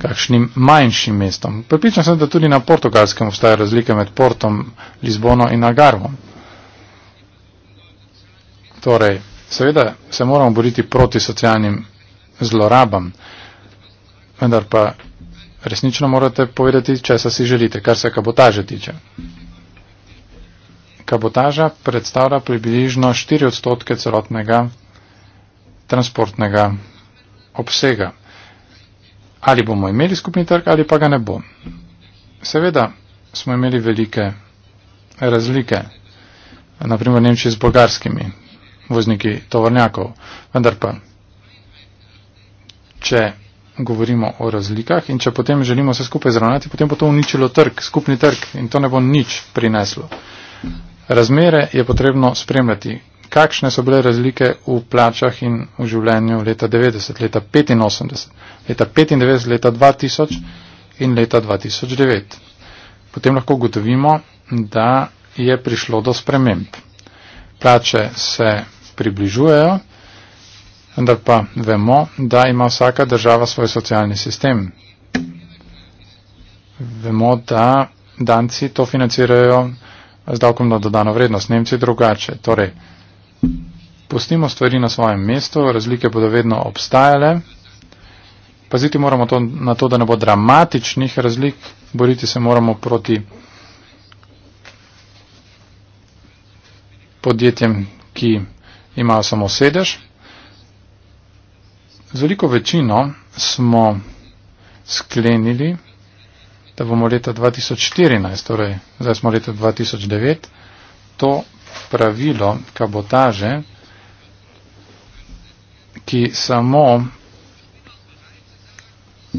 kakšnim manjšim mestom. Pripričam se, da tudi na portugalskem obstaja razlika med portom, Lizbono in Agarvom. Torej, seveda se moramo boriti proti socialnim zlorabam, vendar pa resnično morate povedati, česa si želite, kar se kabotaže tiče. Kabotaža predstavlja približno 4 odstotke celotnega transportnega obsega ali bomo imeli skupni trg ali pa ga ne bo. Seveda smo imeli velike razlike, naprimer Nemčiji z bolgarskimi vozniki tovornjakov, vendar pa, če govorimo o razlikah in če potem želimo vse skupaj zravnati, potem bo to uničilo trg, skupni trg in to ne bo nič prineslo. Razmere je potrebno spremljati, kakšne so bile razlike v plačah in v življenju leta 90, leta 85, leta 95, leta 2000 in leta 2009. Potem lahko gotovimo, da je prišlo do sprememb. Plače se približujejo, vendar pa vemo, da ima vsaka država svoj socialni sistem. Vemo, da danci to financirajo z davkom na dodano vrednost, nemci drugače. Torej, Pustimo stvari na svojem mestu, razlike bodo vedno obstajale. Paziti moramo to, na to, da ne bo dramatičnih razlik, boriti se moramo proti podjetjem, ki imajo samo sedež. Z veliko večino smo sklenili, da bomo leta 2014, torej zdaj smo leta 2009, to pravilo kabotaže, ki samo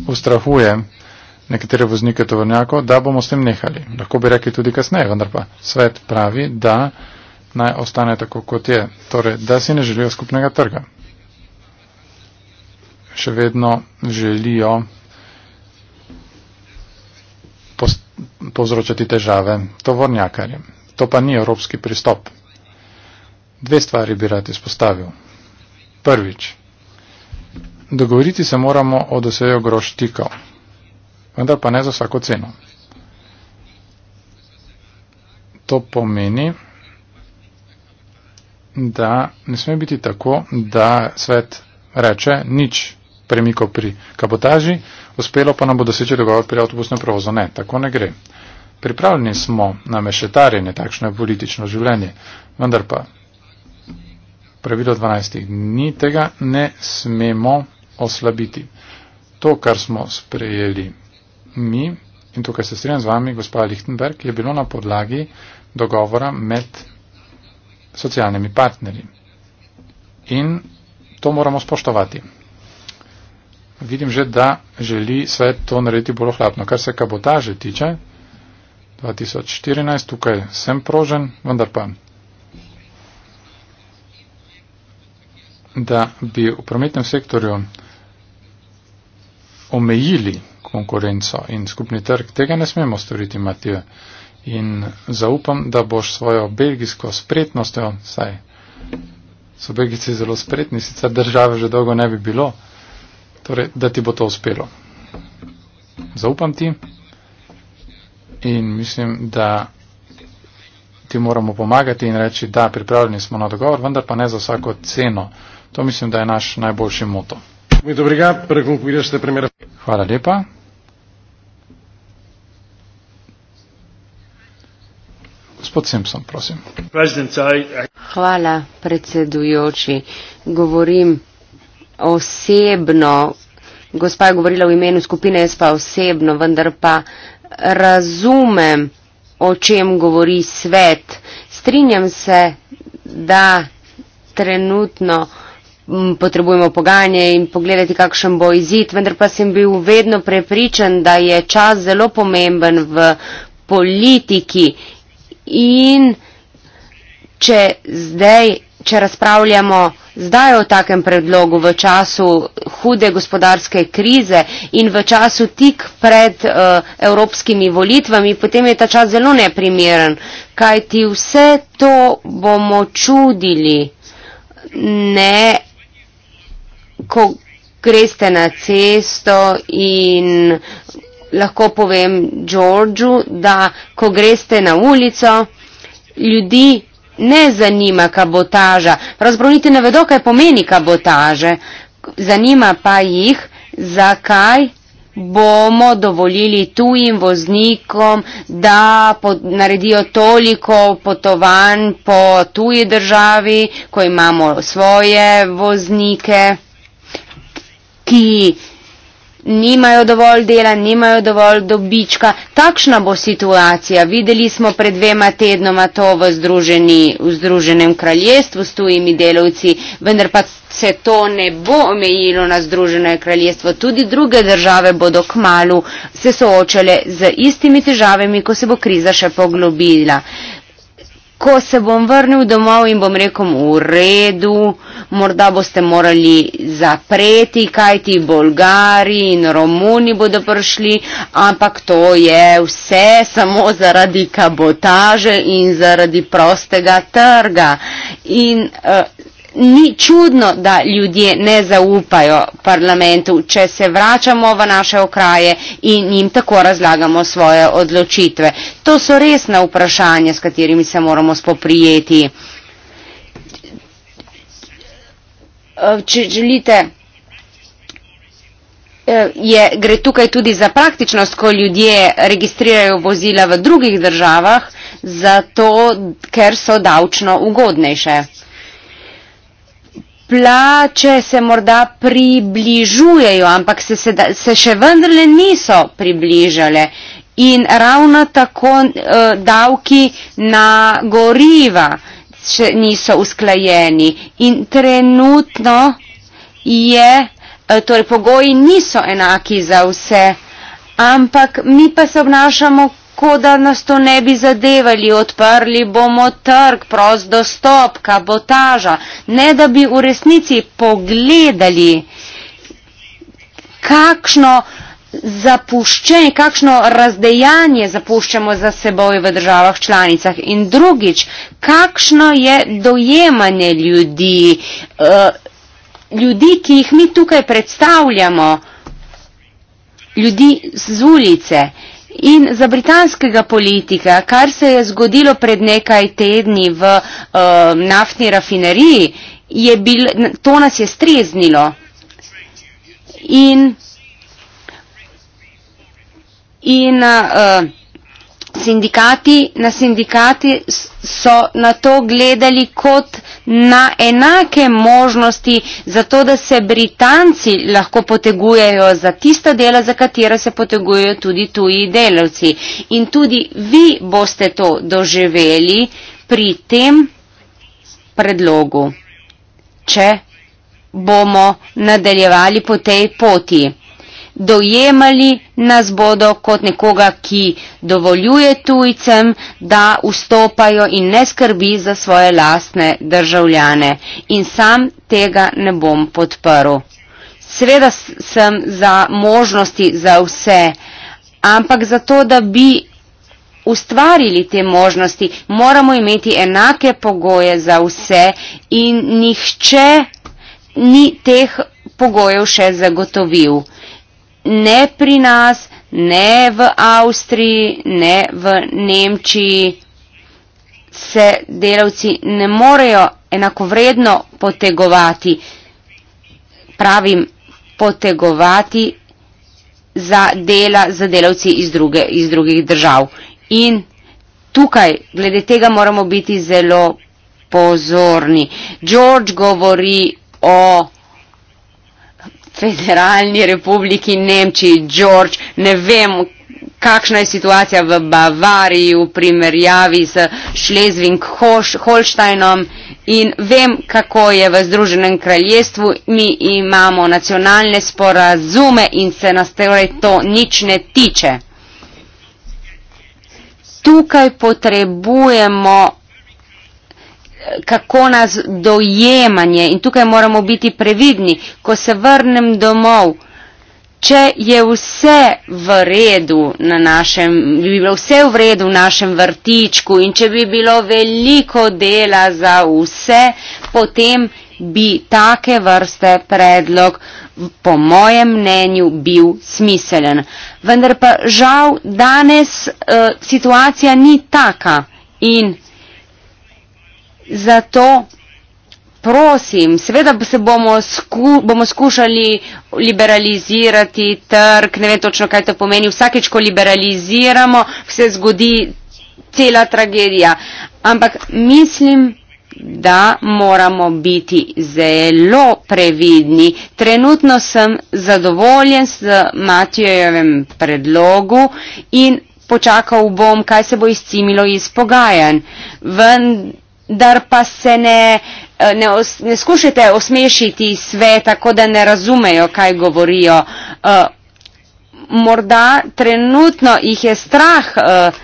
ustrahuje nekatere voznike tovornjako, da bomo s tem nehali. Lahko bi rekli tudi kasneje, vendar pa svet pravi, da naj ostane tako, kot je. Torej, da si ne želijo skupnega trga. Še vedno želijo povzročati težave tovornjakarjem. To pa ni evropski pristop. Dve stvari bi rad izpostavil. Prvič, dogovoriti se moramo o dosejo groš tikov, vendar pa ne za vsako ceno. To pomeni, da ne sme biti tako, da svet reče nič premiko pri kabotaži, uspelo pa nam bo doseči dogovor pri avtobusnem provozu. Ne, tako ne gre. Pripravljeni smo na mešetarjenje, takšno je politično življenje, vendar pa pravilo 12. Ni tega ne smemo oslabiti. To, kar smo sprejeli mi in tukaj se strinjam z vami, gospa Lichtenberg, je bilo na podlagi dogovora med socialnimi partnerji. In to moramo spoštovati. Vidim že, da želi svet to narediti bolj ohlapno. Kar se kabotaže tiče, 2014, tukaj sem prožen, vendar pa da bi v prometnem sektorju omejili konkurenco in skupni trg. Tega ne smemo storiti, Matija. In zaupam, da boš svojo belgijsko spretnostjo, saj so belgijci zelo spretni, sicer države že dolgo ne bi bilo, torej, da ti bo to uspelo. Zaupam ti in mislim, da ti moramo pomagati in reči, da pripravljeni smo na dogovor, vendar pa ne za vsako ceno. To mislim, da je naš najboljši moto. Hvala lepa. Gospod Simpson, prosim. Hvala, predsedujoči. Govorim osebno, gospa je govorila v imenu skupine, jaz pa osebno, vendar pa razumem, o čem govori svet. Strinjam se, da trenutno potrebujemo pogajanje in pogledati, kakšen bo izid, vendar pa sem bil vedno prepričan, da je čas zelo pomemben v politiki in če zdaj, če razpravljamo zdaj o takem predlogu v času hude gospodarske krize in v času tik pred uh, evropskimi volitvami, potem je ta čas zelo neprimeren, kaj ti vse to bomo čudili. Ne ko greste na cesto in lahko povem Đorđu, da ko greste na ulico, ljudi ne zanima kabotaža. Pravzaprav niti ne vedo, kaj pomeni kabotaže. Zanima pa jih, zakaj bomo dovolili tujim voznikom, da naredijo toliko potovanj po tuji državi, ko imamo svoje voznike ki nimajo dovolj dela, nimajo dovolj dobička. Takšna bo situacija. Videli smo pred dvema tednoma to v, združeni, v Združenem kraljestvu s tujimi delavci, vendar pa se to ne bo omejilo na Združeno kraljestvo. Tudi druge države bodo k malu se soočale z istimi težavami, ko se bo kriza še poglobila ko se bom vrnil domov in bom rekel v redu, morda boste morali zapreti, kaj ti Bolgari in Romuni bodo prišli, ampak to je vse samo zaradi kabotaže in zaradi prostega trga. In, uh, Ni čudno, da ljudje ne zaupajo parlamentu, če se vračamo v naše okraje in jim tako razlagamo svoje odločitve. To so resna vprašanja, s katerimi se moramo spoprijeti. Eh, če želite, eh, je, gre tukaj tudi za praktičnost, ko ljudje registrirajo vozila v drugih državah, zato ker so davčno ugodnejše plače se morda približujejo, ampak se, se, se še vendarle niso približale. In ravno tako uh, davki na goriva še niso usklajeni. In trenutno je, uh, torej pogoji niso enaki za vse, ampak mi pa se obnašamo tako, da nas to ne bi zadevali, odprli bomo trg, prost dostop, kabotaža, ne da bi v resnici pogledali, kakšno zapuščenje, kakšno razdejanje zapuščamo za seboj v državah članicah in drugič, kakšno je dojemanje ljudi, eh, ljudi, ki jih mi tukaj predstavljamo, ljudi z ulice. In za britanskega politika, kar se je zgodilo pred nekaj tedni v uh, naftni rafineriji, je bil, to nas je streznilo. In, in uh, sindikati, na sindikati so na to gledali kot na enake možnosti, zato da se Britanci lahko potegujejo za tista dela, za katera se potegujejo tudi tuji delavci. In tudi vi boste to doživeli pri tem predlogu, če bomo nadaljevali po tej poti dojemali nas bodo kot nekoga, ki dovoljuje tujcem, da vstopajo in ne skrbi za svoje lastne državljane. In sam tega ne bom podprl. Sveda sem za možnosti za vse, ampak zato, da bi ustvarili te možnosti, moramo imeti enake pogoje za vse in nihče ni teh pogojev še zagotovil ne pri nas, ne v Avstriji, ne v Nemčiji se delavci ne morejo enakovredno potegovati, pravim potegovati za dela za delavci iz, druge, iz drugih držav. In tukaj, glede tega, moramo biti zelo pozorni. George govori o federalni republiki Nemčiji, George, ne vem, kakšna je situacija v Bavariji v primerjavi s Šlezvink-Holštajnom in vem, kako je v Združenem kraljestvu, mi imamo nacionalne sporazume in se nas torej to nič ne tiče. Tukaj potrebujemo kako nas dojemanje in tukaj moramo biti previdni, ko se vrnem domov, če je vse v redu na našem, bi bilo vse v redu v našem vrtičku in če bi bilo veliko dela za vse, potem bi take vrste predlog po mojem mnenju bil smiselen. Vendar pa žal danes uh, situacija ni taka. In Zato prosim, seveda se bomo, sku, bomo skušali liberalizirati trg, ne vem točno, kaj to pomeni. Vsakeč, ko liberaliziramo, se zgodi cela tragedija. Ampak mislim, da moramo biti zelo previdni. Trenutno sem zadovoljen s Matijojevem predlogu in počakal bom, kaj se bo izcimilo iz pogajanj. Vendar Dar pa se ne, eh, ne, os, ne skušate osmešiti sveta, kot da ne razumejo, kaj govorijo. Uh, morda trenutno jih je strah uh,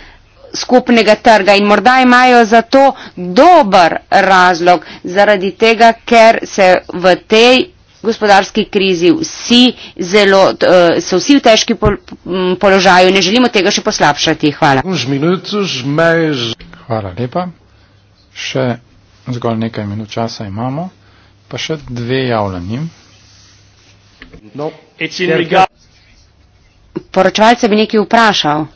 skupnega trga in morda imajo za to dober razlog, zaradi tega, ker se v tej gospodarski krizi vsi zelo, uh, so vsi v težki pol, m, položaju. Ne želimo tega še poslabšati. Hvala. Hvala lepa še zgolj nekaj minut časa imamo, pa še dve javljanji. No, Poročevalce bi nekaj vprašal.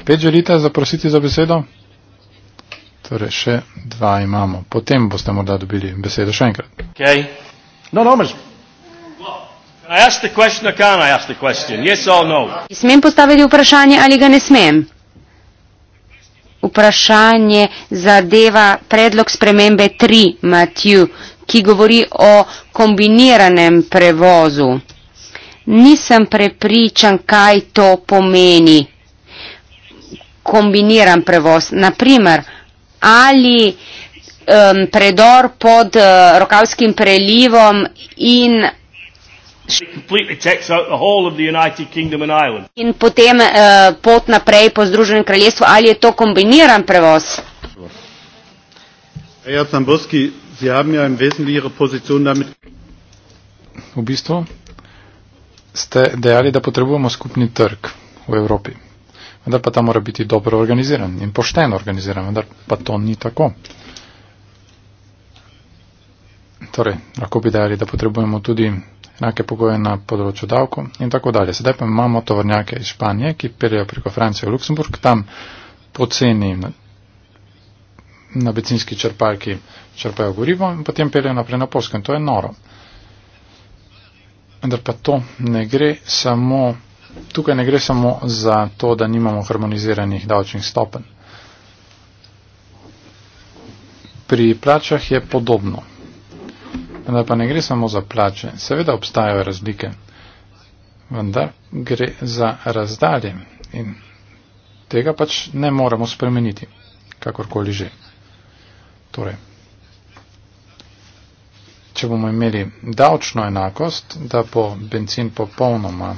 Spet želite zaprositi za besedo? Torej, še dva imamo. Potem boste morda dobili besedo še enkrat. Okay. No, no, no? Smem postaviti vprašanje ali ga ne smem? vprašanje zadeva predlog spremembe 3, Matju, ki govori o kombiniranem prevozu. Nisem prepričan, kaj to pomeni. Kombiniran prevoz. Naprimer, ali um, predor pod uh, Rokavskim prelivom in In potem uh, pot naprej po Združenem kraljestvu, ali je to kombiniran prevoz? Ja v bistvu ste dejali, da potrebujemo skupni trg v Evropi, vendar pa ta mora biti dobro organiziran in pošteno organiziran, vendar pa to ni tako. Torej, lahko bi dejali, da potrebujemo tudi enake pogoje na področju davko in tako dalje. Sedaj pa imamo tovornjake iz Španije, ki perejo preko Francije v Luksemburg, tam poceni na bencinski črpalki črpajo gorivo in potem peljejo naprej na Polsko in to je noro. Vendar pa to ne gre samo, tukaj ne gre samo za to, da nimamo harmoniziranih davčnih stopenj. Pri plačah je podobno vendar pa ne gre samo za plače. Seveda obstajajo razlike, vendar gre za razdalje in tega pač ne moramo spremeniti, kakorkoli že. Torej, če bomo imeli davčno enakost, da bo benzin popolnoma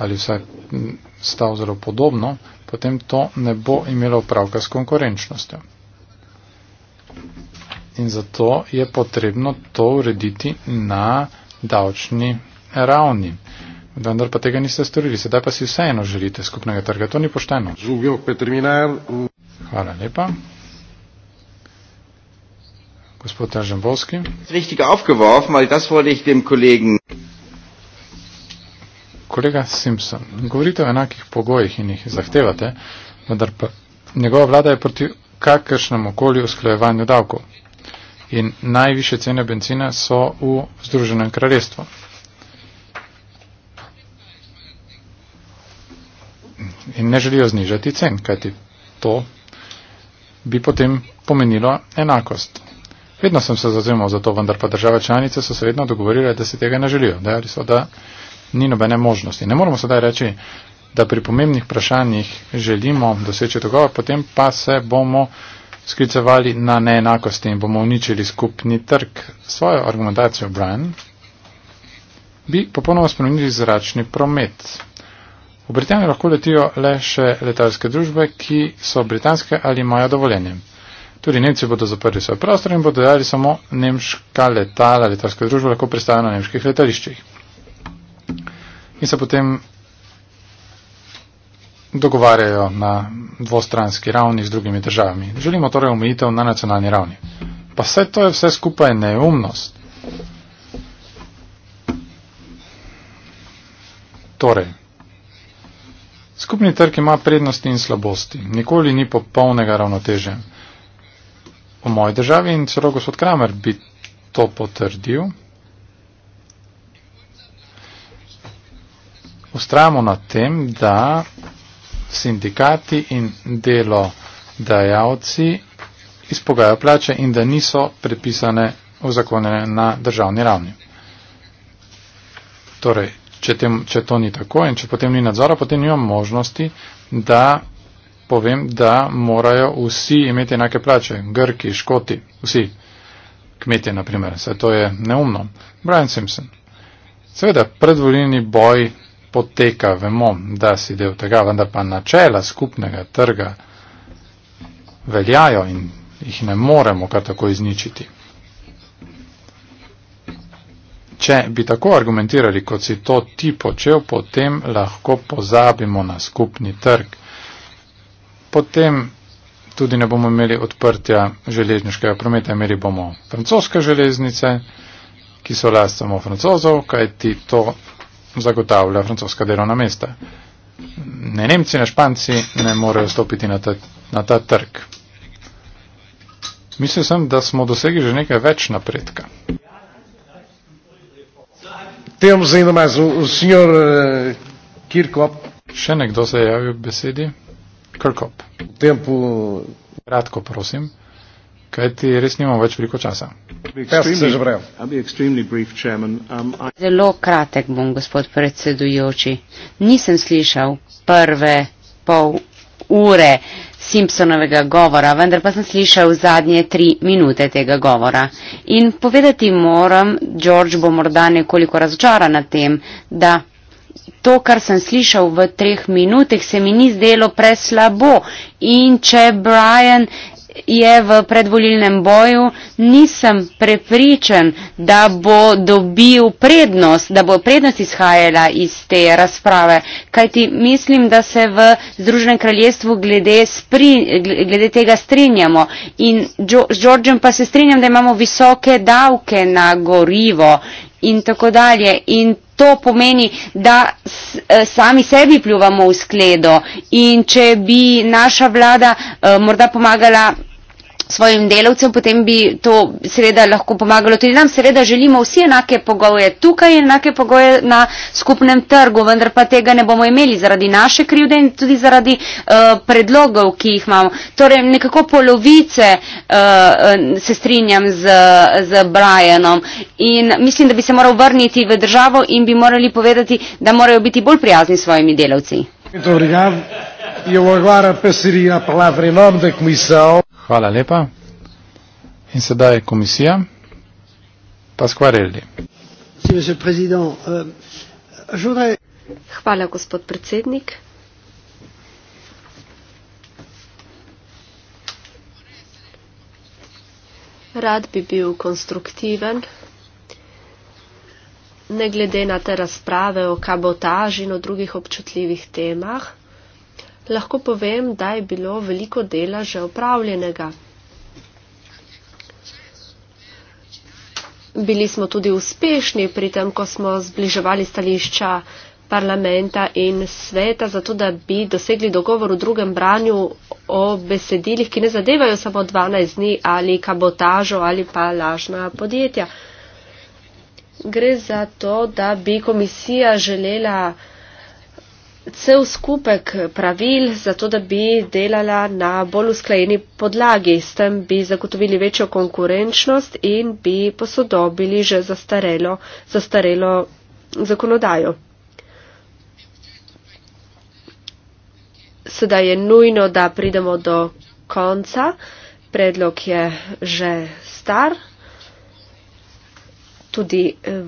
ali vsaj stav zelo podobno, potem to ne bo imelo opravka s konkurenčnostjo in zato je potrebno to urediti na davčni ravni. Vendar pa tega niste storili, sedaj pa si vseeno želite skupnega trga, to ni pošteno. Hvala lepa. Gospod Tržambovski. Kolega Simpson, govorite o enakih pogojih in jih zahtevate, vendar pa njegova vlada je proti kakršnemu okolju usklajevanju davkov in najviše cene benzina so v Združenem kraljestvu. In ne želijo znižati cen, kajti to bi potem pomenilo enakost. Vedno sem se zazemal za to, vendar pa države članice so se vedno dogovorile, da se tega ne želijo. Dejali so, da ni nobene možnosti. Ne moramo sedaj reči, da pri pomembnih vprašanjih želimo doseči dogovor, potem pa se bomo sklicevali na neenakosti in bomo uničili skupni trg. Svojo argumentacijo, Brian, bi popolnoma spremenili zračni promet. V Britaniji lahko letijo le še letalske družbe, ki so britanske ali imajo dovoljenje. Tudi Nemci bodo zaprli svoj prostor in bodo dali samo nemška letala, letalske družbe lahko pristajajo na nemških letališčih. In se potem dogovarjajo na dvostranski ravni z drugimi državami. Želimo torej omejitev na nacionalni ravni. Pa vse to je vse skupaj neumnost. Torej, skupni trg ima prednosti in slabosti. Nikoli ni popolnega ravnotežja. V moji državi in celo gospod Kramer bi to potrdil. Ustrajamo na tem, da sindikati in delodajalci izpogajajo plače in da niso prepisane v zakone na državni ravni. Torej, če, tem, če to ni tako in če potem ni nadzora, potem nimam možnosti, da povem, da morajo vsi imeti enake plače. Grki, Škoti, vsi. Kmetje, na primer. Vse to je neumno. Brian Simpson. Seveda, predvoljeni boj poteka, vemo, da si del tega, vendar pa načela skupnega trga veljajo in jih ne moremo kar tako izničiti. Če bi tako argumentirali, kot si to ti počel, potem lahko pozabimo na skupni trg. Potem tudi ne bomo imeli odprtja železniškega prometa, imeli bomo francoske železnice, ki so last samo francozov, kajti to zagotavlja francoska delovna mesta. Ne Nemci, ne Španci ne morejo stopiti na ta, na ta trg. Mislil sem, da smo dosegli že nekaj več napredka. Temos ainda mais o, o senhor uh, Kirkop. Še nekdo se je javil besedi? Kirkop. Tempo... Kratko, prosim, kajti res nimamo več veliko časa. Um, Zelo kratek bom, gospod predsedujoči. Nisem slišal prve pol ure Simpsonovega govora, vendar pa sem slišal zadnje tri minute tega govora. In povedati moram, George bo morda nekoliko razočaran na tem, da to, kar sem slišal v treh minutih, se mi ni zdelo preslabo. In če Brian je v predvolilnem boju, nisem prepričan, da bo dobil prednost, da bo prednost izhajala iz te razprave. Kajti mislim, da se v Združenem kraljestvu glede, spri, glede tega strinjamo. In z Džordžem pa se strinjam, da imamo visoke davke na gorivo in tako dalje. In To pomeni, da eh, sami sebi pljuvamo v skledo in če bi naša vlada eh, morda pomagala svojim delavcem, potem bi to seveda lahko pomagalo tudi nam. Seveda želimo vsi enake pogoje tukaj in enake pogoje na skupnem trgu, vendar pa tega ne bomo imeli zaradi naše krivde in tudi zaradi uh, predlogov, ki jih imamo. Torej, nekako polovice uh, se strinjam z, z Brianom in mislim, da bi se moral vrniti v državo in bi morali povedati, da morajo biti bolj prijazni s svojimi delavci. Muito obrigado. E eu agora passaria a palavra em nome da Comissão. Hvala lepa. In sedaj euh, je komisija. Pasquarelli. Hvala, gospod predsednik. Rad bi bil konstruktiven, ne glede na te razprave o kabotaži in o drugih občutljivih temah lahko povem, da je bilo veliko dela že opravljenega. Bili smo tudi uspešni pri tem, ko smo zbliževali stališča parlamenta in sveta, zato da bi dosegli dogovor v drugem branju o besedilih, ki ne zadevajo samo 12 dni ali kabotažo ali pa lažna podjetja. Gre za to, da bi komisija želela cel skupek pravil, zato da bi delala na bolj usklajeni podlagi. S tem bi zagotovili večjo konkurenčnost in bi posodobili že zastarelo, zastarelo zakonodajo. Sedaj je nujno, da pridemo do konca. Predlog je že star. Tudi eh,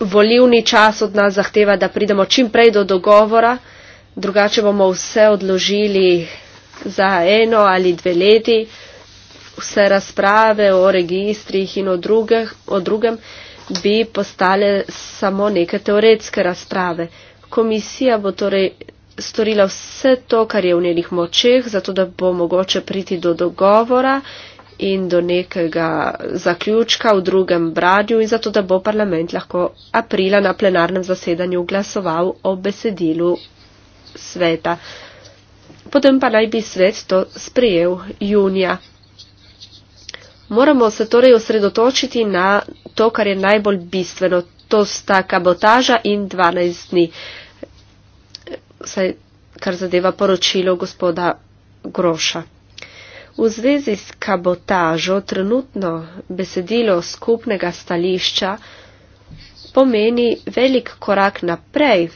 volivni čas od nas zahteva, da pridemo čim prej do dogovora, drugače bomo vse odložili za eno ali dve leti, vse razprave o registrih in o, drugeh, o drugem bi postale samo neke teoretske razprave. Komisija bo torej storila vse to, kar je v njenih močeh, zato da bo mogoče priti do dogovora in do nekega zaključka v drugem branju in zato, da bo parlament lahko aprila na plenarnem zasedanju glasoval o besedilu sveta. Potem pa naj bi svet to sprejel junija. Moramo se torej osredotočiti na to, kar je najbolj bistveno. To sta kabotaža in 12 dni, Vse, kar zadeva poročilo gospoda Groša. V zvezi s kabotažo trenutno besedilo skupnega stališča pomeni velik korak naprej.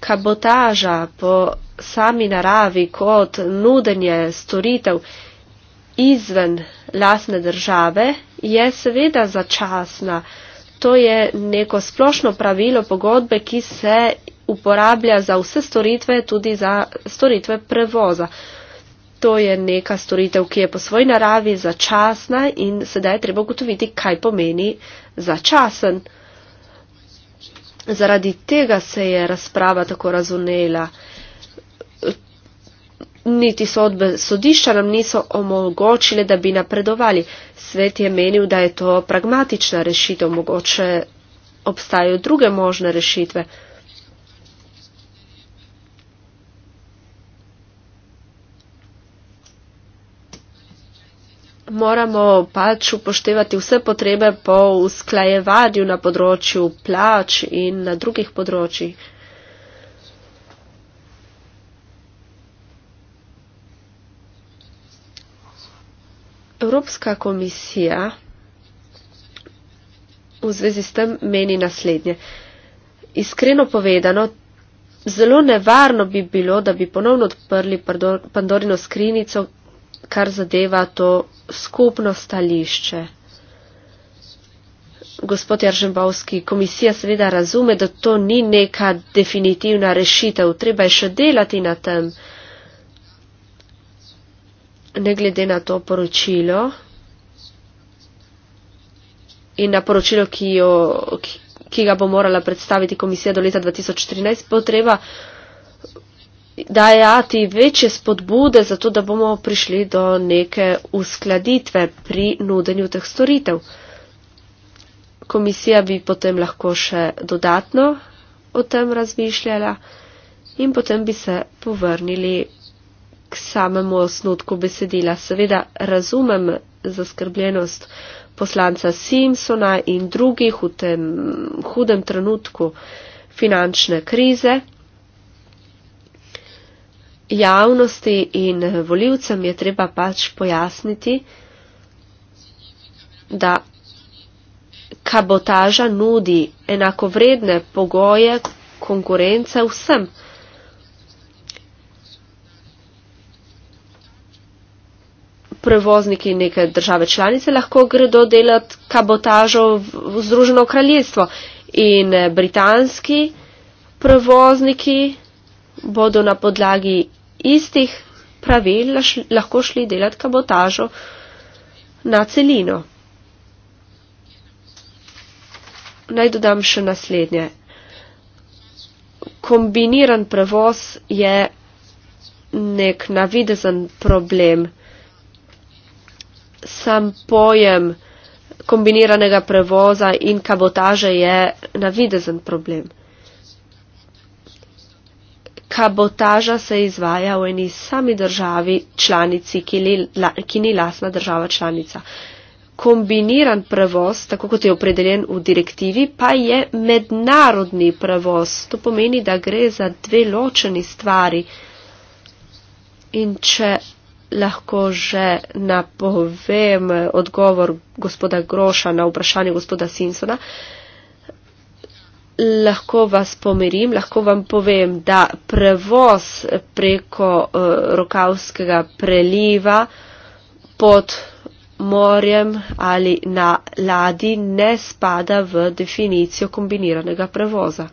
Kabotaža po sami naravi kot nudenje storitev izven lasne države je seveda začasna. To je neko splošno pravilo pogodbe, ki se uporablja za vse storitve, tudi za storitve prevoza. To je neka storitev, ki je po svoji naravi začasna in sedaj je treba ugotoviti, kaj pomeni začasen. Zaradi tega se je razprava tako razumela. Niti sodbe sodišča nam niso omogočile, da bi napredovali. Svet je menil, da je to pragmatična rešitev, mogoče obstajajo druge možne rešitve. moramo pač upoštevati vse potrebe po usklajevanju na področju plač in na drugih področjih. Evropska komisija v zvezi s tem meni naslednje. Iskreno povedano, zelo nevarno bi bilo, da bi ponovno odprli Pandorino skrinico, kar zadeva to skupno stališče. Gospod Jaržembovski, komisija seveda razume, da to ni neka definitivna rešitev, treba je še delati na tem. Ne glede na to poročilo in na poročilo, ki, jo, ki, ki ga bo morala predstaviti komisija do leta 2013, bo treba dajati večje spodbude za to, da bomo prišli do neke uskladitve pri nudenju teh storitev. Komisija bi potem lahko še dodatno o tem razmišljala in potem bi se povrnili k samemu osnutku besedila. Seveda razumem zaskrbljenost poslanca Simpsona in drugih v tem hudem trenutku finančne krize javnosti in voljivcem je treba pač pojasniti, da kabotaža nudi enakovredne pogoje konkurence vsem. Prevozniki neke države članice lahko gredo delati kabotažo v Združeno kraljestvo in britanski prevozniki bodo na podlagi istih pravil lahko šli delati kabotažo na celino. Naj dodam še naslednje. Kombiniran prevoz je nek navidezen problem. Sam pojem kombiniranega prevoza in kabotaže je navidezen problem kabotaža se izvaja v eni sami državi članici, ki, li, la, ki ni lasna država članica. Kombiniran prevoz, tako kot je opredeljen v direktivi, pa je mednarodni prevoz. To pomeni, da gre za dve ločeni stvari. In če lahko že napovem odgovor gospoda Groša na vprašanje gospoda Simpsona, uh, lahko vas pomirim, lahko vam povem, da prevoz preko uh, rokavskega preliva pod morjem ali na ladi ne spada v definicijo kombiniranega prevoza.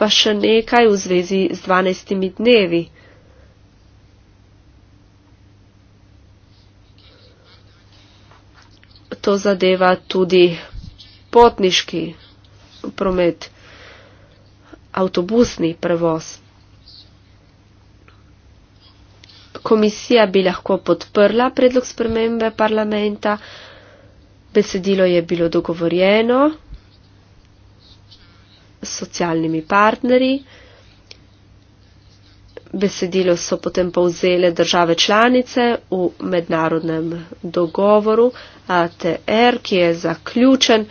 Pa še nekaj v zvezi z 12 dnevi. to zadeva tudi potniški promet, avtobusni prevoz. Komisija bi lahko podprla predlog spremembe parlamenta, besedilo je bilo dogovorjeno s socialnimi partnerji besedilo so potem povzele države članice v mednarodnem dogovoru ATR, ki je zaključen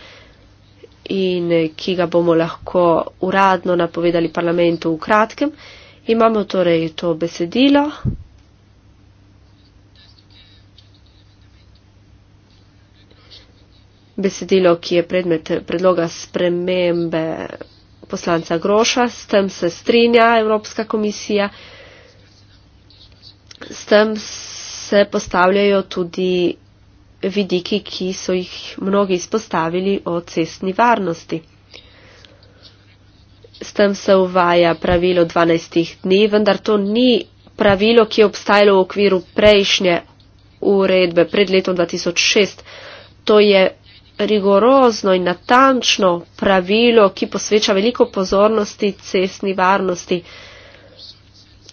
in ki ga bomo lahko uradno napovedali parlamentu v kratkem. Imamo torej to besedilo. Besedilo, ki je predmet predloga spremembe poslanca Groša, s tem se strinja Evropska komisija, s tem se postavljajo tudi vidiki, ki so jih mnogi izpostavili o cestni varnosti. S tem se uvaja pravilo 12 dni, vendar to ni pravilo, ki je obstajalo v okviru prejšnje uredbe pred letom 2006. To je rigorozno in natančno pravilo, ki posveča veliko pozornosti cestni varnosti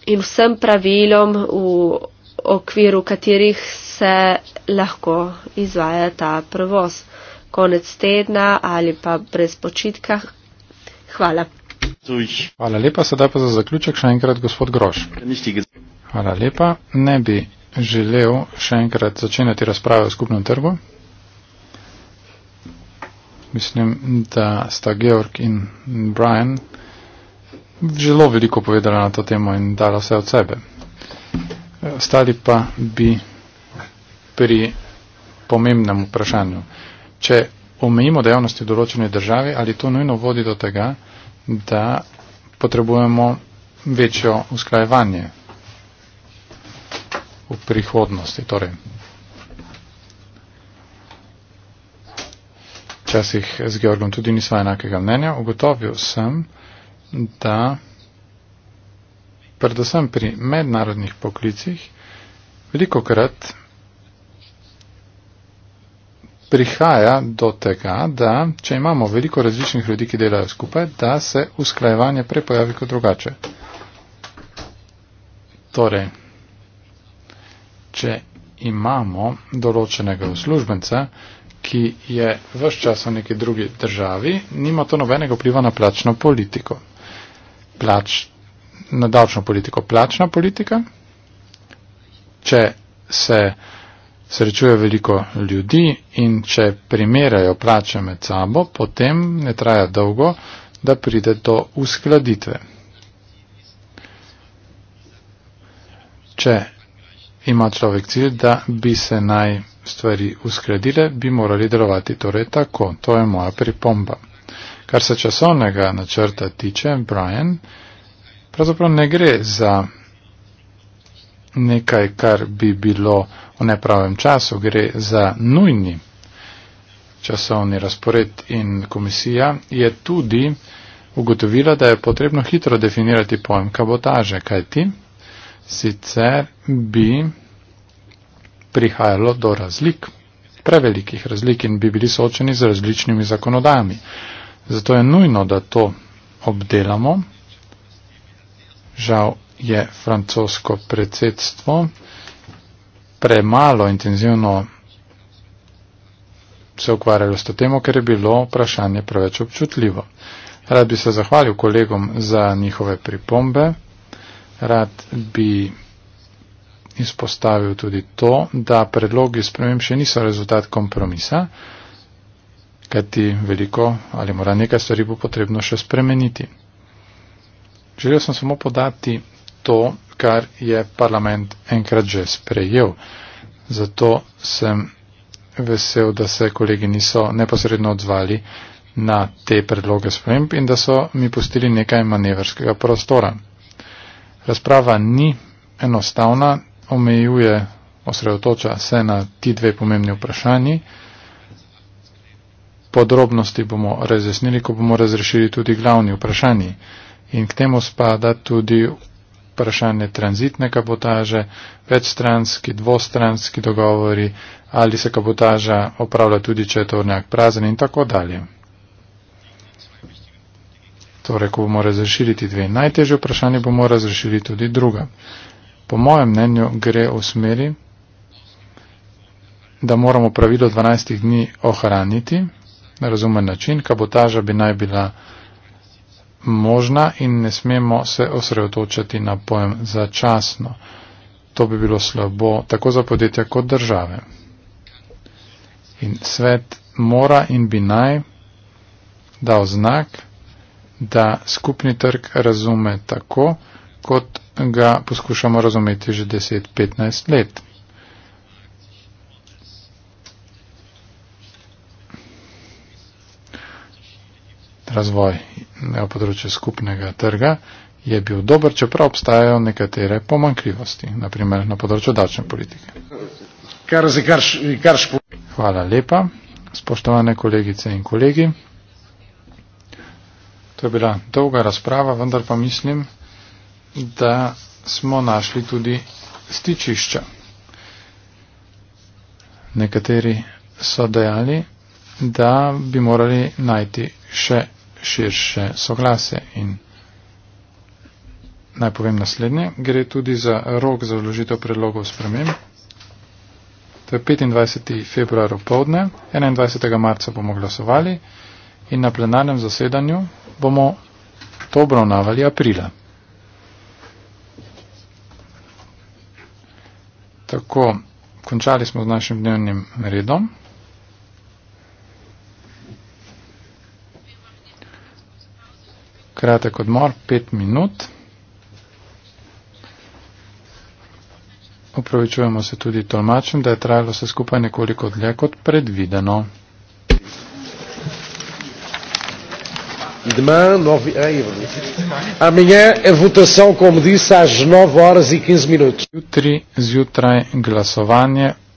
in vsem pravilom v okviru katerih se lahko izvaja ta prevoz. Konec tedna ali pa brez počitka. Hvala. Hvala lepa, sedaj pa za zaključek še enkrat gospod Groš. Hvala lepa. Ne bi želel še enkrat začenjati razprave o skupnem trgu mislim, da sta Georg in Brian zelo veliko povedala na to temo in dala vse od sebe. Stali pa bi pri pomembnem vprašanju. Če omejimo dejavnosti v določeni državi, ali to nujno vodi do tega, da potrebujemo večjo usklajevanje v prihodnosti. Torej, včasih z Georgom tudi nisva enakega mnenja, ugotovil sem, da predvsem pri mednarodnih poklicih veliko krat prihaja do tega, da če imamo veliko različnih ljudi, ki delajo skupaj, da se usklajevanje prepojavi kot drugače. Torej, če imamo določenega uslužbenca, ki je vse čas v neki drugi državi, nima to nobenega vpliva na plačno politiko. Plač, na davčno politiko. Plačna politika, če se srečuje veliko ljudi in če primerjajo plače med sabo, potem ne traja dolgo, da pride do uskladitve. Če ima človek cilj, da bi se naj stvari uskladile, bi morali delovati torej tako. To je moja pripomba. Kar se časovnega načrta tiče, Brian, pravzaprav ne gre za nekaj, kar bi bilo v nepravem času, gre za nujni časovni razpored in komisija je tudi ugotovila, da je potrebno hitro definirati pojem kabotaže, kajti sicer bi prihajalo do razlik, prevelikih razlik in bi bili soočeni z različnimi zakonodajami. Zato je nujno, da to obdelamo. Žal je francosko predsedstvo premalo intenzivno se ukvarjalo s to temo, ker je bilo vprašanje preveč občutljivo. Rad bi se zahvalil kolegom za njihove pripombe. Rad bi izpostavil tudi to, da predlogi sprememb še niso rezultat kompromisa, kajti veliko ali mora nekaj stvari bo potrebno še spremeniti. Želel sem samo podati to, kar je parlament enkrat že sprejel. Zato sem vesel, da se kolegi niso neposredno odzvali na te predloge sprememb in da so mi pustili nekaj manevrskega prostora. Razprava ni enostavna, omejuje, osredotoča se na ti dve pomembni vprašanji. Podrobnosti bomo razjasnili, ko bomo razrešili tudi glavni vprašanji. In k temu spada tudi vprašanje tranzitne kabotaže, večstranski, dvostranski dogovori, ali se kabotaža opravlja tudi, če je tovornjak prazen in tako dalje. Torej, ko bomo razrešili ti dve najtežji vprašanji, bomo razrešili tudi druga po mojem mnenju gre v smeri, da moramo pravilo 12 dni ohraniti na razumen način, kabotaža bi naj bila možna in ne smemo se osredotočati na pojem začasno. To bi bilo slabo tako za podjetja kot države. In svet mora in bi naj dal znak, da skupni trg razume tako, kot ga poskušamo razumeti že 10-15 let. Razvoj področja skupnega trga je bil dober, čeprav obstajajo nekatere pomankljivosti, naprimer na področju davčne politike. Hvala lepa, spoštovane kolegice in kolegi. To je bila dolga razprava, vendar pa mislim, da smo našli tudi stičišča. Nekateri so dejali, da bi morali najti še širše soglase in naj povem naslednje, gre tudi za rok za vložitev predlogov spremem. To je 25. februar v povdne, 21. marca bomo glasovali in na plenarnem zasedanju bomo to obravnavali aprila. Tako, končali smo z našim dnevnim redom. Kratek odmor, pet minut. Upravičujemo se tudi tolmačem, da je trajalo se skupaj nekoliko dlje kot predvideno. E demais, nove... Ah, Ai, eu... Amanhã a votação, como disse, às 9 horas e 15 minutos. 3, 3,